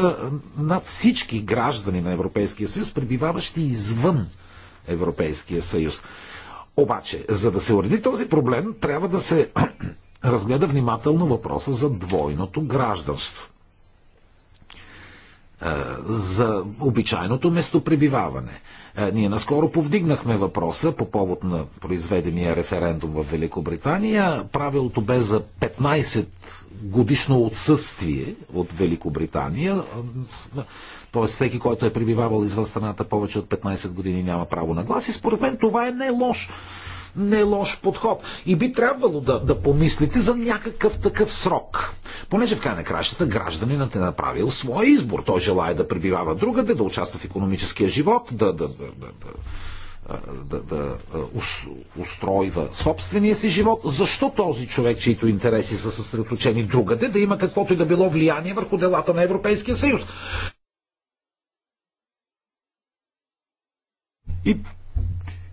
на всички граждани на Европейския съюз, пребиваващи извън Европейския съюз. Обаче, за да се уреди този проблем, трябва да се разгледа внимателно въпроса за двойното гражданство. Е, за обичайното местопребиваване. Е, ние наскоро повдигнахме въпроса по повод на произведения референдум в Великобритания. Правилото бе за 15 годишно отсъствие от Великобритания. Тоест всеки, който е пребивавал извън страната повече от 15 години няма право на глас. И според мен това е не лош не е лош подход. И би трябвало да, да помислите за някакъв такъв срок. Понеже в край на кращата гражданинът е направил своя избор. Той желая да пребивава другаде, да участва в економическия живот, да, да, да, да, да да, да устройва собствения си живот, защо този човек, чието интереси са съсредоточени другаде, да има каквото и да било влияние върху делата на Европейския съюз? И,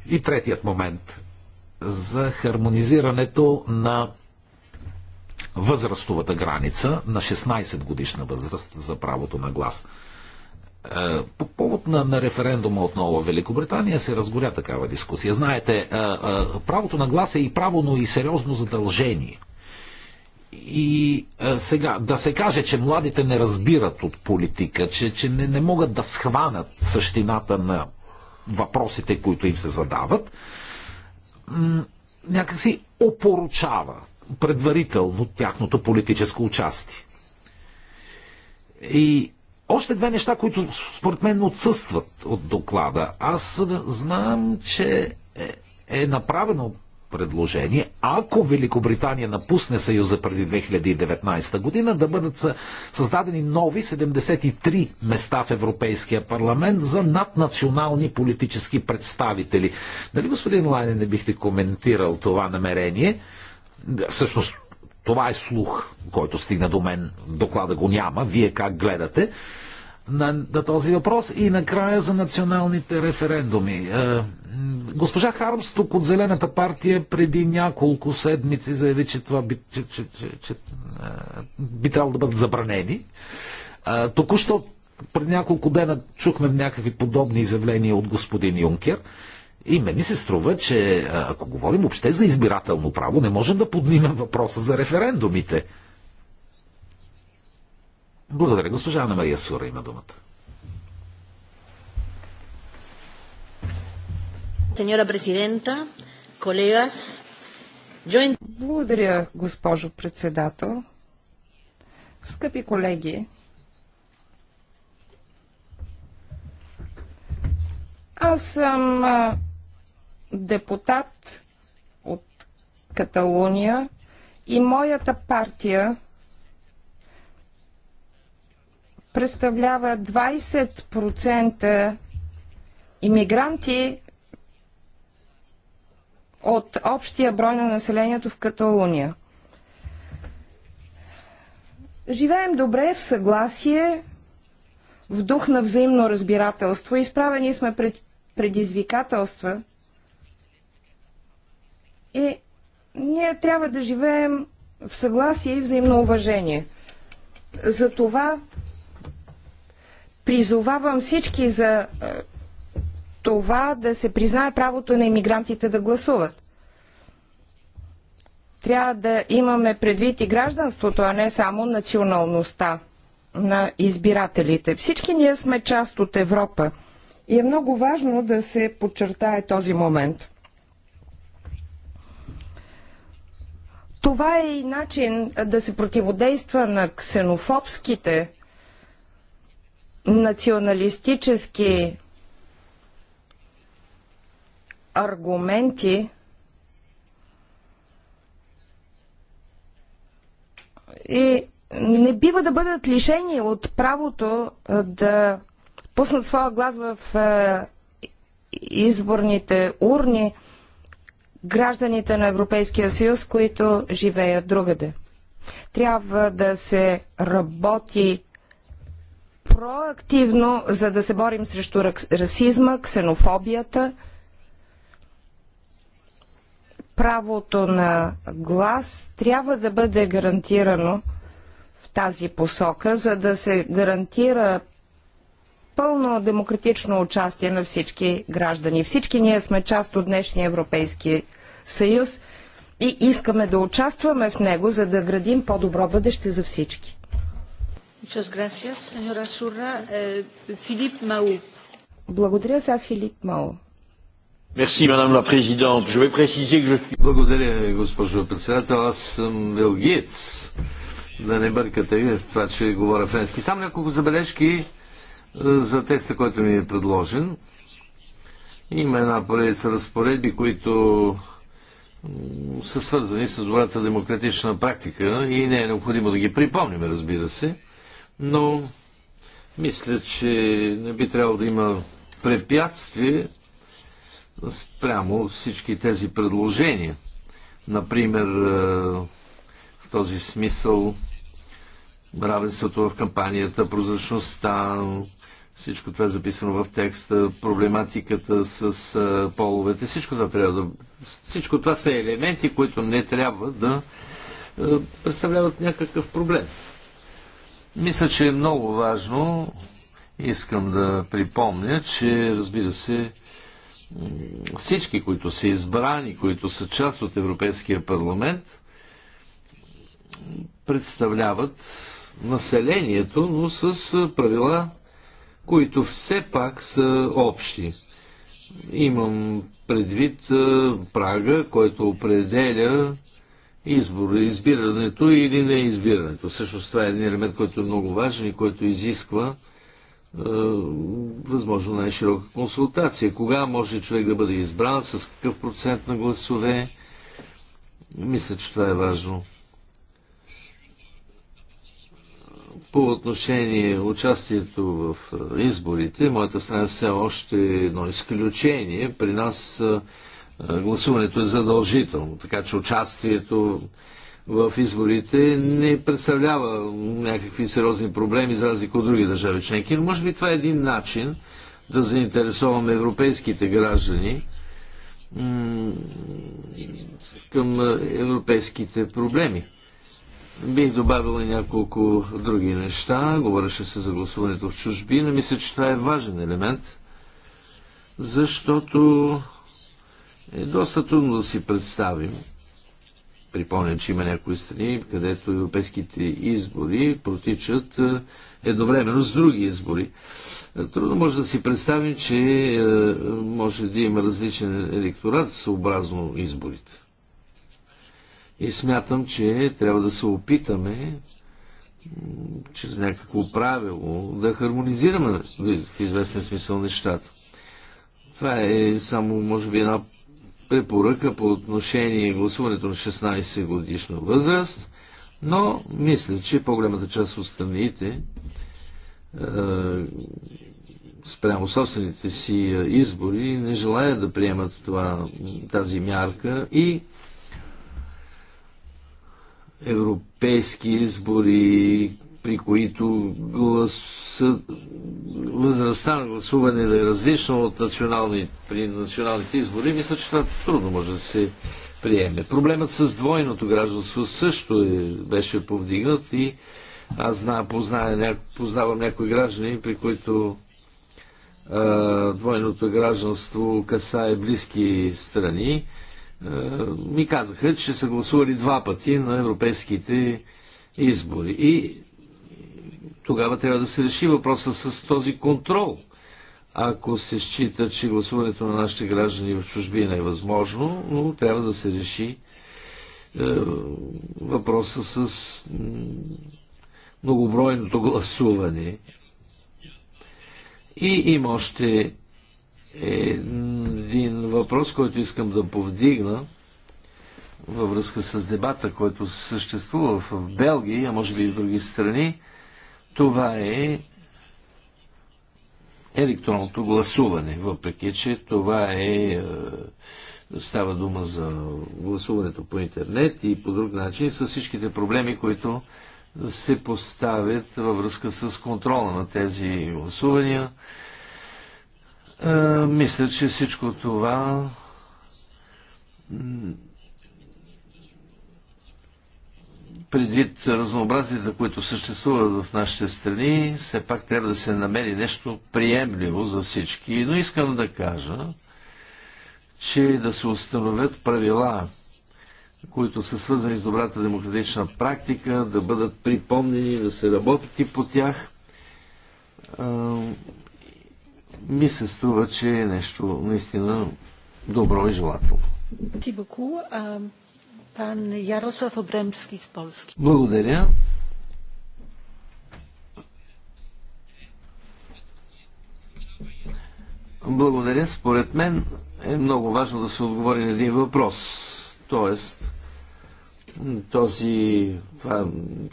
и третият момент за хармонизирането на възрастовата граница на 16 годишна възраст за правото на глас. Е, по повод на, на референдума отново в Великобритания се разгоря такава дискусия. Знаете, е, е, правото на глас е и право, но и сериозно задължение. И сега, да се каже, че младите не разбират от политика, че, че не, не могат да схванат същината на въпросите, които им се задават, някакси опоручава предварително тяхното политическо участие. И още две неща, които според мен отсъстват от доклада. Аз знам, че е, е направено предложение, ако Великобритания напусне Съюза преди 2019 година, да бъдат създадени нови 73 места в Европейския парламент за наднационални политически представители. Дали господин Лайне не бихте коментирал това намерение? Всъщност, това е слух, който стигна до мен. Доклада го няма. Вие как гледате? на, на този въпрос и накрая за националните референдуми. Е, госпожа Хармс тук от Зелената партия преди няколко седмици заяви, че това би, че, че, че, че, е, би трябвало да бъдат забранени. Е, току-що преди няколко дена чухме някакви подобни изявления от господин Юнкер. И мен ми се струва, че ако говорим въобще за избирателно право, не можем да поднимем въпроса за референдумите. Благодаря. Госпожа Анна Мария Сура има думата. Сеньора президента, колегас, благодаря, госпожо председател. Скъпи колеги, аз съм депутат от Каталуния и моята партия представлява 20% иммигранти от общия брой на населението в Каталуния. Живеем добре в съгласие, в дух на взаимно разбирателство. Изправени сме пред предизвикателства и ние трябва да живеем в съгласие и взаимно уважение. Затова Призовавам всички за е, това да се признае правото на иммигрантите да гласуват. Трябва да имаме предвид и гражданството, а не само националността на избирателите. Всички ние сме част от Европа и е много важно да се подчертае този момент. Това е и начин да се противодейства на ксенофобските националистически аргументи и не бива да бъдат лишени от правото да пуснат своя глас в изборните урни гражданите на Европейския съюз, които живеят другаде. Трябва да се работи проактивно, за да се борим срещу расизма, ксенофобията, правото на глас трябва да бъде гарантирано в тази посока, за да се гарантира пълно демократично участие на всички граждани. Всички ние сме част от днешния Европейски съюз и искаме да участваме в него, за да градим по-добро бъдеще за всички. Филип Мау. Eh, Благодаря за Филип Мау. Je vais préciser que je suis... Благодаря, госпожо председател. Аз съм белгиец. Да не бъркате с е това, че говоря френски. Само няколко забележки е, за теста, който ми е предложен. Има една поредица разпоредби, които са свързани с добрата демократична практика и не е необходимо да ги припомним, разбира се но мисля, че не би трябвало да има препятствие спрямо всички тези предложения. Например, е, в този смисъл равенството в кампанията, прозрачността, всичко това е записано в текста, проблематиката с е, половете, всичко това трябва да... Всичко това са елементи, които не трябва да е, представляват някакъв проблем. Мисля, че е много важно. Искам да припомня, че разбира се, всички, които са избрани, които са част от Европейския парламент, представляват населението, но с правила, които все пак са общи. Имам предвид прага, който определя избор, избирането или не избирането. Всъщност това е един елемент, който е много важен и който изисква е, възможно най-широка консултация. Кога може човек да бъде избран, с какъв процент на гласове. Мисля, че това е важно. По отношение участието в е, изборите, моята страна все още е едно изключение. При нас е, е, гласуването е задължително, така че участието в изборите не представлява някакви сериозни проблеми за разлика от други държави членки. Но може би това е един начин да заинтересуваме европейските граждани към е, европейските проблеми. Бих добавил и няколко други неща. Говореше се за гласуването в чужбина. Мисля, че това е важен елемент, защото е доста трудно да си представим. Припомням, че има някои страни, където европейските избори протичат е, едновременно с други избори. Е, трудно може да си представим, че е, може да има различен електорат съобразно изборите. И смятам, че трябва да се опитаме чрез някакво правило да хармонизираме в известен смисъл нещата. Това е само, може би, една препоръка по отношение гласуването на 16 годишна възраст, но мисля, че по-голямата част от страните е, спрямо собствените си е, избори не желаят да приемат това, тази мярка и европейски избори, при които глас... възрастта на гласуване да е различна от национални... при националните избори, мисля, че това трудно може да се приеме. Проблемът с двойното гражданство също е, беше повдигнат и аз зна, позная, познавам някои граждани, при които а, двойното гражданство касае близки страни. А, ми казаха, че са гласували два пъти на европейските избори. И тогава трябва да се реши въпроса с този контрол. Ако се счита, че гласуването на нашите граждани в чужбина е възможно, но трябва да се реши е, въпроса с многобройното гласуване. И има още един въпрос, който искам да повдигна във връзка с дебата, който съществува в Белгия, а може би и в други страни това е електронното гласуване, въпреки че това е, е става дума за гласуването по интернет и по друг начин с всичките проблеми, които се поставят във връзка с контрола на тези гласувания. Е, мисля, че всичко това предвид разнообразията, които съществуват в нашите страни, все пак трябва да се намери нещо приемливо за всички. Но искам да кажа, че да се установят правила, които са свързани с добрата демократична практика, да бъдат припомнени, да се работят и по тях, ми се струва, че е нещо наистина добро и желателно. Благодаря. Благодаря. Според мен е много важно да се отговори на един въпрос. Тоест, този,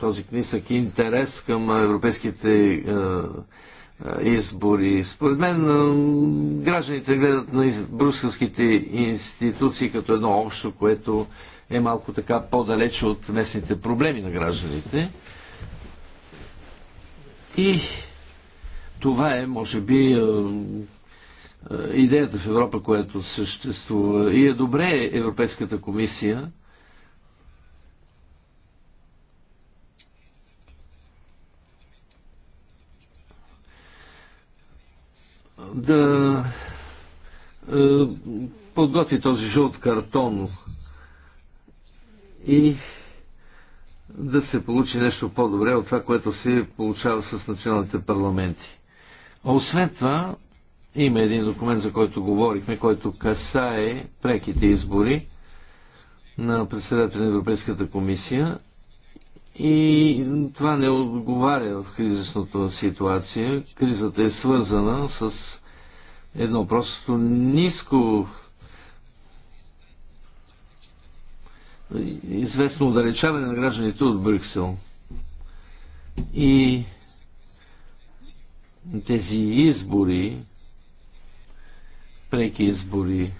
този книсък интерес към европейските е, е, избори. Според мен е, гражданите гледат на брюсселските институции като едно общо, което е малко така по-далече от местните проблеми на гражданите. И това е, може би, е, е, идеята в Европа, която съществува. И е добре Европейската комисия да е, подготви този жълт картон и да се получи нещо по-добре от това, което се получава с националните парламенти. А освен това, има един документ, за който говорихме, който касае преките избори на председателя на Европейската комисия и това не отговаря в кризисната ситуация. Кризата е свързана с едно просто ниско известно удалечаване на гражданите от Брюксел. И тези избори, преки избори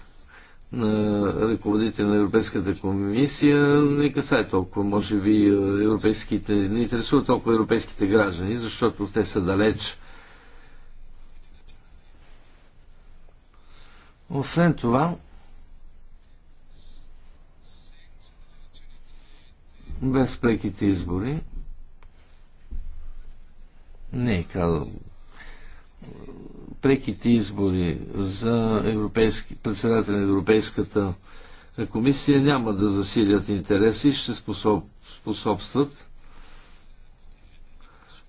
на ръководител на Европейската комисия не касае толкова, може би, е, европейските, не интересува толкова европейските граждани, защото те са далеч. Освен това, без преките избори. Не, е казвам. Преките избори за европейски, председател на Европейската комисия няма да засилят интереси и ще способ, способстват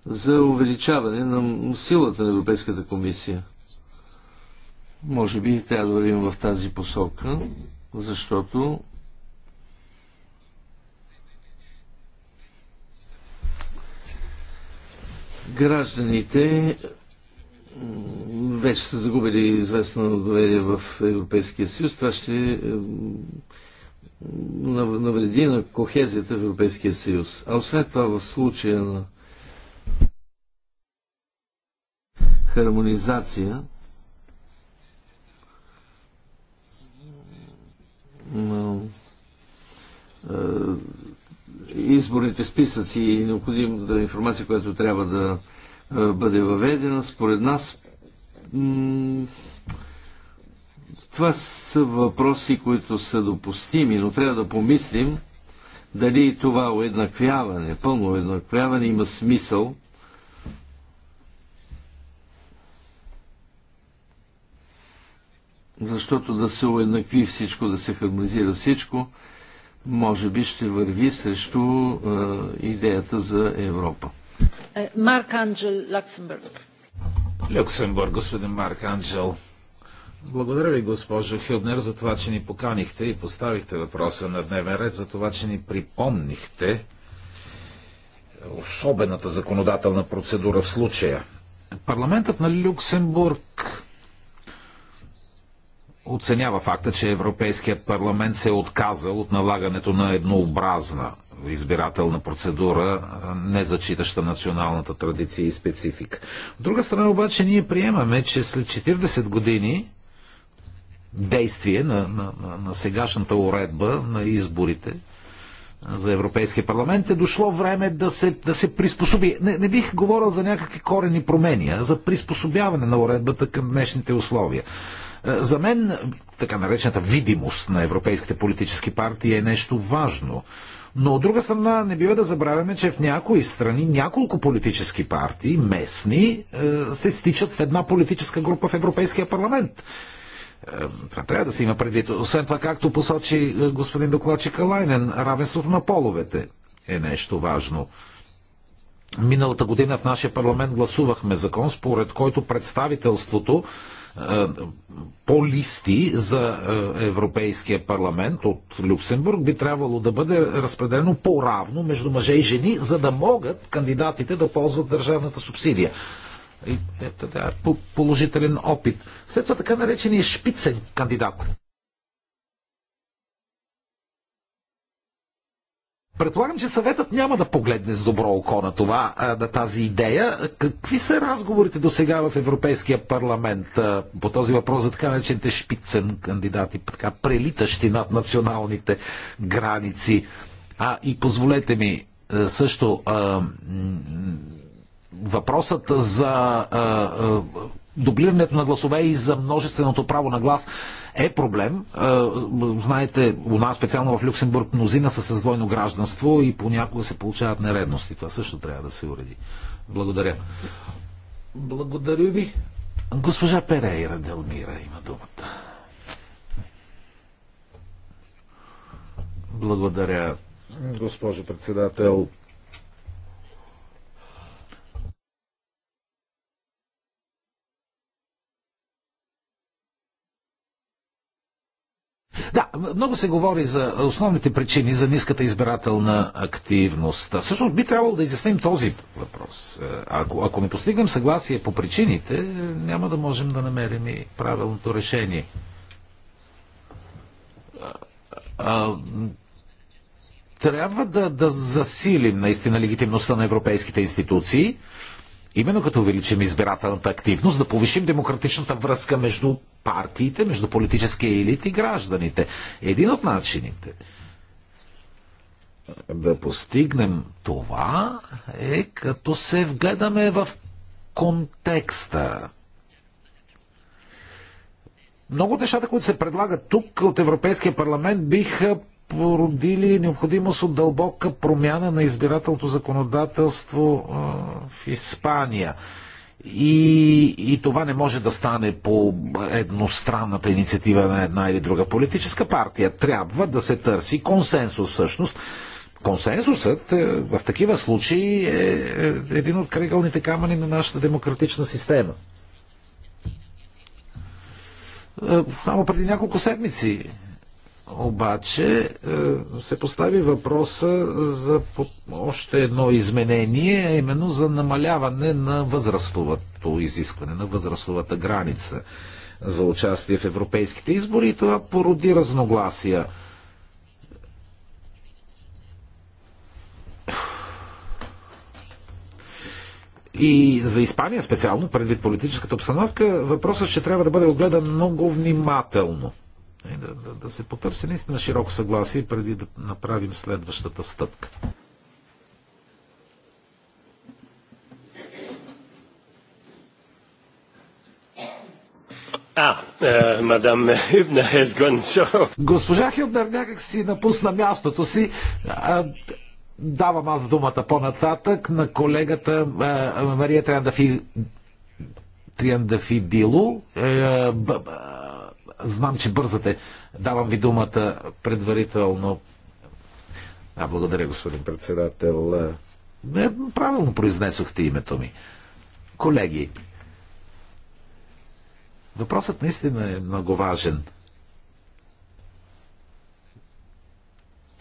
за увеличаване на силата на Европейската комисия. Може би трябва да вървим в тази посока, защото Гражданите вече са загубили известно доверие в Европейския съюз. Това ще навреди на кохезията в Европейския съюз. А освен това в случая на хармонизация на изборните списъци и необходимата информация, която трябва да е, бъде въведена, според нас това са въпроси, които са допустими, но трябва да помислим дали това уеднаквяване, пълно уеднаквяване има смисъл. Защото да се уеднакви всичко, да се хармонизира всичко, може би ще върви срещу идеята за Европа. Е, Марк Анджел, Люксембург. Люксембург, господин Марк Анджел. Благодаря ви, госпожо Хилднер, за това, че ни поканихте и поставихте въпроса на дневен ред, за това, че ни припомнихте особената законодателна процедура в случая. Парламентът на Люксембург оценява факта, че Европейският парламент се е отказал от налагането на еднообразна избирателна процедура, не зачитаща националната традиция и специфика. От друга страна обаче ние приемаме, че след 40 години действие на, на, на, на сегашната уредба на изборите за Европейския парламент е дошло време да се, да се приспособи. Не, не бих говорил за някакви корени промени, а за приспособяване на уредбата към днешните условия. За мен така наречената видимост на европейските политически партии е нещо важно. Но от друга страна не бива да забравяме, че в някои страни няколко политически партии, местни, е, се стичат в една политическа група в Европейския парламент. Е, това трябва да се има предвид. Освен това, както посочи е, господин докладчик Лайнен, равенството на половете е нещо важно. Миналата година в нашия парламент гласувахме закон, според който представителството е, по-листи за е, Европейския парламент от Люксембург би трябвало да бъде разпределено по-равно между мъже и жени, за да могат кандидатите да ползват държавната субсидия. Ето, да, е положителен опит. След това така наречения шпицен кандидат. Предполагам, че съветът няма да погледне с добро око на това, на тази идея. Какви са разговорите до сега в Европейския парламент по този въпрос за така наречените шпицен кандидати, така прелитащи над националните граници? А и позволете ми също а, въпросът за а, а, дублирането на гласове и за множественото право на глас е проблем. Знаете, у нас специално в Люксембург мнозина са с двойно гражданство и понякога се получават нередности. Това също трябва да се уреди. Благодаря. Благодаря ви. Госпожа Перейра Делмира има думата. Благодаря, госпожо председател. Да, много се говори за основните причини за ниската избирателна активност. Всъщност би трябвало да изясним този въпрос. Е, ако, ако не постигнем съгласие по причините, няма да можем да намерим и правилното решение. Е, трябва да, да засилим наистина легитимността на европейските институции, именно като увеличим избирателната активност, да повишим демократичната връзка между партиите, между политическия елит и гражданите. Един от начините да постигнем това е като се вгледаме в контекста. Много от нещата, които се предлагат тук от Европейския парламент, биха породили необходимост от дълбока промяна на избирателното законодателство в Испания. И, и това не може да стане по едностранната инициатива на една или друга политическа партия. Трябва да се търси консенсус всъщност. Консенсусът е, в такива случаи е, е един от кръгълните камъни на нашата демократична система. Е, само преди няколко седмици обаче е, се постави въпроса за още едно изменение, а именно за намаляване на възрастовото изискване, на възрастовата граница за участие в европейските избори и това породи разногласия. И за Испания специално, предвид политическата обстановка, въпросът ще трябва да бъде огледан много внимателно. Е, да, да, да се потърси наистина широко съгласие преди да направим следващата стъпка. А, е, мадам е Госпожа Хюбнер някак си напусна мястото си. А, давам аз думата по-нататък на колегата а, Мария Триандафи Триандафидило. Е, Знам, че бързате. Давам ви думата предварително. А, благодаря, господин председател. Не, правилно произнесохте името ми. Колеги, въпросът наистина е много важен.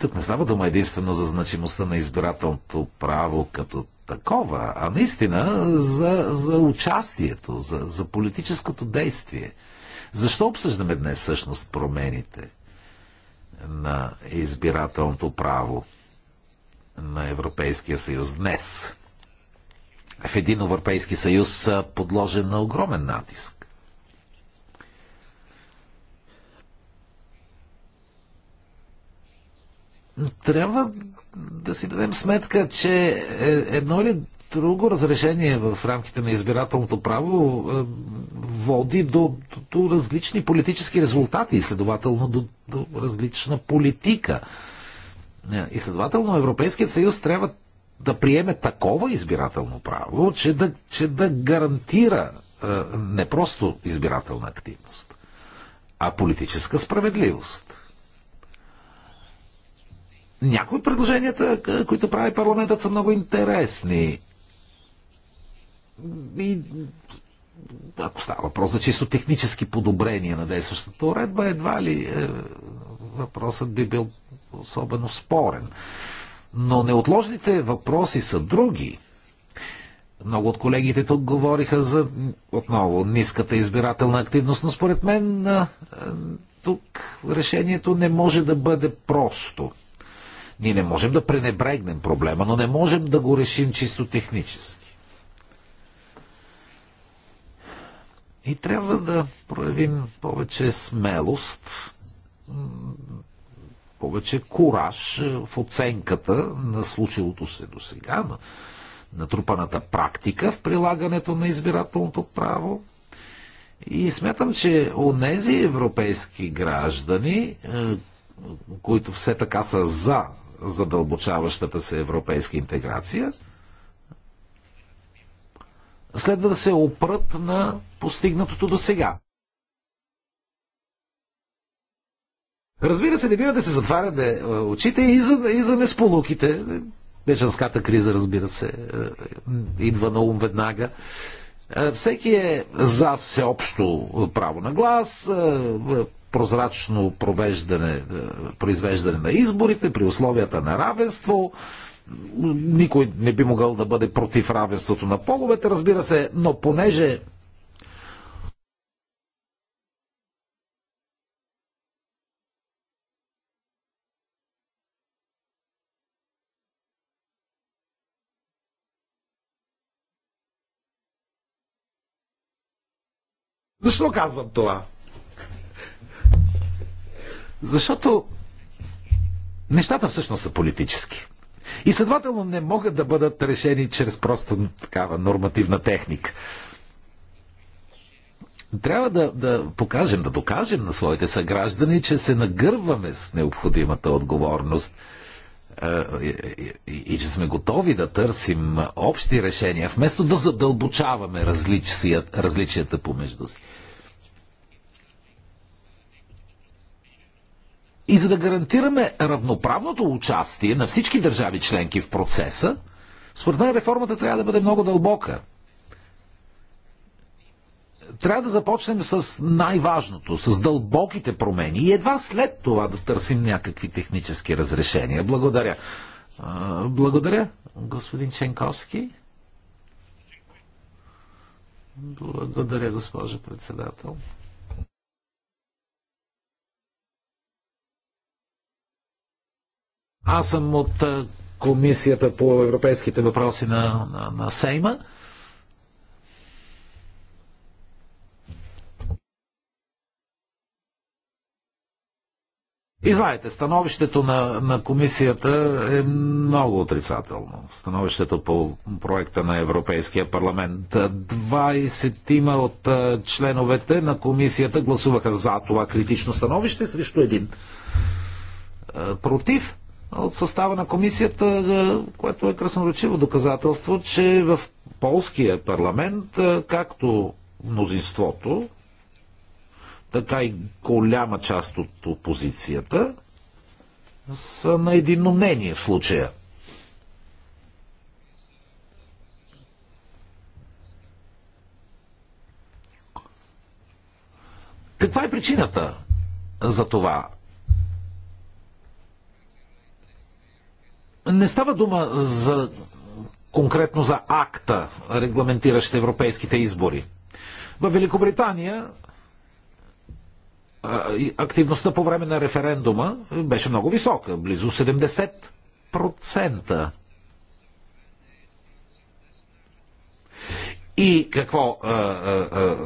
Тук не става дума единствено за значимостта на избирателното право като такова, а наистина за, за участието, за, за политическото действие. Защо обсъждаме днес всъщност промените на избирателното право на Европейския съюз днес? В един Европейски съюз са подложен на огромен натиск трябва да си дадем сметка, че е, едно или друго разрешение в рамките на избирателното право е, води до, до, до различни политически резултати и следователно до, до различна политика. Е, и следователно Европейският съюз трябва да приеме такова избирателно право, че да, че да гарантира не просто избирателна активност, а политическа справедливост. Някои от предложенията, които прави парламентът, са много интересни. И ако става въпрос за чисто технически подобрения на действащата уредба, едва ли е, въпросът би бил особено спорен. Но неотложните въпроси са други. Много от колегите тук говориха за отново ниската избирателна активност, но според мен е, тук решението не може да бъде просто. Ние не можем да пренебрегнем проблема, но не можем да го решим чисто технически. И трябва да проявим повече смелост, повече кураж в оценката на случилото се до сега, на натрупаната практика в прилагането на избирателното право. И смятам, че у нези европейски граждани, е, които все така са за задълбочаващата се европейска интеграция, следва да се опрат на постигнатото до сега. Разбира се, не бива да се затваряме е, очите и за, и за несполуките. Бежанската криза, разбира се, е, идва на ум веднага. Е, всеки е за всеобщо право на глас, прозрачно провеждане, е, произвеждане на изборите при условията на равенство. Никой не би могъл да бъде против равенството на половете, разбира се, но понеже Защо казвам това? Защото нещата всъщност са политически. И следователно не могат да бъдат решени чрез просто такава нормативна техника. Трябва да, да покажем, да докажем на своите съграждани, че се нагърваме с необходимата отговорност и, е, и, е, е, и че сме готови да търсим общи решения, вместо да задълбочаваме различията, различията помежду си. И за да гарантираме равноправното участие на всички държави членки в процеса, според мен реформата трябва да бъде много дълбока. Трябва да започнем с най-важното, с дълбоките промени и едва след това да търсим някакви технически разрешения. Благодаря. Благодаря, господин Ченковски. Благодаря, госпожо председател. Аз съм от Комисията по европейските въпроси на, на, на Сейма. И знаете, становището на, на комисията е много отрицателно. Становището по проекта на Европейския парламент. 20 от членовете на комисията гласуваха за това критично становище срещу един против от състава на комисията, е, което е красноречиво доказателство, че в полския парламент, е, както мнозинството, така и голяма част от опозицията, са на единно мнение в случая. Каква е причината за това? Не става дума за конкретно за акта, регламентиращ европейските избори. В Великобритания активността по време на референдума беше много висока, близо 70%. И какво? А, а, а,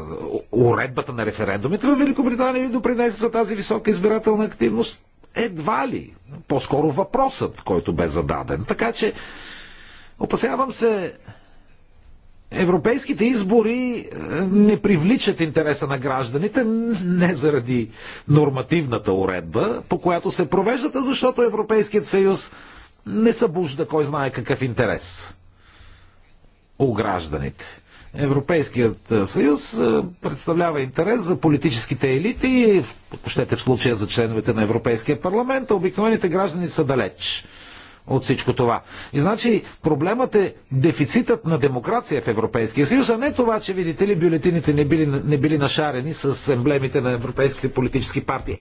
уредбата на референдумите в Великобритания ли допринесе за тази висока избирателна активност? Едва ли. По-скоро въпросът, който бе зададен. Така че, опасявам се, Европейските избори е, не привличат интереса на гражданите не заради нормативната уредба, по която се провеждат, а защото Европейският съюз не събужда кой знае какъв интерес у гражданите. Европейският съюз представлява интерес за политическите елити, щете в случая за членовете на Европейския парламент, а обикновените граждани са далеч от всичко това. И значи проблемът е дефицитът на демокрация в Европейския съюз, а не това, че видите ли бюлетините не били, не били нашарени с емблемите на европейските политически партии.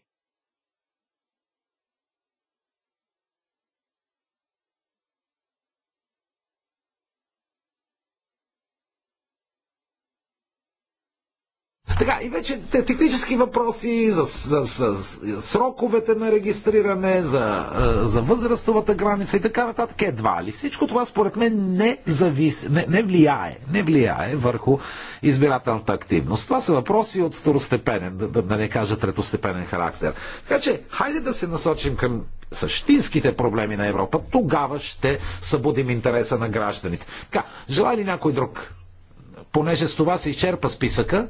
Така, и вече технически въпроси за, за, за, за сроковете на регистриране, за, за възрастовата граница и така нататък едва ли. Всичко това според мен не, завис, не, не, влияе, не влияе върху избирателната активност. Това са въпроси от второстепенен, да, да, да не кажа третостепенен характер. Така че, хайде да се насочим към същинските проблеми на Европа. Тогава ще събудим интереса на гражданите. Така, желая ли някой друг? Понеже с това се изчерпа списъка,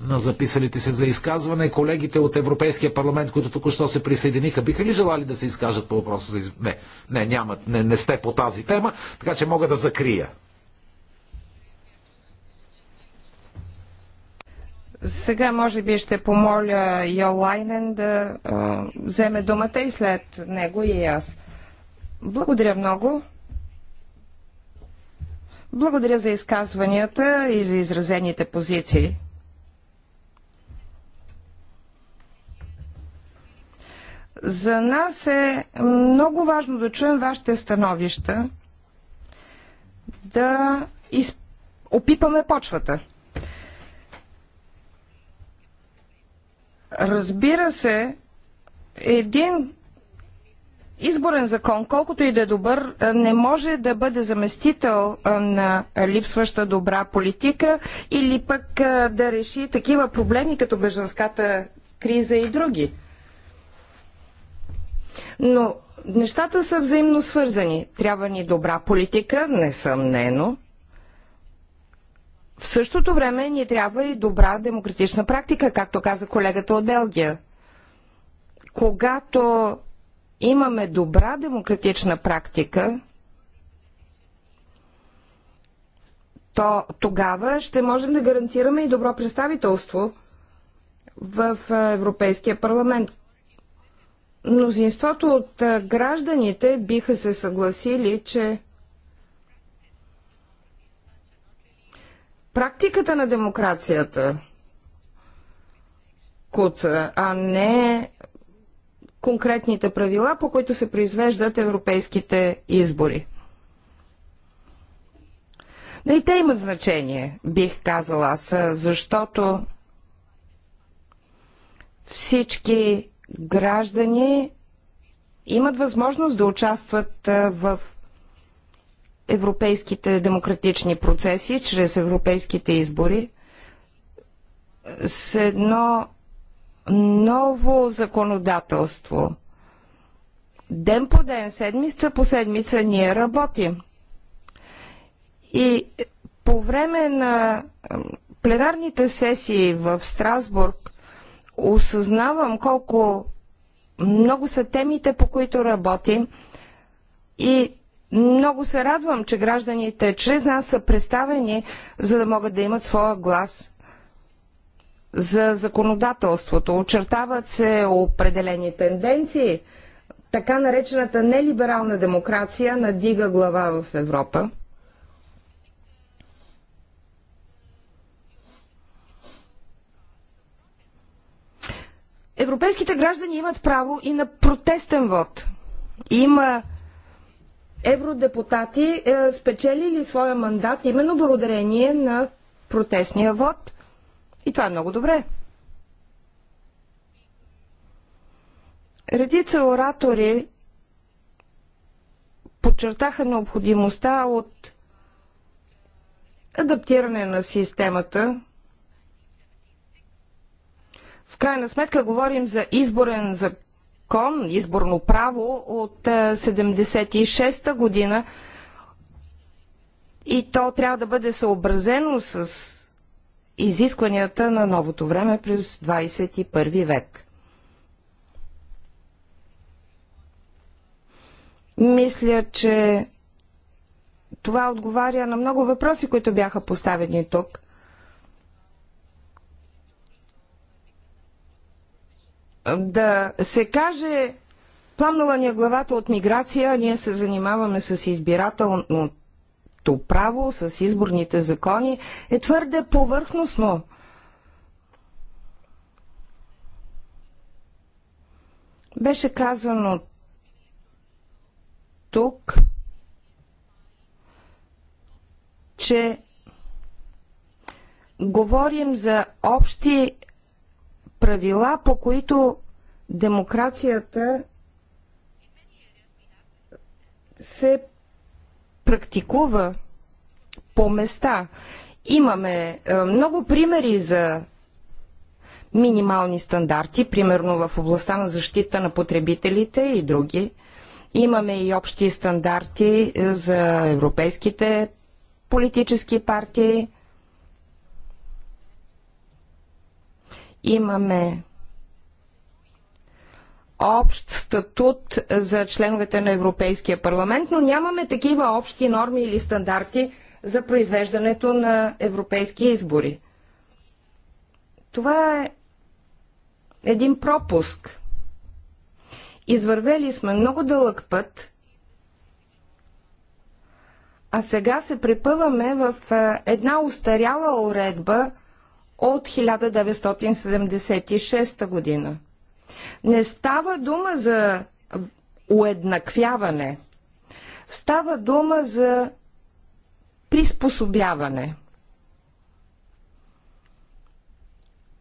на записалите се за изказване. Колегите от Европейския парламент, които току-що се присъединиха, биха ли желали да се изкажат по въпроса за из... Не, не, нямат, не, не сте по тази тема, така че мога да закрия. Сега може би ще помоля Йолайнен да а, вземе думата и след него и аз. Благодаря много. Благодаря за изказванията и за изразените позиции. За нас е много важно да чуем вашите становища, да из... опипаме почвата. Разбира се, един изборен закон, колкото и да е добър, не може да бъде заместител на липсваща добра политика или пък да реши такива проблеми като беженската криза и други. Но нещата са взаимно свързани. Трябва ни добра политика, несъмнено. В същото време ни трябва и добра демократична практика, както каза колегата от Белгия. Когато имаме добра демократична практика, то тогава ще можем да гарантираме и добро представителство в Европейския парламент, Мнозинството от гражданите биха се съгласили, че практиката на демокрацията куца, а не конкретните правила, по които се произвеждат европейските избори. Но и те имат значение, бих казала аз, защото всички граждани имат възможност да участват в европейските демократични процеси чрез европейските избори с едно ново законодателство. Ден по ден, седмица по седмица ние работим. И по време на пленарните сесии в Страсбург осъзнавам колко много са темите, по които работим и много се радвам, че гражданите чрез нас са представени, за да могат да имат своя глас за законодателството. Очертават се определени тенденции. Така наречената нелиберална демокрация надига глава в Европа. Европейските граждани имат право и на протестен вод. Има евродепутати, е, спечелили своя мандат именно благодарение на протестния вод. И това е много добре. Редица оратори подчертаха необходимостта от адаптиране на системата в крайна сметка говорим за изборен закон, изборно право от 76-та година и то трябва да бъде съобразено с изискванията на новото време през 21 век. Мисля, че това отговаря на много въпроси, които бяха поставени тук. да се каже пламнала ни е главата от миграция, а ние се занимаваме с избирателното право, с изборните закони, е твърде повърхностно. Беше казано тук, че говорим за общи правила, по които демокрацията се практикува по места. Имаме е, много примери за минимални стандарти, примерно в областта на защита на потребителите и други. Имаме и общи стандарти е, за европейските политически партии. имаме общ статут за членовете на Европейския парламент, но нямаме такива общи норми или стандарти за произвеждането на европейски избори. Това е един пропуск. Извървели сме много дълъг път, а сега се препъваме в една устаряла уредба – от 1976 година. Не става дума за уеднаквяване, става дума за приспособяване.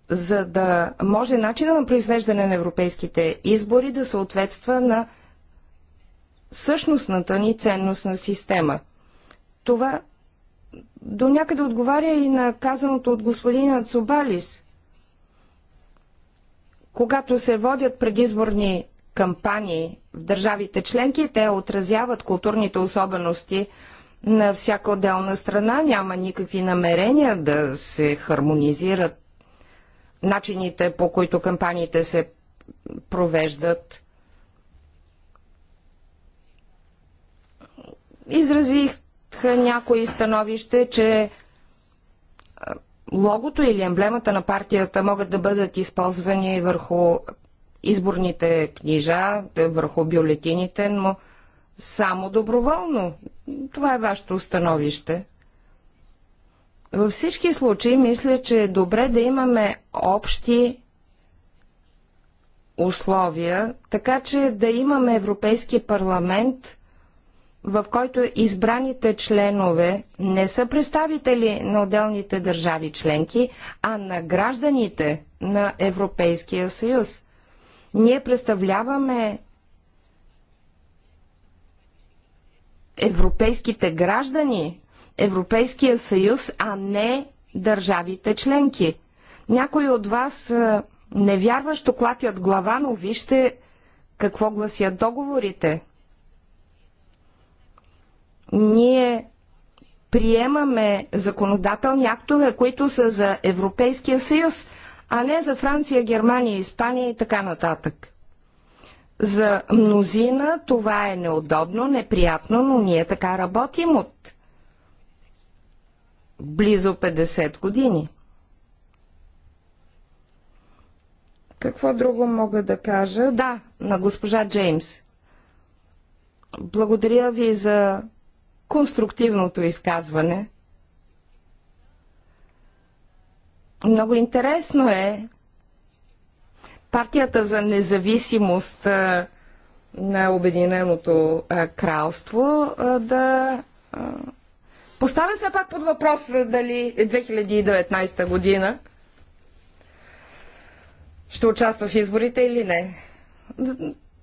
За да може начина на произвеждане на европейските избори да съответства на същностната ни ценностна система. Това до някъде отговаря и на казаното от господина Цубалис. Когато се водят предизборни кампании в държавите членки, те отразяват културните особености на всяка отделна страна. Няма никакви намерения да се хармонизират начините по които кампаниите се провеждат. Изразих някои становище, че е, логото или емблемата на партията могат да бъдат използвани върху изборните книжа, върху бюлетините, но само доброволно. Това е вашето становище. Във всички случаи мисля, че е добре да имаме общи условия, така че да имаме Европейски парламент – в който избраните членове не са представители на отделните държави членки, а на гражданите на Европейския съюз. Ние представляваме европейските граждани, Европейския съюз, а не държавите членки. Някои от вас невярващо клатят глава, но вижте какво гласят договорите – ние приемаме законодателни актове, които са за Европейския съюз, а не за Франция, Германия, Испания и така нататък. За мнозина това е неудобно, неприятно, но ние така работим от близо 50 години. Какво друго мога да кажа? Да, на госпожа Джеймс. Благодаря ви за конструктивното изказване. Много интересно е партията за независимост на Обединеното кралство да поставя все пак под въпрос дали 2019 година ще участва в изборите или не.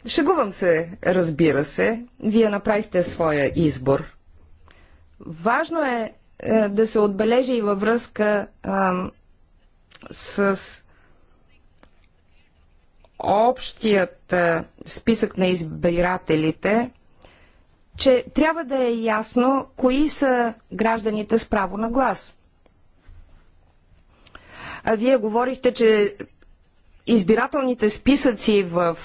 Шегувам се, разбира се. Вие направихте своя избор. Важно е, е да се отбележи и във връзка а, е, с общият а, списък на избирателите, че трябва да е ясно кои са гражданите с право на глас. А вие говорихте, че избирателните списъци в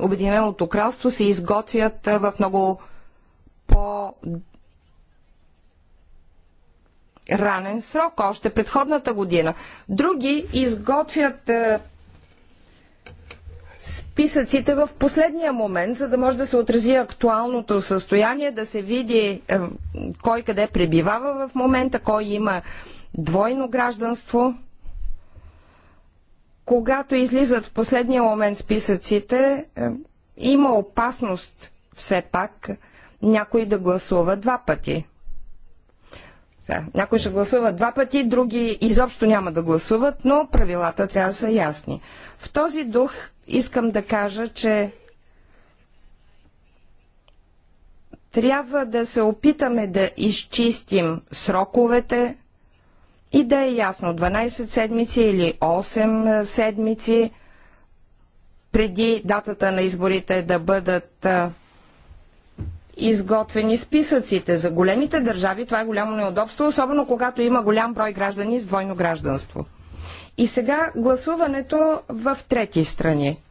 Обединеното кралство се изготвят в много по ранен срок, още предходната година. Други изготвят е, списъците в последния момент, за да може да се отрази актуалното състояние, да се види е, кой къде пребивава в момента, кой има двойно гражданство. Когато излизат в последния момент списъците, е, има опасност все пак някой да гласува два пъти. Да, някои ще гласуват два пъти, други изобщо няма да гласуват, но правилата трябва да са ясни. В този дух искам да кажа, че трябва да се опитаме да изчистим сроковете и да е ясно 12 седмици или 8 седмици преди датата на изборите да бъдат изготвени списъците. За големите държави това е голямо неудобство, особено когато има голям брой граждани с двойно гражданство. И сега гласуването в трети страни.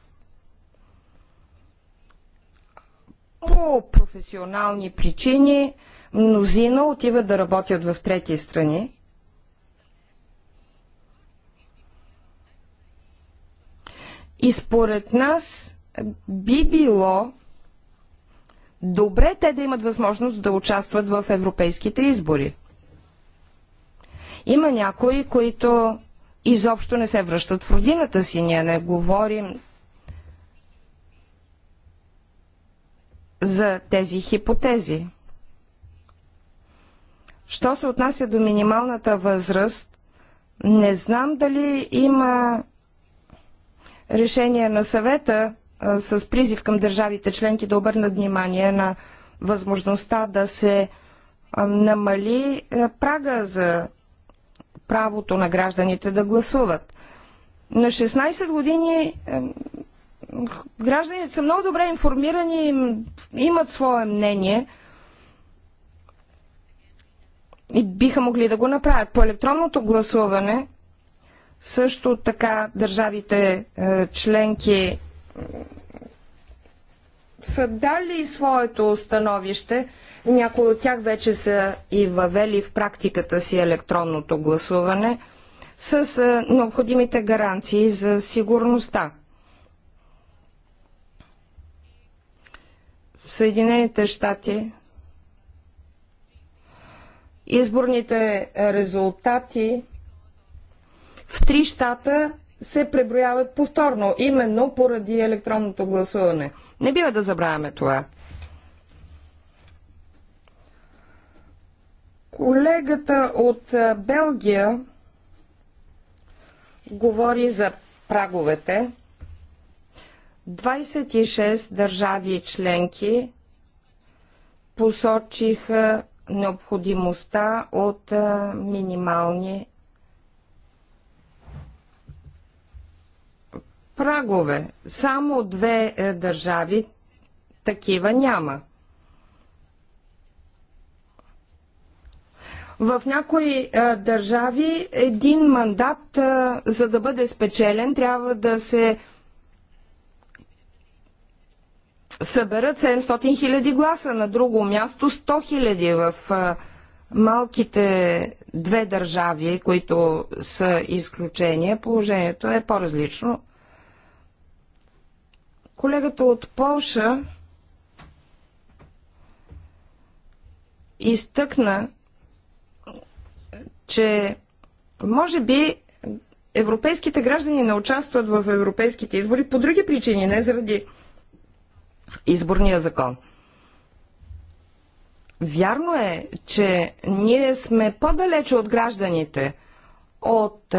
По професионални причини мнозина отиват да работят в трети страни. И според нас би било добре те да имат възможност да участват в европейските избори. Има някои, които изобщо не се връщат в родината си. Ние не говорим за тези хипотези. Що се отнася до минималната възраст, не знам дали има решение на съвета с призив към държавите членки да обърнат внимание на възможността да се намали прага за правото на гражданите да гласуват. На 16 години гражданите са много добре информирани, имат свое мнение и биха могли да го направят. По електронното гласуване също така държавите е, членки са дали своето становище. Някои от тях вече са и въвели в практиката си електронното гласуване с необходимите гаранции за сигурността. В Съединените щати изборните резултати в три щата се преброяват повторно, именно поради електронното гласуване. Не бива да забравяме това. Колегата от Белгия говори за праговете. 26 държави членки посочиха необходимостта от минимални прагове. Само две е, държави такива няма. В някои е, държави един мандат, е, за да бъде спечелен, трябва да се съберат 700 000 гласа, на друго място 100 хиляди в е, малките две държави, които са изключения, положението е по-различно Колегата от Полша изтъкна, че може би европейските граждани не участват в европейските избори по други причини, не заради изборния закон. Вярно е, че ние сме по-далече от гражданите, от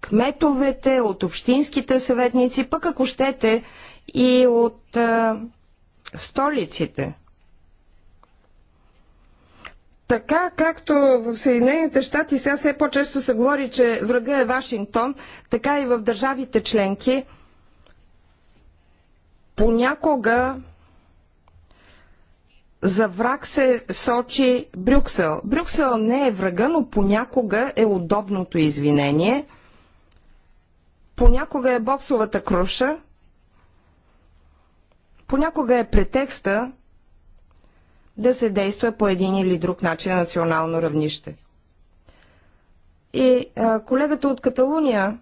кметовете, от общинските съветници, пък ако щете, и от а, столиците. Така както в Съединените щати сега все по-често се говори, че врага е Вашингтон, така и в държавите членки понякога за враг се сочи Брюксел. Брюксел не е врага, но понякога е удобното извинение. Понякога е боксовата круша, понякога е претекста да се действа по един или друг начин на национално равнище. И а, колегата от Каталуния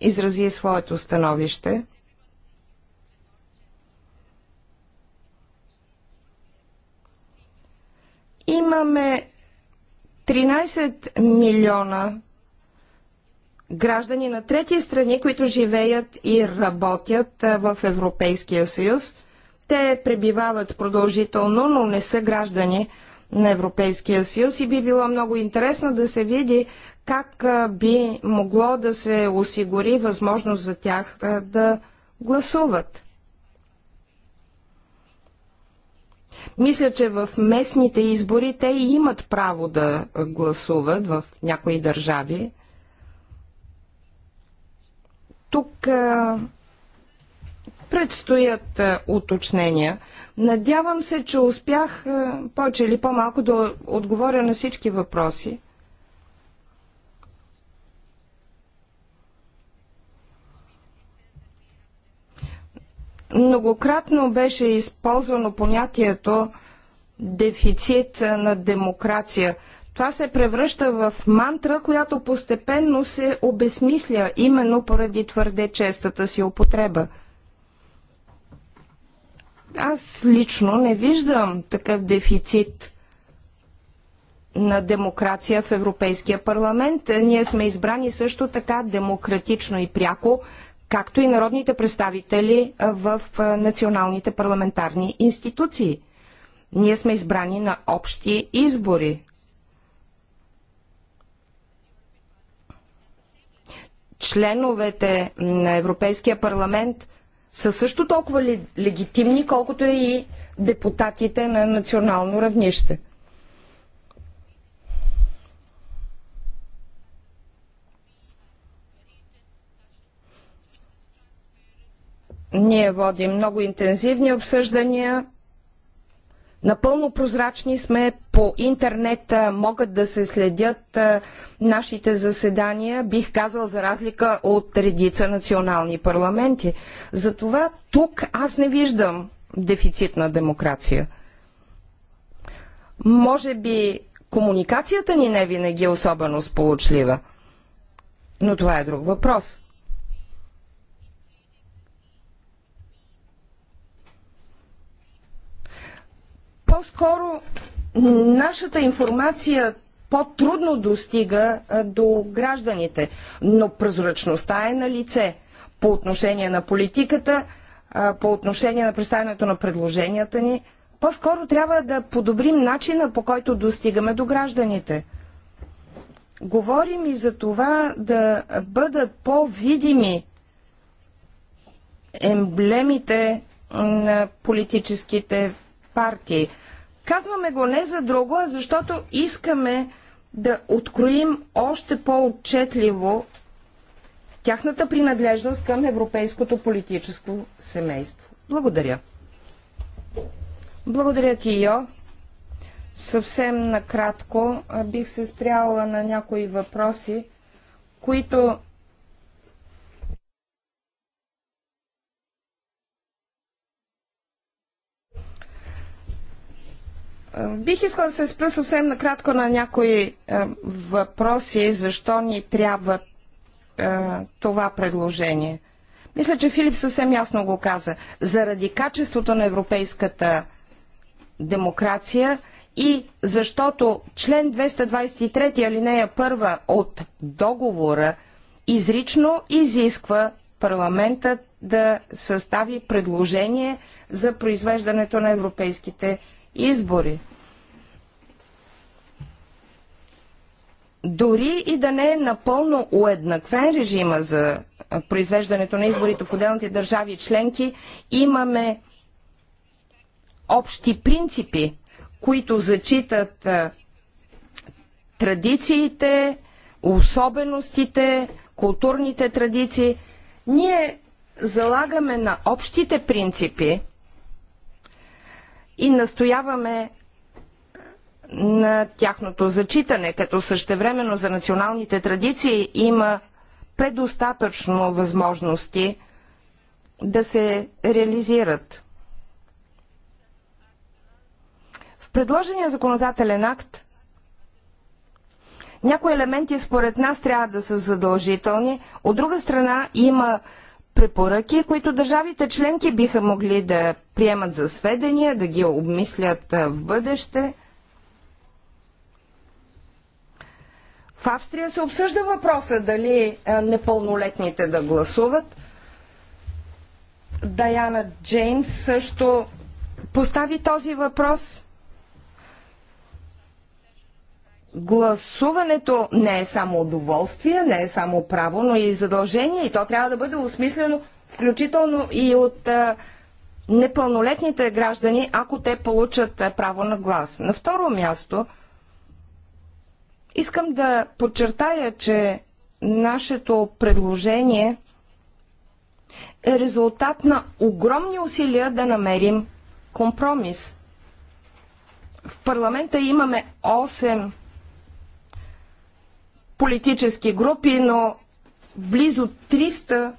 изрази своето становище. Имаме 13 милиона граждани на трети страни, които живеят и работят в Европейския съюз. Те пребивават продължително, но не са граждани на Европейския съюз и би било много интересно да се види как би могло да се осигури възможност за тях да гласуват. Мисля, че в местните избори те имат право да гласуват в някои държави. Тук предстоят уточнения. Надявам се, че успях повече или по-малко да отговоря на всички въпроси. Многократно беше използвано понятието дефицит на демокрация – това се превръща в мантра, която постепенно се обесмисля, именно поради твърде честата си употреба. Аз лично не виждам такъв дефицит на демокрация в Европейския парламент. Ние сме избрани също така демократично и пряко, както и народните представители в националните парламентарни институции. Ние сме избрани на общи избори, членовете на Европейския парламент са също толкова легитимни, колкото и депутатите на национално равнище. Ние водим много интензивни обсъждания. Напълно прозрачни сме по интернет могат да се следят нашите заседания, бих казал за разлика от редица национални парламенти. Затова тук аз не виждам дефицит на демокрация. Може би комуникацията ни не винаги е особено сполучлива. Но това е друг въпрос. По-скоро нашата информация по-трудно достига до гражданите, но прозрачността е на лице по отношение на политиката, по отношение на представянето на предложенията ни. По-скоро трябва да подобрим начина по който достигаме до гражданите. Говорим и за това да бъдат по-видими емблемите на политическите партии. Казваме го не за друго, а защото искаме да откроим още по-отчетливо тяхната принадлежност към европейското политическо семейство. Благодаря. Благодаря ти, Йо. Съвсем накратко бих се спряла на някои въпроси, които Е, бих искала да се спра съвсем накратко на някои е, въпроси, защо ни трябва е, това предложение. Мисля, че Филип съвсем ясно го каза. Заради качеството на европейската демокрация и защото член 223 алинея 1 от договора изрично изисква парламентът да състави предложение за произвеждането на европейските избори. Дори и да не е напълно уеднаквен режима за произвеждането на изборите в отделните държави членки, имаме общи принципи, които зачитат традициите, особеностите, културните традиции. Ние залагаме на общите принципи и настояваме на тяхното зачитане, като същевременно за националните традиции има предостатъчно възможности да се реализират. В предложения законодателен акт някои елементи според нас трябва да са задължителни, от друга страна има препоръки, които държавите членки биха могли да приемат за сведения, да ги обмислят в бъдеще – В Австрия се обсъжда въпроса дали е, непълнолетните да гласуват. Даяна Джеймс също постави този въпрос. Гласуването не е само удоволствие, не е само право, но и задължение и то трябва да бъде осмислено включително и от е, непълнолетните граждани, ако те получат е, право на глас. На второ място – Искам да подчертая, че нашето предложение е резултат на огромни усилия да намерим компромис. В парламента имаме 8 политически групи, но близо 300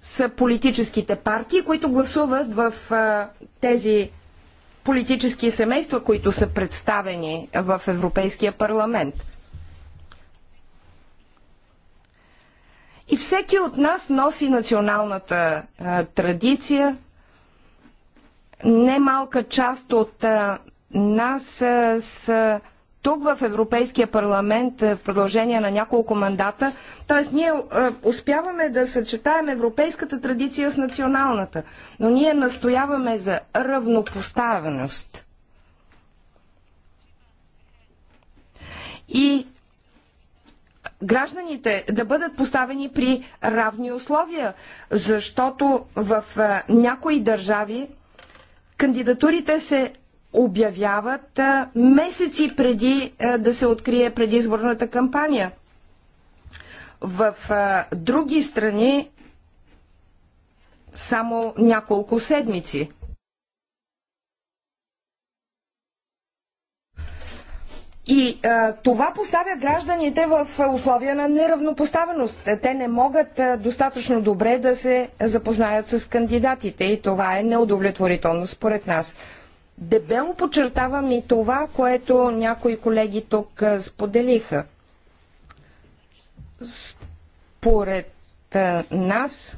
са политическите партии, които гласуват в тези политически семейства, които са представени в Европейския парламент. И всеки от нас носи националната а, традиция. Немалка част от а, нас а, са тук в Европейския парламент е, в продължение на няколко мандата. Тоест ние е, успяваме да съчетаем европейската традиция с националната, но ние настояваме за равнопоставеност. И гражданите да бъдат поставени при равни условия, защото в е, някои държави кандидатурите се обявяват месеци преди да се открие предизборната кампания. В други страни само няколко седмици. И а, това поставя гражданите в условия на неравнопоставеност. Те не могат а, достатъчно добре да се запознаят с кандидатите и това е неудовлетворително според нас. Дебело подчертавам и това, което някои колеги тук споделиха. Според нас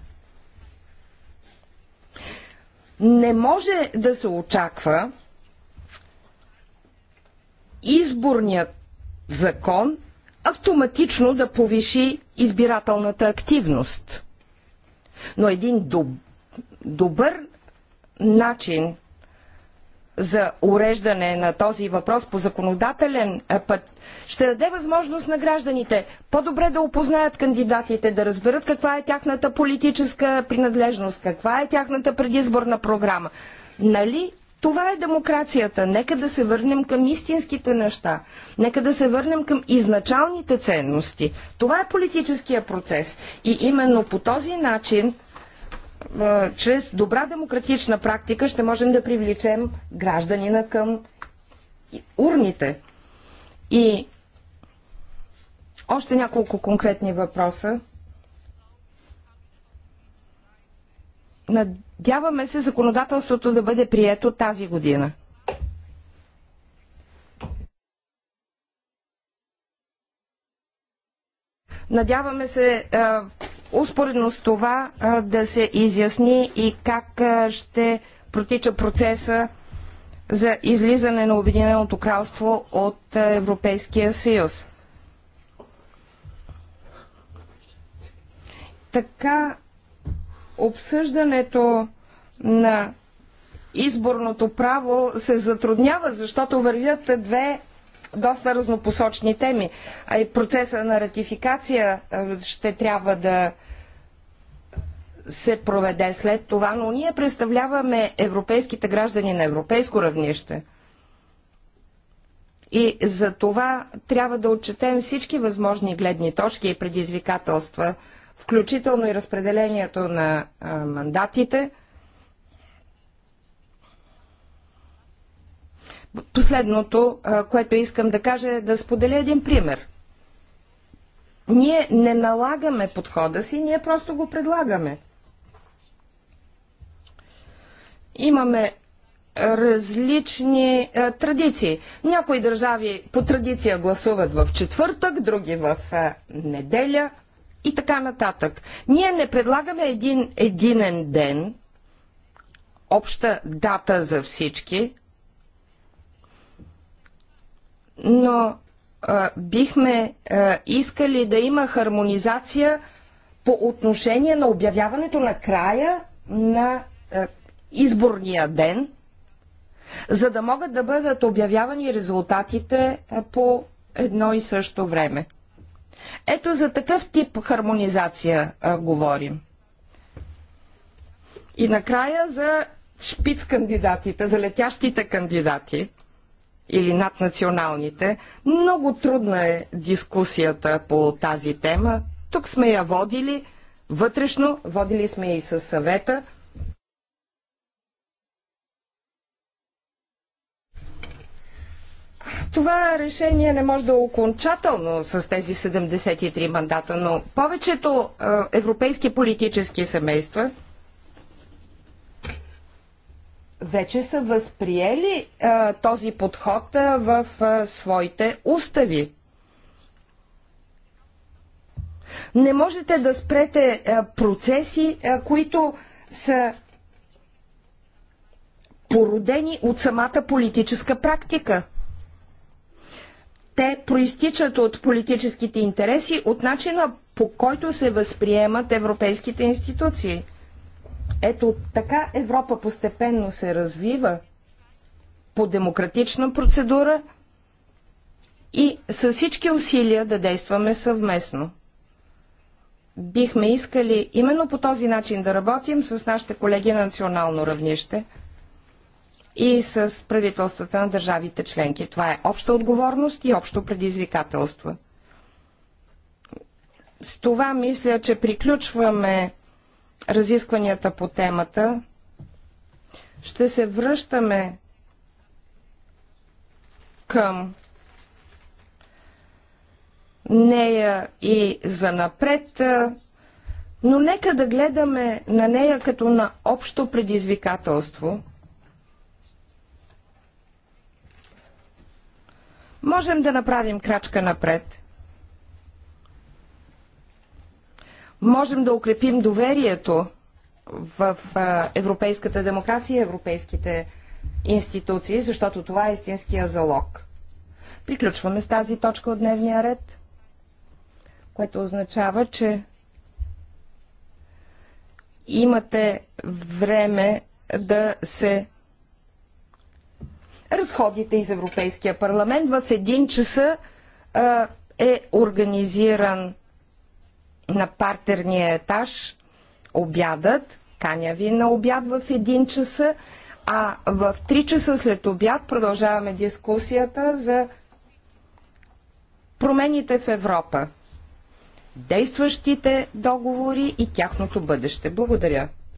не може да се очаква изборният закон автоматично да повиши избирателната активност. Но един доб- добър начин за уреждане на този въпрос по законодателен път ще даде възможност на гражданите по-добре да опознаят кандидатите, да разберат каква е тяхната политическа принадлежност, каква е тяхната предизборна програма. Нали това е демокрацията. Нека да се върнем към истинските неща. Нека да се върнем към изначалните ценности. Това е политическия процес. И именно по този начин чрез добра демократична практика ще можем да привлечем гражданина към урните. И още няколко конкретни въпроса. Надяваме се законодателството да бъде прието тази година. Надяваме се Успоредно с това да се изясни и как ще протича процеса за излизане на Обединеното кралство от Европейския съюз. Така обсъждането на изборното право се затруднява, защото вървят две доста разнопосочни теми, а и процеса на ратификация ще трябва да се проведе след това, но ние представляваме европейските граждани на европейско равнище. И за това трябва да отчетем всички възможни гледни точки и предизвикателства, включително и разпределението на мандатите – Последното, което искам да кажа е да споделя един пример. Ние не налагаме подхода си, ние просто го предлагаме. Имаме различни е, традиции. Някои държави по традиция гласуват в четвъртък, други в е, неделя и така нататък. Ние не предлагаме един единен ден, обща дата за всички, но а, бихме а, искали да има хармонизация по отношение на обявяването на края на а, изборния ден, за да могат да бъдат обявявани резултатите а, по едно и също време. Ето за такъв тип хармонизация а, говорим. И накрая за шпиц кандидатите, за летящите кандидати – или наднационалните. Много трудна е дискусията по тази тема. Тук сме я водили вътрешно, водили сме и със съвета. Това решение не може да е окончателно с тези 73 мандата, но повечето европейски политически семейства вече са възприели а, този подход а, в а, своите устави. Не можете да спрете а, процеси, а, които са породени от самата политическа практика. Те проистичат от политическите интереси, от начина по който се възприемат европейските институции. Ето така Европа постепенно се развива по демократична процедура и с всички усилия да действаме съвместно. Бихме искали именно по този начин да работим с нашите колеги на национално равнище и с правителствата на държавите членки. Това е обща отговорност и общо предизвикателство. С това мисля, че приключваме разискванията по темата. Ще се връщаме към нея и за напред, но нека да гледаме на нея като на общо предизвикателство. Можем да направим крачка напред – можем да укрепим доверието в европейската демокрация и европейските институции, защото това е истинския залог. Приключваме с тази точка от дневния ред, което означава, че имате време да се разходите из Европейския парламент. В един часа е организиран на партерния етаж обядът, каня ви на обяд в 1 часа, а в 3 часа след обяд продължаваме дискусията за промените в Европа, действащите договори и тяхното бъдеще. Благодаря.